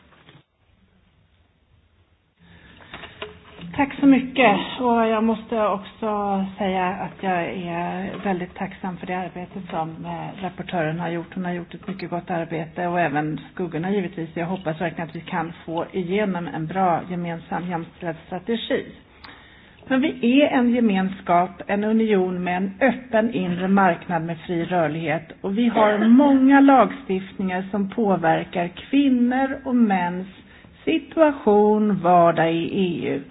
Tack så mycket. Och jag måste också säga att jag är väldigt tacksam för det arbete som eh, rapportören har gjort. Hon har gjort ett mycket gott arbete och även skuggorna givetvis. Jag hoppas verkligen att vi kan få igenom en bra gemensam jämställdhetsstrategi. Men vi är en gemenskap, en union med en öppen inre marknad med fri rörlighet och vi har många lagstiftningar som påverkar kvinnor och mäns situation, vardag i EU.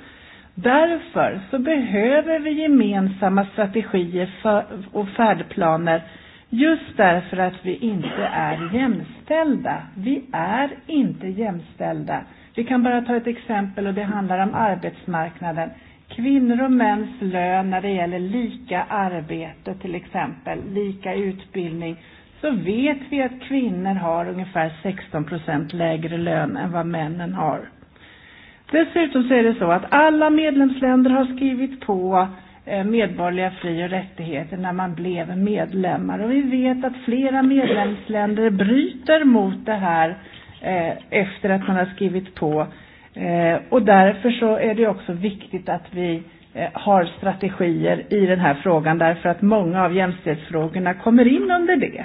Därför så behöver vi gemensamma strategier och färdplaner just därför att vi inte är jämställda. Vi är inte jämställda. Vi kan bara ta ett exempel och det handlar om arbetsmarknaden. Kvinnor och mäns lön när det gäller lika arbete till exempel, lika utbildning, så vet vi att kvinnor har ungefär 16 procent lägre lön än vad männen har. Dessutom så är det så att alla medlemsländer har skrivit på eh, medborgerliga fri och rättigheter när man blev medlemmar. Och vi vet att flera medlemsländer bryter mot det här eh, efter att man har skrivit på. Eh, och därför så är det också viktigt att vi har strategier i den här frågan därför att många av jämställdhetsfrågorna kommer in under det.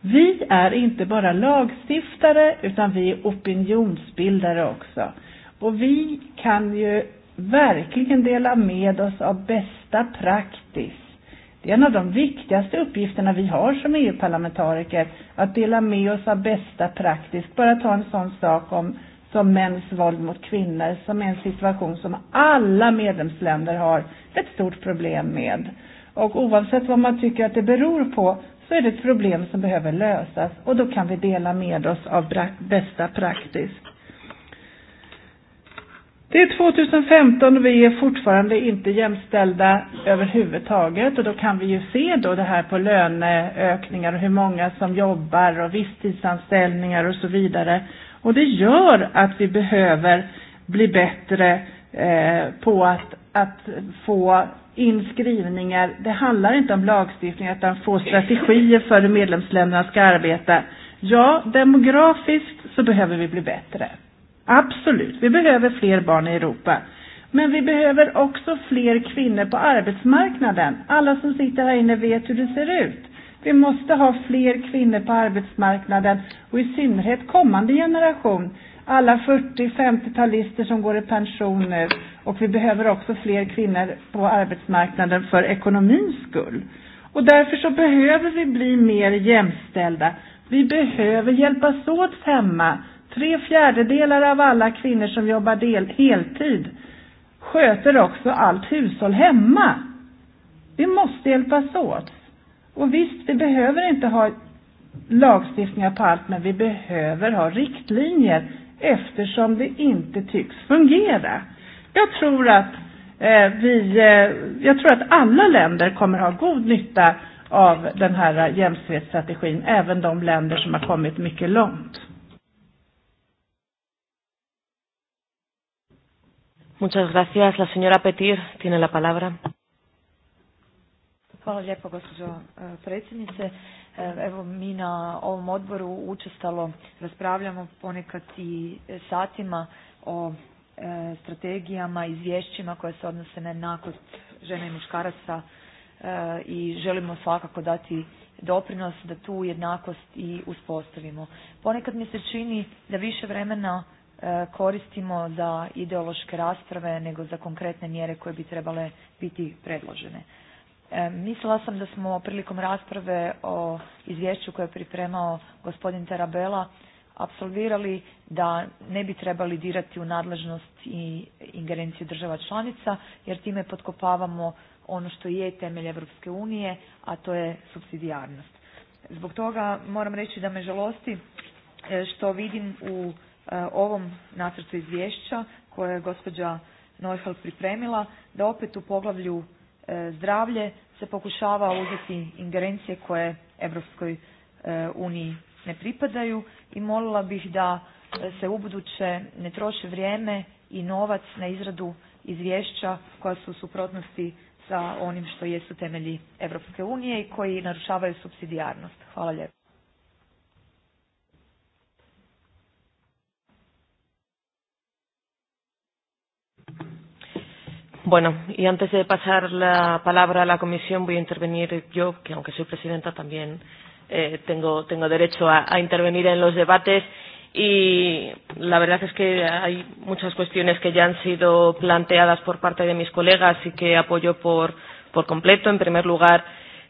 Vi är inte bara lagstiftare utan vi är opinionsbildare också. Och vi kan ju verkligen dela med oss av bästa praxis. Det är en av de viktigaste uppgifterna vi har som EU-parlamentariker, att dela med oss av bästa praxis. Bara ta en sån sak om, som mäns våld mot kvinnor, som är en situation som alla medlemsländer har ett stort problem med. Och oavsett vad man tycker att det beror på, så är det ett problem som behöver lösas. Och då kan vi dela med oss av bästa praxis. Det är 2015 och vi är fortfarande inte jämställda överhuvudtaget och då kan vi ju se då det här på löneökningar och hur många som jobbar och visstidsanställningar och så vidare. Och det gör att vi behöver bli bättre eh, på att, att få inskrivningar. Det handlar inte om lagstiftning utan få strategier för hur medlemsländerna ska arbeta. Ja, demografiskt så behöver vi bli bättre. Absolut, vi behöver fler barn i Europa. Men vi behöver också fler kvinnor på arbetsmarknaden. Alla som sitter här inne vet hur det ser ut. Vi måste ha fler kvinnor på arbetsmarknaden och i synnerhet kommande generation. Alla 40-50-talister som går i pension nu. Och vi behöver också fler kvinnor på arbetsmarknaden för ekonomins skull. Och därför så behöver vi bli mer jämställda. Vi behöver hjälpas åt hemma Tre fjärdedelar av alla kvinnor som jobbar del, heltid sköter också allt hushåll hemma. Vi måste hjälpas åt. Och visst, vi behöver inte ha lagstiftningar på allt, men vi behöver ha riktlinjer eftersom det inte tycks fungera. Jag tror att eh, vi, eh, jag tror att alla länder kommer ha god nytta av den här eh, jämställdhetsstrategin, även de länder som har kommit mycket långt. Muchas gracias. La señora Petir tiene la palabra. Hvala lijepo gospođo predsjednice. Evo mi na ovom odboru učestalo raspravljamo ponekad i satima o strategijama, izvješćima koje se odnose na jednakost žena i muškaraca i želimo svakako dati doprinos da tu jednakost i uspostavimo. Ponekad mi se čini da više vremena koristimo za ideološke rasprave nego za konkretne mjere koje bi trebale biti predložene. Mislila sam da smo prilikom rasprave o izvješću koje je pripremao gospodin Terabela, apsolvirali da ne bi trebali dirati u nadležnost i ingerenciju država članica jer time potkopavamo ono što je temelj Europske unije, a to je subsidijarnost. Zbog toga moram reći da me žalosti što vidim u ovom nacrtu izvješća koje je gospođa Neufeld pripremila, da opet u poglavlju zdravlje se pokušava uzeti ingerencije koje Europskoj uniji ne pripadaju i molila bih da se ubuduće ne troši vrijeme i novac na izradu izvješća koja su u suprotnosti sa onim što jesu temelji Europske unije i koji narušavaju subsidijarnost. Hvala lijepo. Bueno, y antes de pasar la palabra a la comisión, voy a intervenir yo, que aunque soy presidenta también eh, tengo, tengo derecho a, a intervenir en los debates. Y la verdad es que hay muchas cuestiones que ya han sido planteadas por parte de mis colegas y que apoyo por, por completo. En primer lugar,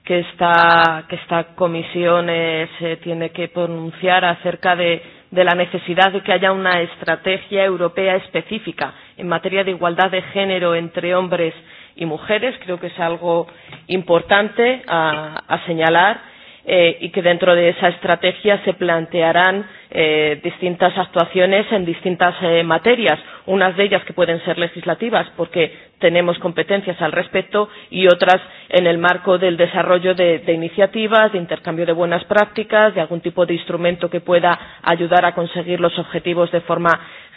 que esta, que esta comisión eh, se tiene que pronunciar acerca de, de la necesidad de que haya una estrategia europea específica en materia de igualdad de género entre hombres y mujeres. Creo que es algo importante a, a señalar eh, y que dentro de esa estrategia se plantearán eh, distintas actuaciones en distintas eh, materias, unas de ellas que pueden ser legislativas porque tenemos competencias al respecto y otras en el marco del desarrollo de, de iniciativas, de intercambio de buenas prácticas, de algún tipo de instrumento que pueda ayudar a conseguir los objetivos de forma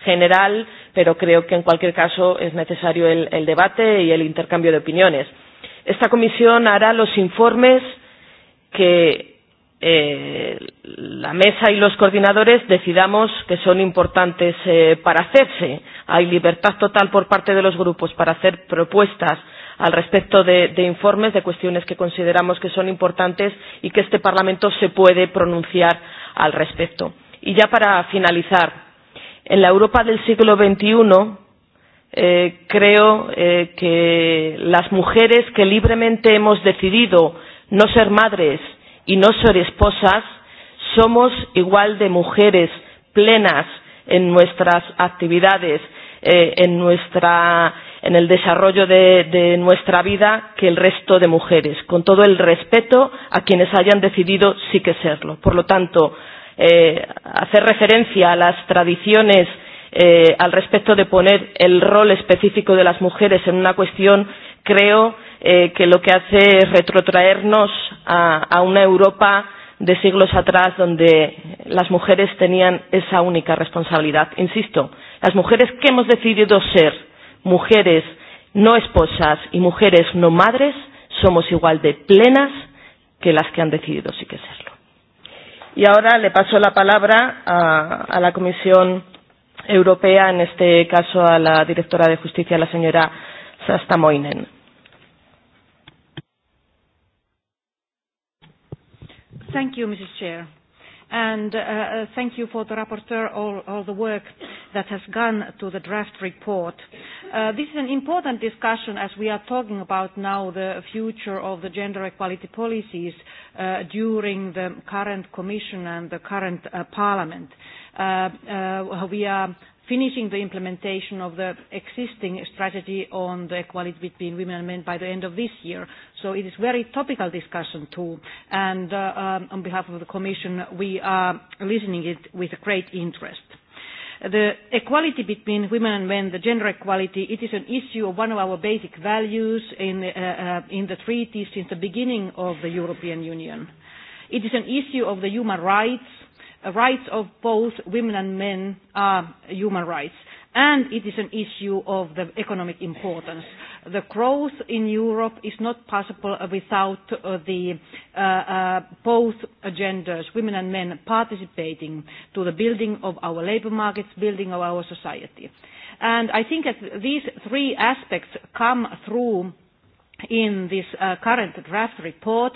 general, pero creo que en cualquier caso es necesario el, el debate y el intercambio de opiniones. Esta comisión hará los informes que eh, la mesa y los coordinadores decidamos que son importantes eh, para hacerse. Hay libertad total por parte de los grupos para hacer propuestas al respecto de, de informes, de cuestiones que consideramos que son importantes y que este Parlamento se puede pronunciar al respecto. Y ya para finalizar, en la Europa del siglo XXI eh, creo eh, que las mujeres que libremente hemos decidido no ser madres y no ser esposas, somos igual de mujeres plenas en nuestras actividades, eh, en, nuestra, en el desarrollo de, de nuestra vida que el resto de mujeres, con todo el respeto a quienes hayan decidido sí que serlo. Por lo tanto, eh, hacer referencia a las tradiciones eh, al respecto de poner el rol específico de las mujeres en una cuestión, creo que eh, que lo que hace es retrotraernos a, a una Europa de siglos atrás donde las mujeres tenían esa única responsabilidad. Insisto, las mujeres que hemos decidido ser mujeres no esposas y mujeres no madres somos igual de plenas que las que han decidido sí que serlo. Y ahora le paso la palabra a, a la Comisión Europea, en este caso a la directora de Justicia, la señora Sastamoinen. Thank you, Mrs. Chair. And uh, uh, thank you for the rapporteur, all, all the work that has gone to the draft report. Uh, this is an important discussion as we are talking about now the future of the gender equality policies uh, during the current Commission and the current uh, Parliament. Uh, uh, we are finishing the implementation of the existing strategy on the equality between women and men by the end of this year. So it is very topical discussion too. And uh, um, on behalf of the Commission, we are listening it with great interest. The equality between women and men, the gender equality, it is an issue of one of our basic values in, uh, uh, in the treaties since the beginning of the European Union. It is an issue of the human rights Uh, rights of both women and men are human rights and it is an issue of the economic importance. The growth in Europe is not possible without uh, the uh, uh, both genders, women and men, participating to the building of our labour markets, building of our society. And I think that these three aspects come through in this uh, current draft report,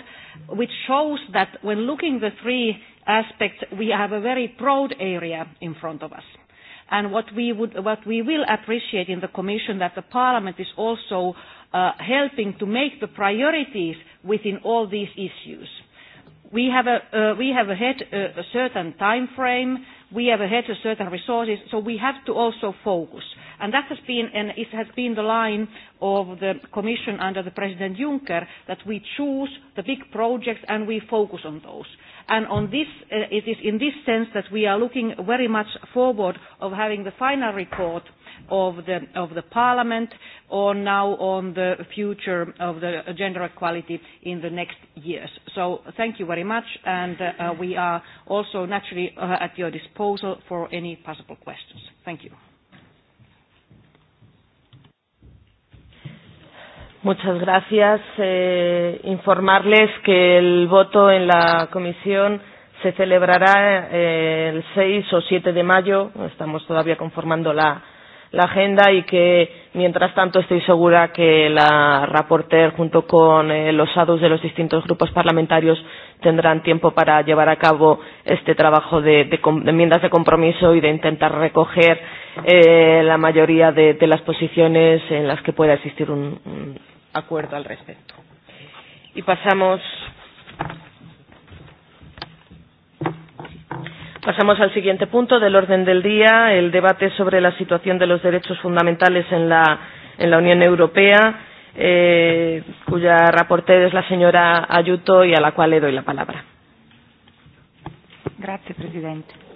which shows that when looking the three aspects, we have a very broad area in front of us. And what we, would, what we will appreciate in the Commission that the Parliament is also uh, helping to make the priorities within all these issues. We have, a, uh, we have ahead a, uh, a certain time frame, we have ahead a certain resources, so we have to also focus. And that has been, and it has been the line of the Commission under the President Juncker, that we choose the big projects and we focus on those. And on this, uh, it is in this sense that we are looking very much forward of having the final report of the, of the Parliament or now on the future of the gender equality in the next years. So thank you very much and uh, uh we are also naturally uh, at your disposal for any possible questions. Thank you. Muchas gracias. Eh, informarles que el voto en la comisión se celebrará eh, el 6 o 7 de mayo. Estamos todavía conformando la, la agenda y que, mientras tanto, estoy segura que la rapporteur, junto con eh, los ADUS de los distintos grupos parlamentarios, tendrán tiempo para llevar a cabo este trabajo de, de, de enmiendas de compromiso y de intentar recoger eh, la mayoría de, de las posiciones en las que pueda existir un, un acuerdo al respecto. Y pasamos, pasamos al siguiente punto del orden del día, el debate sobre la situación de los derechos fundamentales en la, en la Unión Europea, eh, cuya reporter es la señora Ayuto y a la cual le doy la palabra. Gracias, Presidente.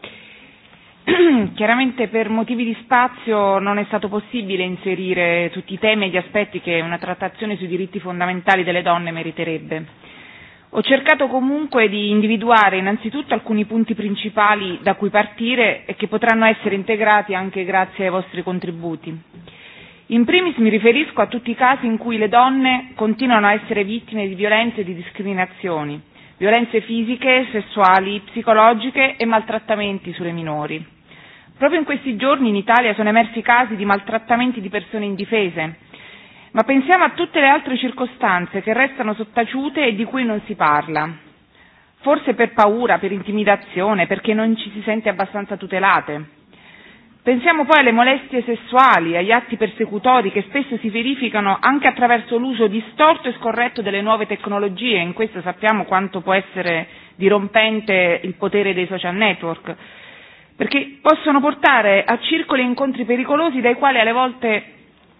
Chiaramente per motivi di spazio non è stato possibile inserire tutti i temi e gli aspetti che una trattazione sui diritti fondamentali delle donne meriterebbe. Ho cercato comunque di individuare innanzitutto alcuni punti principali da cui partire e che potranno essere integrati anche grazie ai vostri contributi. In primis mi riferisco a tutti i casi in cui le donne continuano a essere vittime di violenze e di discriminazioni violenze fisiche, sessuali, psicologiche e maltrattamenti sulle minori. Proprio in questi giorni in Italia sono emersi casi di maltrattamenti di persone indifese, ma pensiamo a tutte le altre circostanze che restano sottaciute e di cui non si parla. Forse per paura, per intimidazione, perché non ci si sente abbastanza tutelate. Pensiamo poi alle molestie sessuali, agli atti persecutori che spesso si verificano anche attraverso l'uso distorto e scorretto delle nuove tecnologie, in questo sappiamo quanto può essere dirompente il potere dei social network, perché possono portare a circoli e incontri pericolosi dai quali alle volte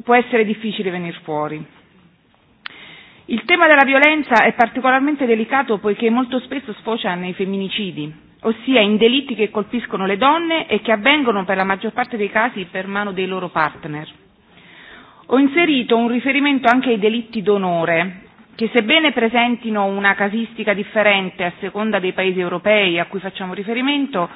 può essere difficile venire fuori. Il tema della violenza è particolarmente delicato poiché molto spesso sfocia nei femminicidi, ossia in delitti che colpiscono le donne e che avvengono per la maggior parte dei casi per mano dei loro partner. Ho inserito un riferimento anche ai delitti d'onore, che sebbene presentino una casistica differente a seconda dei paesi europei a cui facciamo riferimento,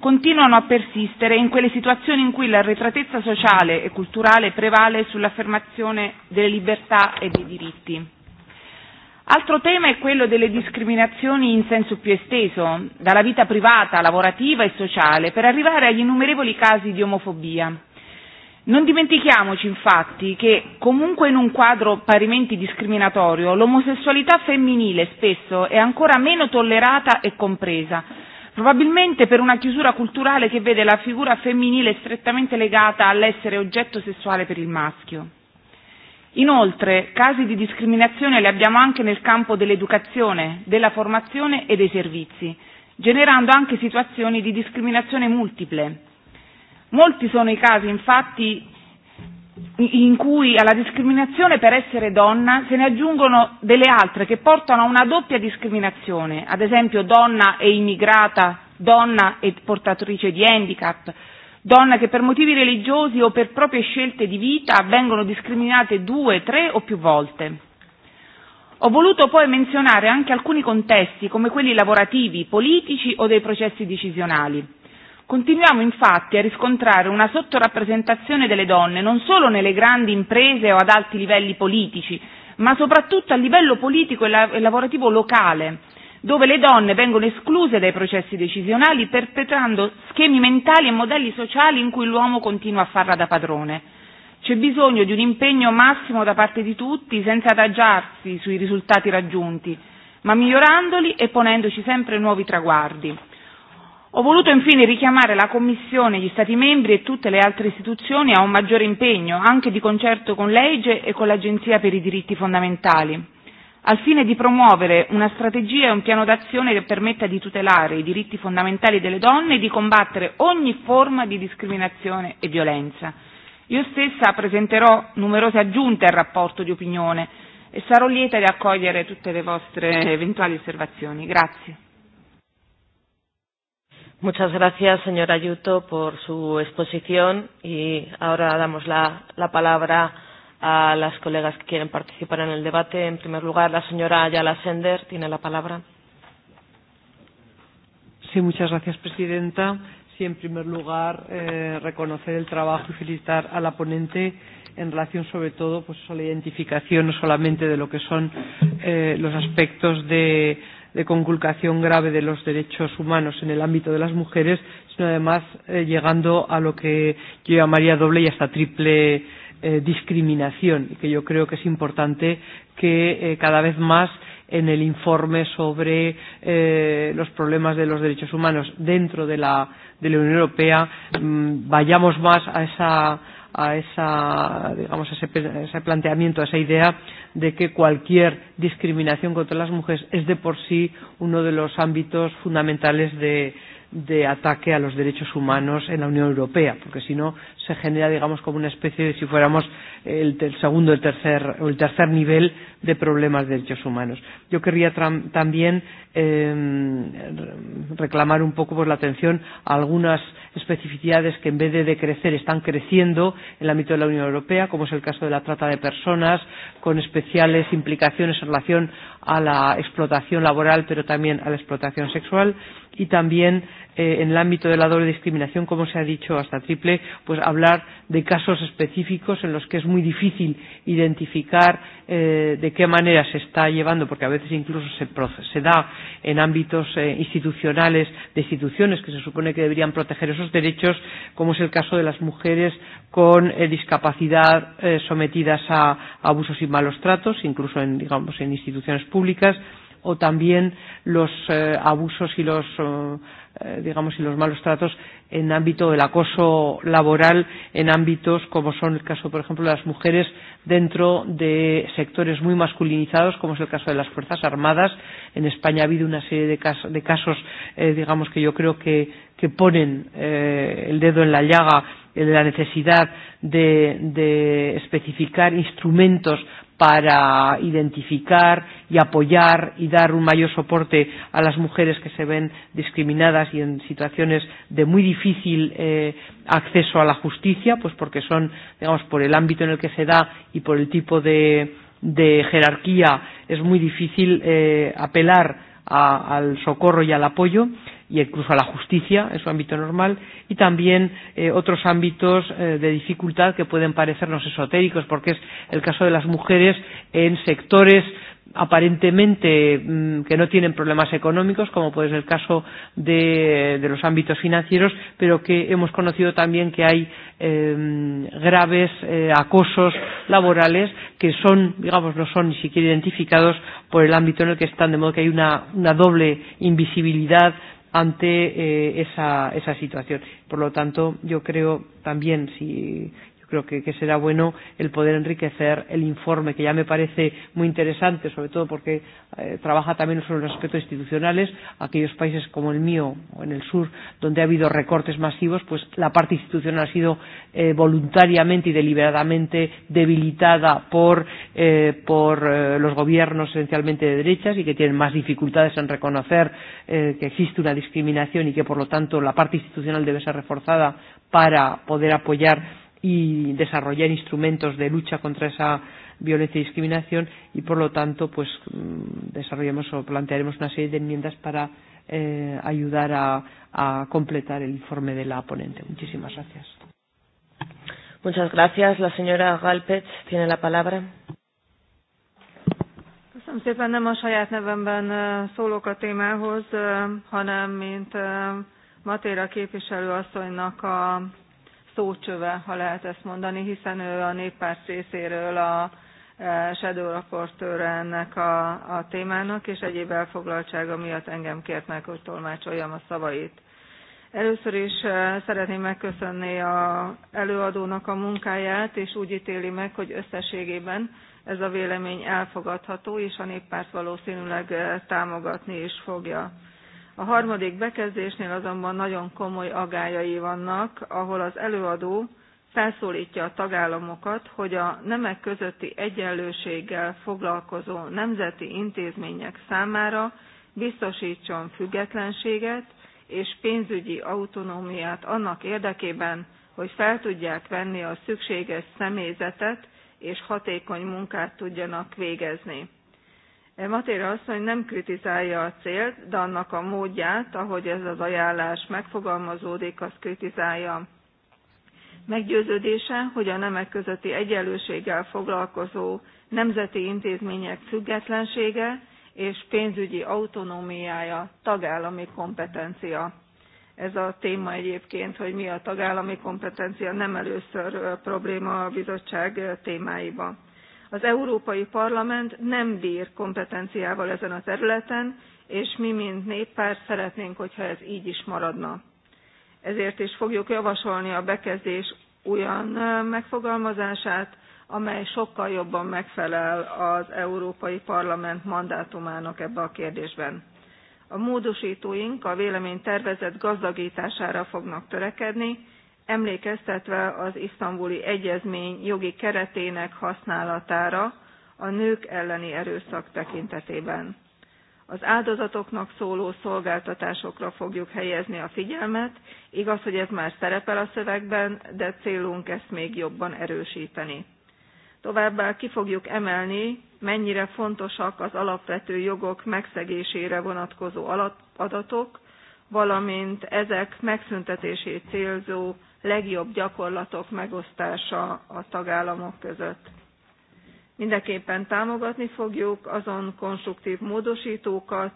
continuano a persistere in quelle situazioni in cui la retratezza sociale e culturale prevale sull'affermazione delle libertà e dei diritti. Altro tema è quello delle discriminazioni in senso più esteso, dalla vita privata, lavorativa e sociale, per arrivare agli innumerevoli casi di omofobia. Non dimentichiamoci infatti che, comunque in un quadro parimenti discriminatorio, l'omosessualità femminile spesso è ancora meno tollerata e compresa, probabilmente per una chiusura culturale che vede la figura femminile strettamente legata all'essere oggetto sessuale per il maschio. Inoltre, casi di discriminazione li abbiamo anche nel campo dell'educazione, della formazione e dei servizi, generando anche situazioni di discriminazione multiple. Molti sono i casi, infatti, in cui alla discriminazione per essere donna se ne aggiungono delle altre che portano a una doppia discriminazione, ad esempio donna e immigrata, donna e portatrice di handicap, donne che per motivi religiosi o per proprie scelte di vita vengono discriminate due, tre o più volte. Ho voluto poi menzionare anche alcuni contesti come quelli lavorativi, politici o dei processi decisionali. Continuiamo infatti a riscontrare una sottorappresentazione delle donne non solo nelle grandi imprese o ad alti livelli politici, ma soprattutto a livello politico e lavorativo locale, dove le donne vengono escluse dai processi decisionali perpetrando schemi mentali e modelli sociali in cui l'uomo continua a farla da padrone. C'è bisogno di un impegno massimo da parte di tutti senza adagiarsi sui risultati raggiunti, ma migliorandoli e ponendoci sempre nuovi traguardi. Ho voluto infine richiamare la Commissione, gli Stati membri e tutte le altre istituzioni a un maggiore impegno, anche di concerto con l'EIGE e con l'Agenzia per i diritti fondamentali al fine di promuovere una strategia e un piano d'azione che permetta di tutelare i diritti fondamentali delle donne e di combattere ogni forma di discriminazione e violenza. Io stessa presenterò numerose aggiunte al rapporto di opinione e sarò lieta di accogliere tutte le vostre eventuali osservazioni. Grazie. Muchas gracias, señora Ayuto, por su exposición y ahora damos la, la palabra a las colegas que quieren participar en el debate. En primer lugar, la señora Ayala Sender tiene la palabra. Sí, muchas gracias, presidenta. Sí, en primer lugar, eh, reconocer el trabajo y felicitar a la ponente en relación sobre todo pues, a la identificación no solamente de lo que son eh, los aspectos de, de conculcación grave de los derechos humanos en el ámbito de las mujeres, sino además eh, llegando a lo que yo llamaría doble y hasta triple eh, eh, discriminación y que yo creo que es importante que eh, cada vez más en el informe sobre eh, los problemas de los derechos humanos dentro de la, de la Unión Europea mmm, vayamos más a esa a esa digamos a ese, a ese planteamiento, a esa idea de que cualquier discriminación contra las mujeres es de por sí uno de los ámbitos fundamentales de, de ataque a los derechos humanos en la Unión Europea, porque si no se genera, digamos, como una especie de si fuéramos el, el segundo el tercer, o el tercer nivel de problemas de derechos humanos. Yo querría también eh, reclamar un poco pues, la atención a algunas especificidades que en vez de decrecer están creciendo en el ámbito de la Unión Europea, como es el caso de la trata de personas, con especiales implicaciones en relación a la explotación laboral, pero también a la explotación sexual y también eh, en el ámbito de la doble discriminación, como se ha dicho hasta triple, pues hablar de casos específicos en los que es muy difícil identificar eh, de qué manera se está llevando, porque a veces incluso se, se da en ámbitos eh, institucionales de instituciones que se supone que deberían proteger esos derechos, como es el caso de las mujeres con eh, discapacidad eh, sometidas a, a abusos y malos tratos, incluso en, digamos, en instituciones públicas o también los eh, abusos y los eh, digamos y los malos tratos en ámbito del acoso laboral en ámbitos como son el caso por ejemplo de las mujeres dentro de sectores muy masculinizados como es el caso de las fuerzas armadas en España ha habido una serie de, cas de casos eh, digamos que yo creo que que ponen eh, el dedo en la llaga de la necesidad de, de especificar instrumentos para identificar y apoyar y dar un mayor soporte a las mujeres que se ven discriminadas y en situaciones de muy difícil eh, acceso a la justicia, pues porque son, digamos, por el ámbito en el que se da y por el tipo de, de jerarquía es muy difícil eh, apelar a, al socorro y al apoyo y incluso a la justicia en su ámbito normal y también eh, otros ámbitos eh, de dificultad que pueden parecernos esotéricos porque es el caso de las mujeres en sectores aparentemente mmm, que no tienen problemas económicos, como puede ser el caso de, de los ámbitos financieros, pero que hemos conocido también que hay eh, graves eh, acosos laborales que son, digamos, no son ni siquiera identificados por el ámbito en el que están, de modo que hay una, una doble invisibilidad ante eh, esa, esa situación. Por lo tanto, yo creo también, si creo que, que será bueno el poder enriquecer el informe, que ya me parece muy interesante, sobre todo porque eh, trabaja también sobre los aspectos institucionales. Aquellos países como el mío, o en el sur, donde ha habido recortes masivos, pues la parte institucional ha sido eh, voluntariamente y deliberadamente debilitada por, eh, por eh, los gobiernos esencialmente de derechas y que tienen más dificultades en reconocer eh, que existe una discriminación y que, por lo tanto, la parte institucional debe ser reforzada para poder apoyar y desarrollar instrumentos de lucha contra esa violencia y discriminación y por lo tanto pues mm, desarrollamos o plantearemos una serie de enmiendas para eh, ayudar a, a completar el informe de la ponente. Muchísimas gracias. Muchas gracias. La señora Galpech tiene la palabra. Köszönöm szépen, nem a saját nevemben eh, szólok a témához, eh, hanem mint eh, Matéra képviselő asszonynak a szócsöve, ha lehet ezt mondani, hiszen ő a néppárt részéről a shadow raportőr ennek a, a témának, és egyéb elfoglaltsága miatt engem kért meg, hogy tolmácsoljam a szavait. Először is szeretném megköszönni az előadónak a munkáját, és úgy ítéli meg, hogy összességében ez a vélemény elfogadható, és a néppárt valószínűleg támogatni is fogja a harmadik bekezdésnél azonban nagyon komoly agályai vannak, ahol az előadó felszólítja a tagállamokat, hogy a nemek közötti egyenlőséggel foglalkozó nemzeti intézmények számára biztosítson függetlenséget és pénzügyi autonómiát annak érdekében, hogy fel tudják venni a szükséges személyzetet és hatékony munkát tudjanak végezni Matéra asszony nem kritizálja a célt, de annak a módját, ahogy ez az ajánlás megfogalmazódik, azt kritizálja. Meggyőződése, hogy a nemek közötti egyenlőséggel foglalkozó nemzeti intézmények függetlensége és pénzügyi autonómiája tagállami kompetencia. Ez a téma egyébként, hogy mi a tagállami kompetencia, nem először probléma a bizottság témáiban az európai parlament nem br kompetenciával ezen a területen és mi mint néppárt szeretnénk hogyha ez gy is maradna. ezért is fogjuk javasolni a bekezdés olyan megfogalmazását amely sokkal jobban megfelel az európai parlament mandátumának ebbe a kérdésben. a módostóink a vélemény tervezett gazdagtására fognak törekedni emlékeztetve az isztambuli egyezmény jogi keretének használatára a nők elleni erőszak tekintetében. Az áldozatoknak szóló szolgáltatásokra fogjuk helyezni a figyelmet, igaz, hogy ez már szerepel a szövegben, de célunk ezt még jobban erősíteni. Továbbá ki fogjuk emelni, mennyire fontosak az alapvető jogok megszegésére vonatkozó adatok, valamint ezek megszüntetését célzó legjobb gyakorlatok megosztása a tagállamok között. Mindenképpen támogatni fogjuk azon konstruktív módosítókat,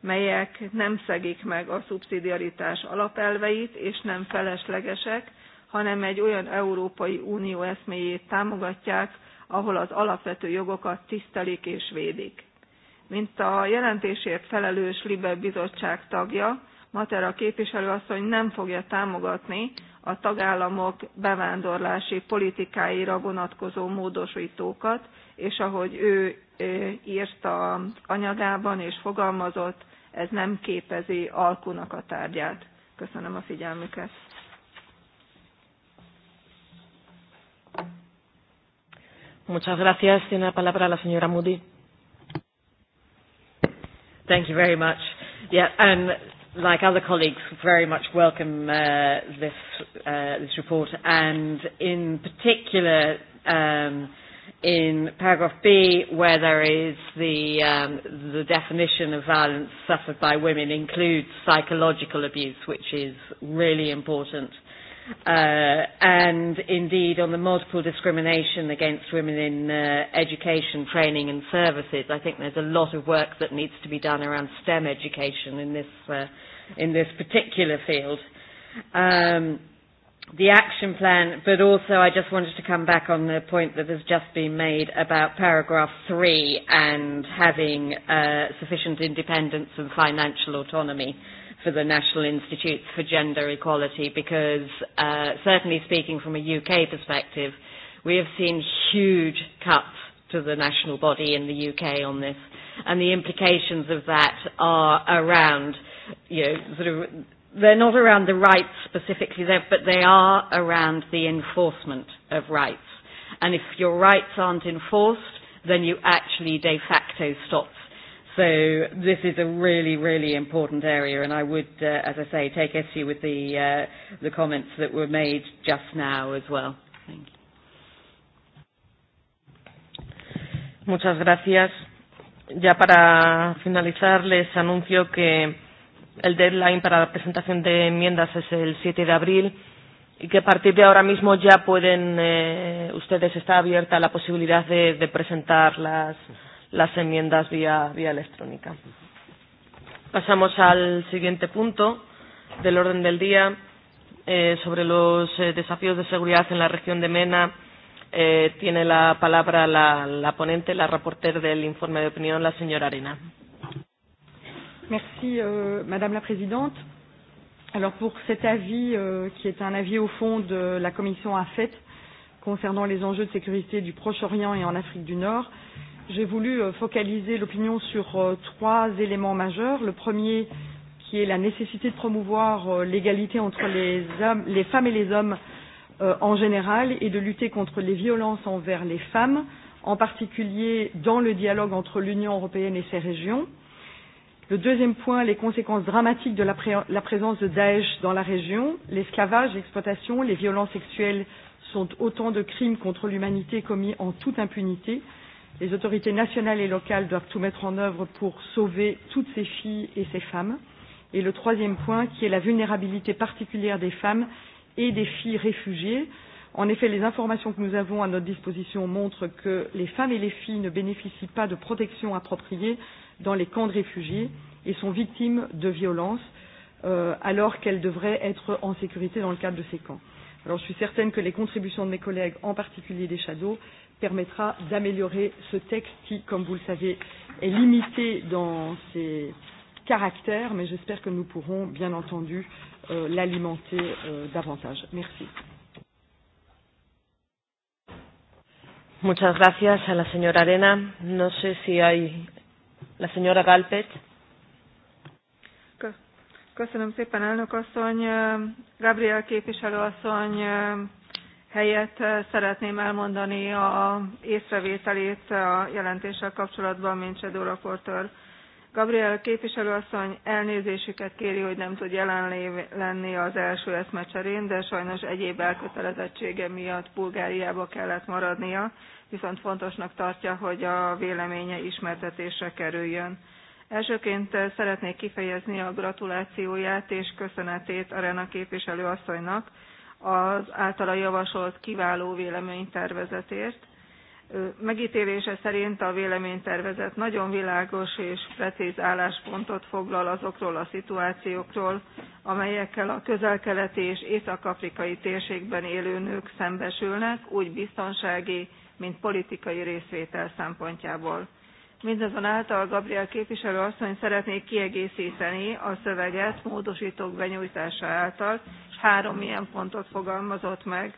melyek nem szegik meg a szubszidiaritás alapelveit és nem feleslegesek, hanem egy olyan Európai Unió eszméjét támogatják, ahol az alapvető jogokat tisztelik és védik. Mint a jelentésért felelős Libe bizottság tagja, Matera képviselő asszony nem fogja támogatni a tagállamok bevándorlási politikáira vonatkozó módostókat és ahogy ő a anyagában és fogalmazott ez nem képezi alkunak a tárgyát. köszönöm a figyelmüket. Muchas gracias. Tiene la palabra la señora Moody. Thank you very much. Yeah, and um, like other colleagues, very much welcome uh, this uh, this report, and in particular um, in paragraph B, where there is the um, the definition of violence suffered by women includes psychological abuse, which is really important uh, and indeed on the multiple discrimination against women in uh, education, training and services. I think there's a lot of work that needs to be done around STEM education in this, uh, in this particular field. Um, the action plan, but also I just wanted to come back on the point that has just been made about paragraph three and having uh, sufficient independence and financial autonomy for the National Institutes for Gender Equality because uh, certainly speaking from a UK perspective, we have seen huge cuts to the national body in the UK on this. And the implications of that are around, you know, sort of, they're not around the rights specifically, there, but they are around the enforcement of rights. And if your rights aren't enforced, then you actually de facto stop So this is a really, really important area, and I would, uh, as I say, take issue with the uh, the comments that were made just now as well. Thank you. Muchas gracias. Ya para finalizar, les anuncio que el deadline para la presentación de enmiendas es el 7 de abril y que a partir de ahora mismo ya pueden, eh, ustedes está abierta la posibilidad de, de presentar las, las enmiendas vía, vía electrónica. Pasamos al siguiente punto del orden del día eh, sobre los eh, desafíos de seguridad en la región de MENA. Eh, tiene la palabra la, la ponente, la reporter del informe de opinión, la señora Arena. Merci, euh, Madame la Présidente. Alors pour cet avis, euh, qui est un avis au fond de la commission AFET concernant les enjeux de sécurité du Proche-Orient et en Afrique du Nord, euh, j'ai voulu euh, focaliser l'opinion sur euh, trois éléments majeurs. Le premier, qui est la nécessité de promouvoir euh, l'égalité entre les, hommes, les femmes et les hommes euh, en général et de lutter contre les violences envers les femmes, en particulier dans le dialogue entre l'Union européenne et ses régions. Le deuxième point, les conséquences dramatiques de la, pré la présence de Daesh dans la région. L'esclavage, l'exploitation, les violences sexuelles sont autant de crimes contre l'humanité commis en toute impunité. Les autorités nationales et locales doivent tout mettre en œuvre pour sauver toutes ces filles et ces femmes. Et le troisième point, qui est la vulnérabilité particulière des femmes et des filles réfugiées. En effet, les informations que nous avons à notre disposition montrent que les femmes et les filles ne bénéficient pas de protection appropriée dans les camps de réfugiés et sont victimes de violences euh, alors qu'elles devraient être en sécurité dans le cadre de ces camps. Alors je suis certaine que les contributions de mes collègues, en particulier des Shadows, permettra d'améliorer ce texte qui, comme vous le savez, est limité dans ses caractères, mais j'espère que nous pourrons, bien entendu, euh, l'alimenter euh, davantage. Merci. Muchas gracias a la señora Arena. No sé si hay la señora Galpet. Köszönöm szépen, elnök asszony. Gabriel képviselő asszony helyett eh, szeretném elmondani a észrevételét a jelentéssel kapcsolatban mint shadow raportőr. gabriel képviselőasszony elnézésüket kéri hogy nem tud jelen lenni az első eszmecserén de sajnos egyéb elkötelezettsége miatt bulgáriába kellett maradnia viszont fontosnak tartja hogy a véleménye ismertetésre kerüljön. elsőként eh, szeretnék kifejezni a gratulációját és köszönetét arena képviselő asszonynak az általa javasolt kiváló véleménytervezetért. Megítélése szerint a véleménytervezet nagyon világos és precíz álláspontot foglal azokról a szituációkról amelyekkel a közel keleti és észak afrikai térségben élő nők szembesülnek úgy biztonsági mint politikai részvétel szempontjából Mindazonáltal Gabriel képviselő asszony szeretnék kiegészíteni a szöveget módosítók benyújtása által, és három ilyen pontot fogalmazott meg.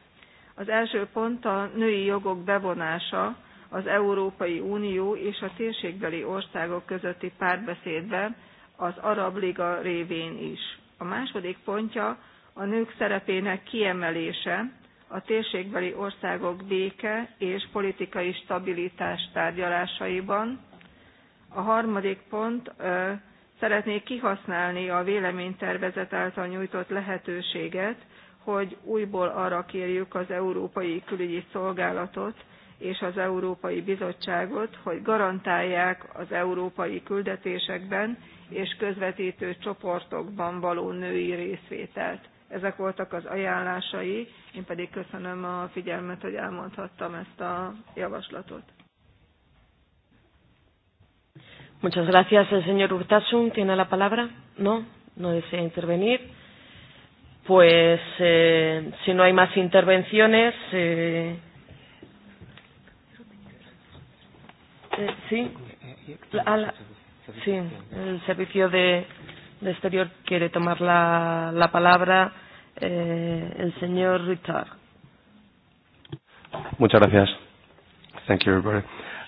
Az első pont a női jogok bevonása az Európai Unió és a térségbeli országok közötti párbeszédbe az Arab Liga révén is. A második pontja a nők szerepének kiemelése a térségbeli országok béke és politikai stabilitás tárgyalásaiban a harmadik pont szeretnék kihasználni a véleménytervezet által nyújtott lehetőséget, hogy újból arra kérjük az Európai Külügyi Szolgálatot és az Európai Bizottságot, hogy garantálják az európai küldetésekben és közvetítő csoportokban való női részvételt. Ezek voltak az ajánlásai, én pedig köszönöm a figyelmet, hogy elmondhattam ezt a javaslatot. Muchas gracias. El señor Urtasun tiene la palabra. No, no desea intervenir. Pues eh, si no hay más intervenciones. Eh, eh, sí. La, la, sí, el servicio de, de exterior quiere tomar la, la palabra. Eh, el señor Richard. Muchas gracias. Thank you, everybody.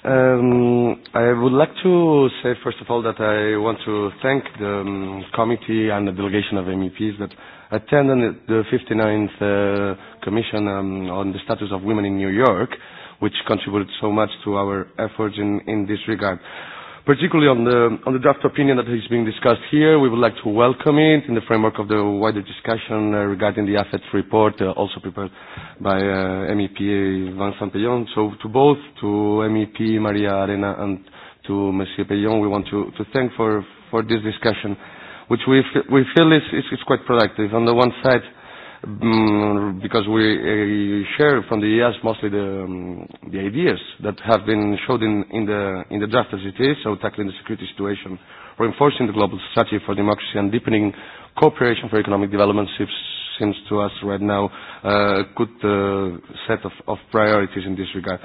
Um, I would like to say, first of all, that I want to thank the um, committee and the delegation of MEPs that attended the 59th uh, Commission um, on the Status of Women in New York, which contributed so much to our efforts in, in this regard. Uh, Particularly on the, on the draft opinion that is being discussed here, we would like to welcome it in the framework of the wider discussion uh, regarding the assets report, uh, also prepared by uh, MEP Van Sampeyon. So to both, to MEP Maria Arena and to Monsieur Peyon, we want to, to thank for, for this discussion, which we, we feel is, is, is quite productive. On the one side, um, because we uh, share from the EAS mostly the, um, the ideas that have been showed in, in, the, in the draft as it is, so tackling the security situation, reinforcing the global strategy for democracy and deepening cooperation for economic development seems, seems to us right now uh, a uh, good uh, set of, of priorities in this regard.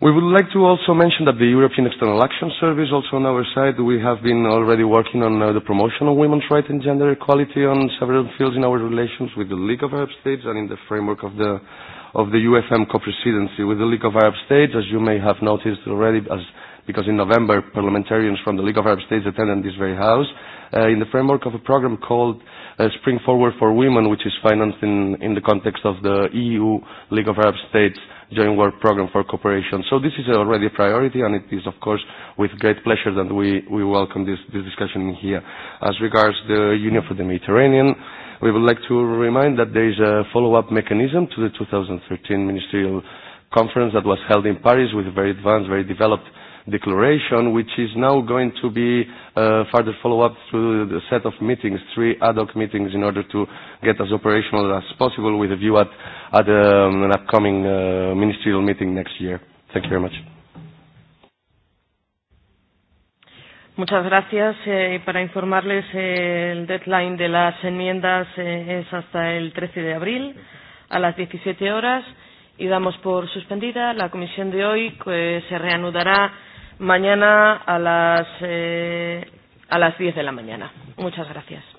We would like to also mention that the European External Action Service, also on our side, we have been already working on uh, the promotion of women's rights and gender equality on several fields in our relations with the League of Arab States and in the framework of the of the UFM co-presidency with the League of Arab States, as you may have noticed already, as because in November parliamentarians from the League of Arab States attended this very house, uh, in the framework of a program called uh, Spring Forward for Women, which is financed in, in the context of the EU League of Arab States joint work program for cooperation. So this is already a priority, and it is, of course, with great pleasure that we, we welcome this, this discussion here. As regards the Union for the Mediterranean, we would like to remind that there is a follow-up mechanism to the 2013 ministerial conference that was held in Paris with very advanced, very developed declaration, which is now going to be uh, further follow up through the set of meetings, three ad hoc meetings, in order to get as operational as possible with a view at, at um, an upcoming uh, ministerial meeting next year. Thank you very much. Muchas gracias. Eh, para informarles, eh, el deadline de las enmiendas eh, es hasta el 13 de abril a las 17 horas y damos por suspendida. La comisión de hoy que eh, pues, se reanudará mañana a las, eh, a las 10 de la mañana. Muchas gracias.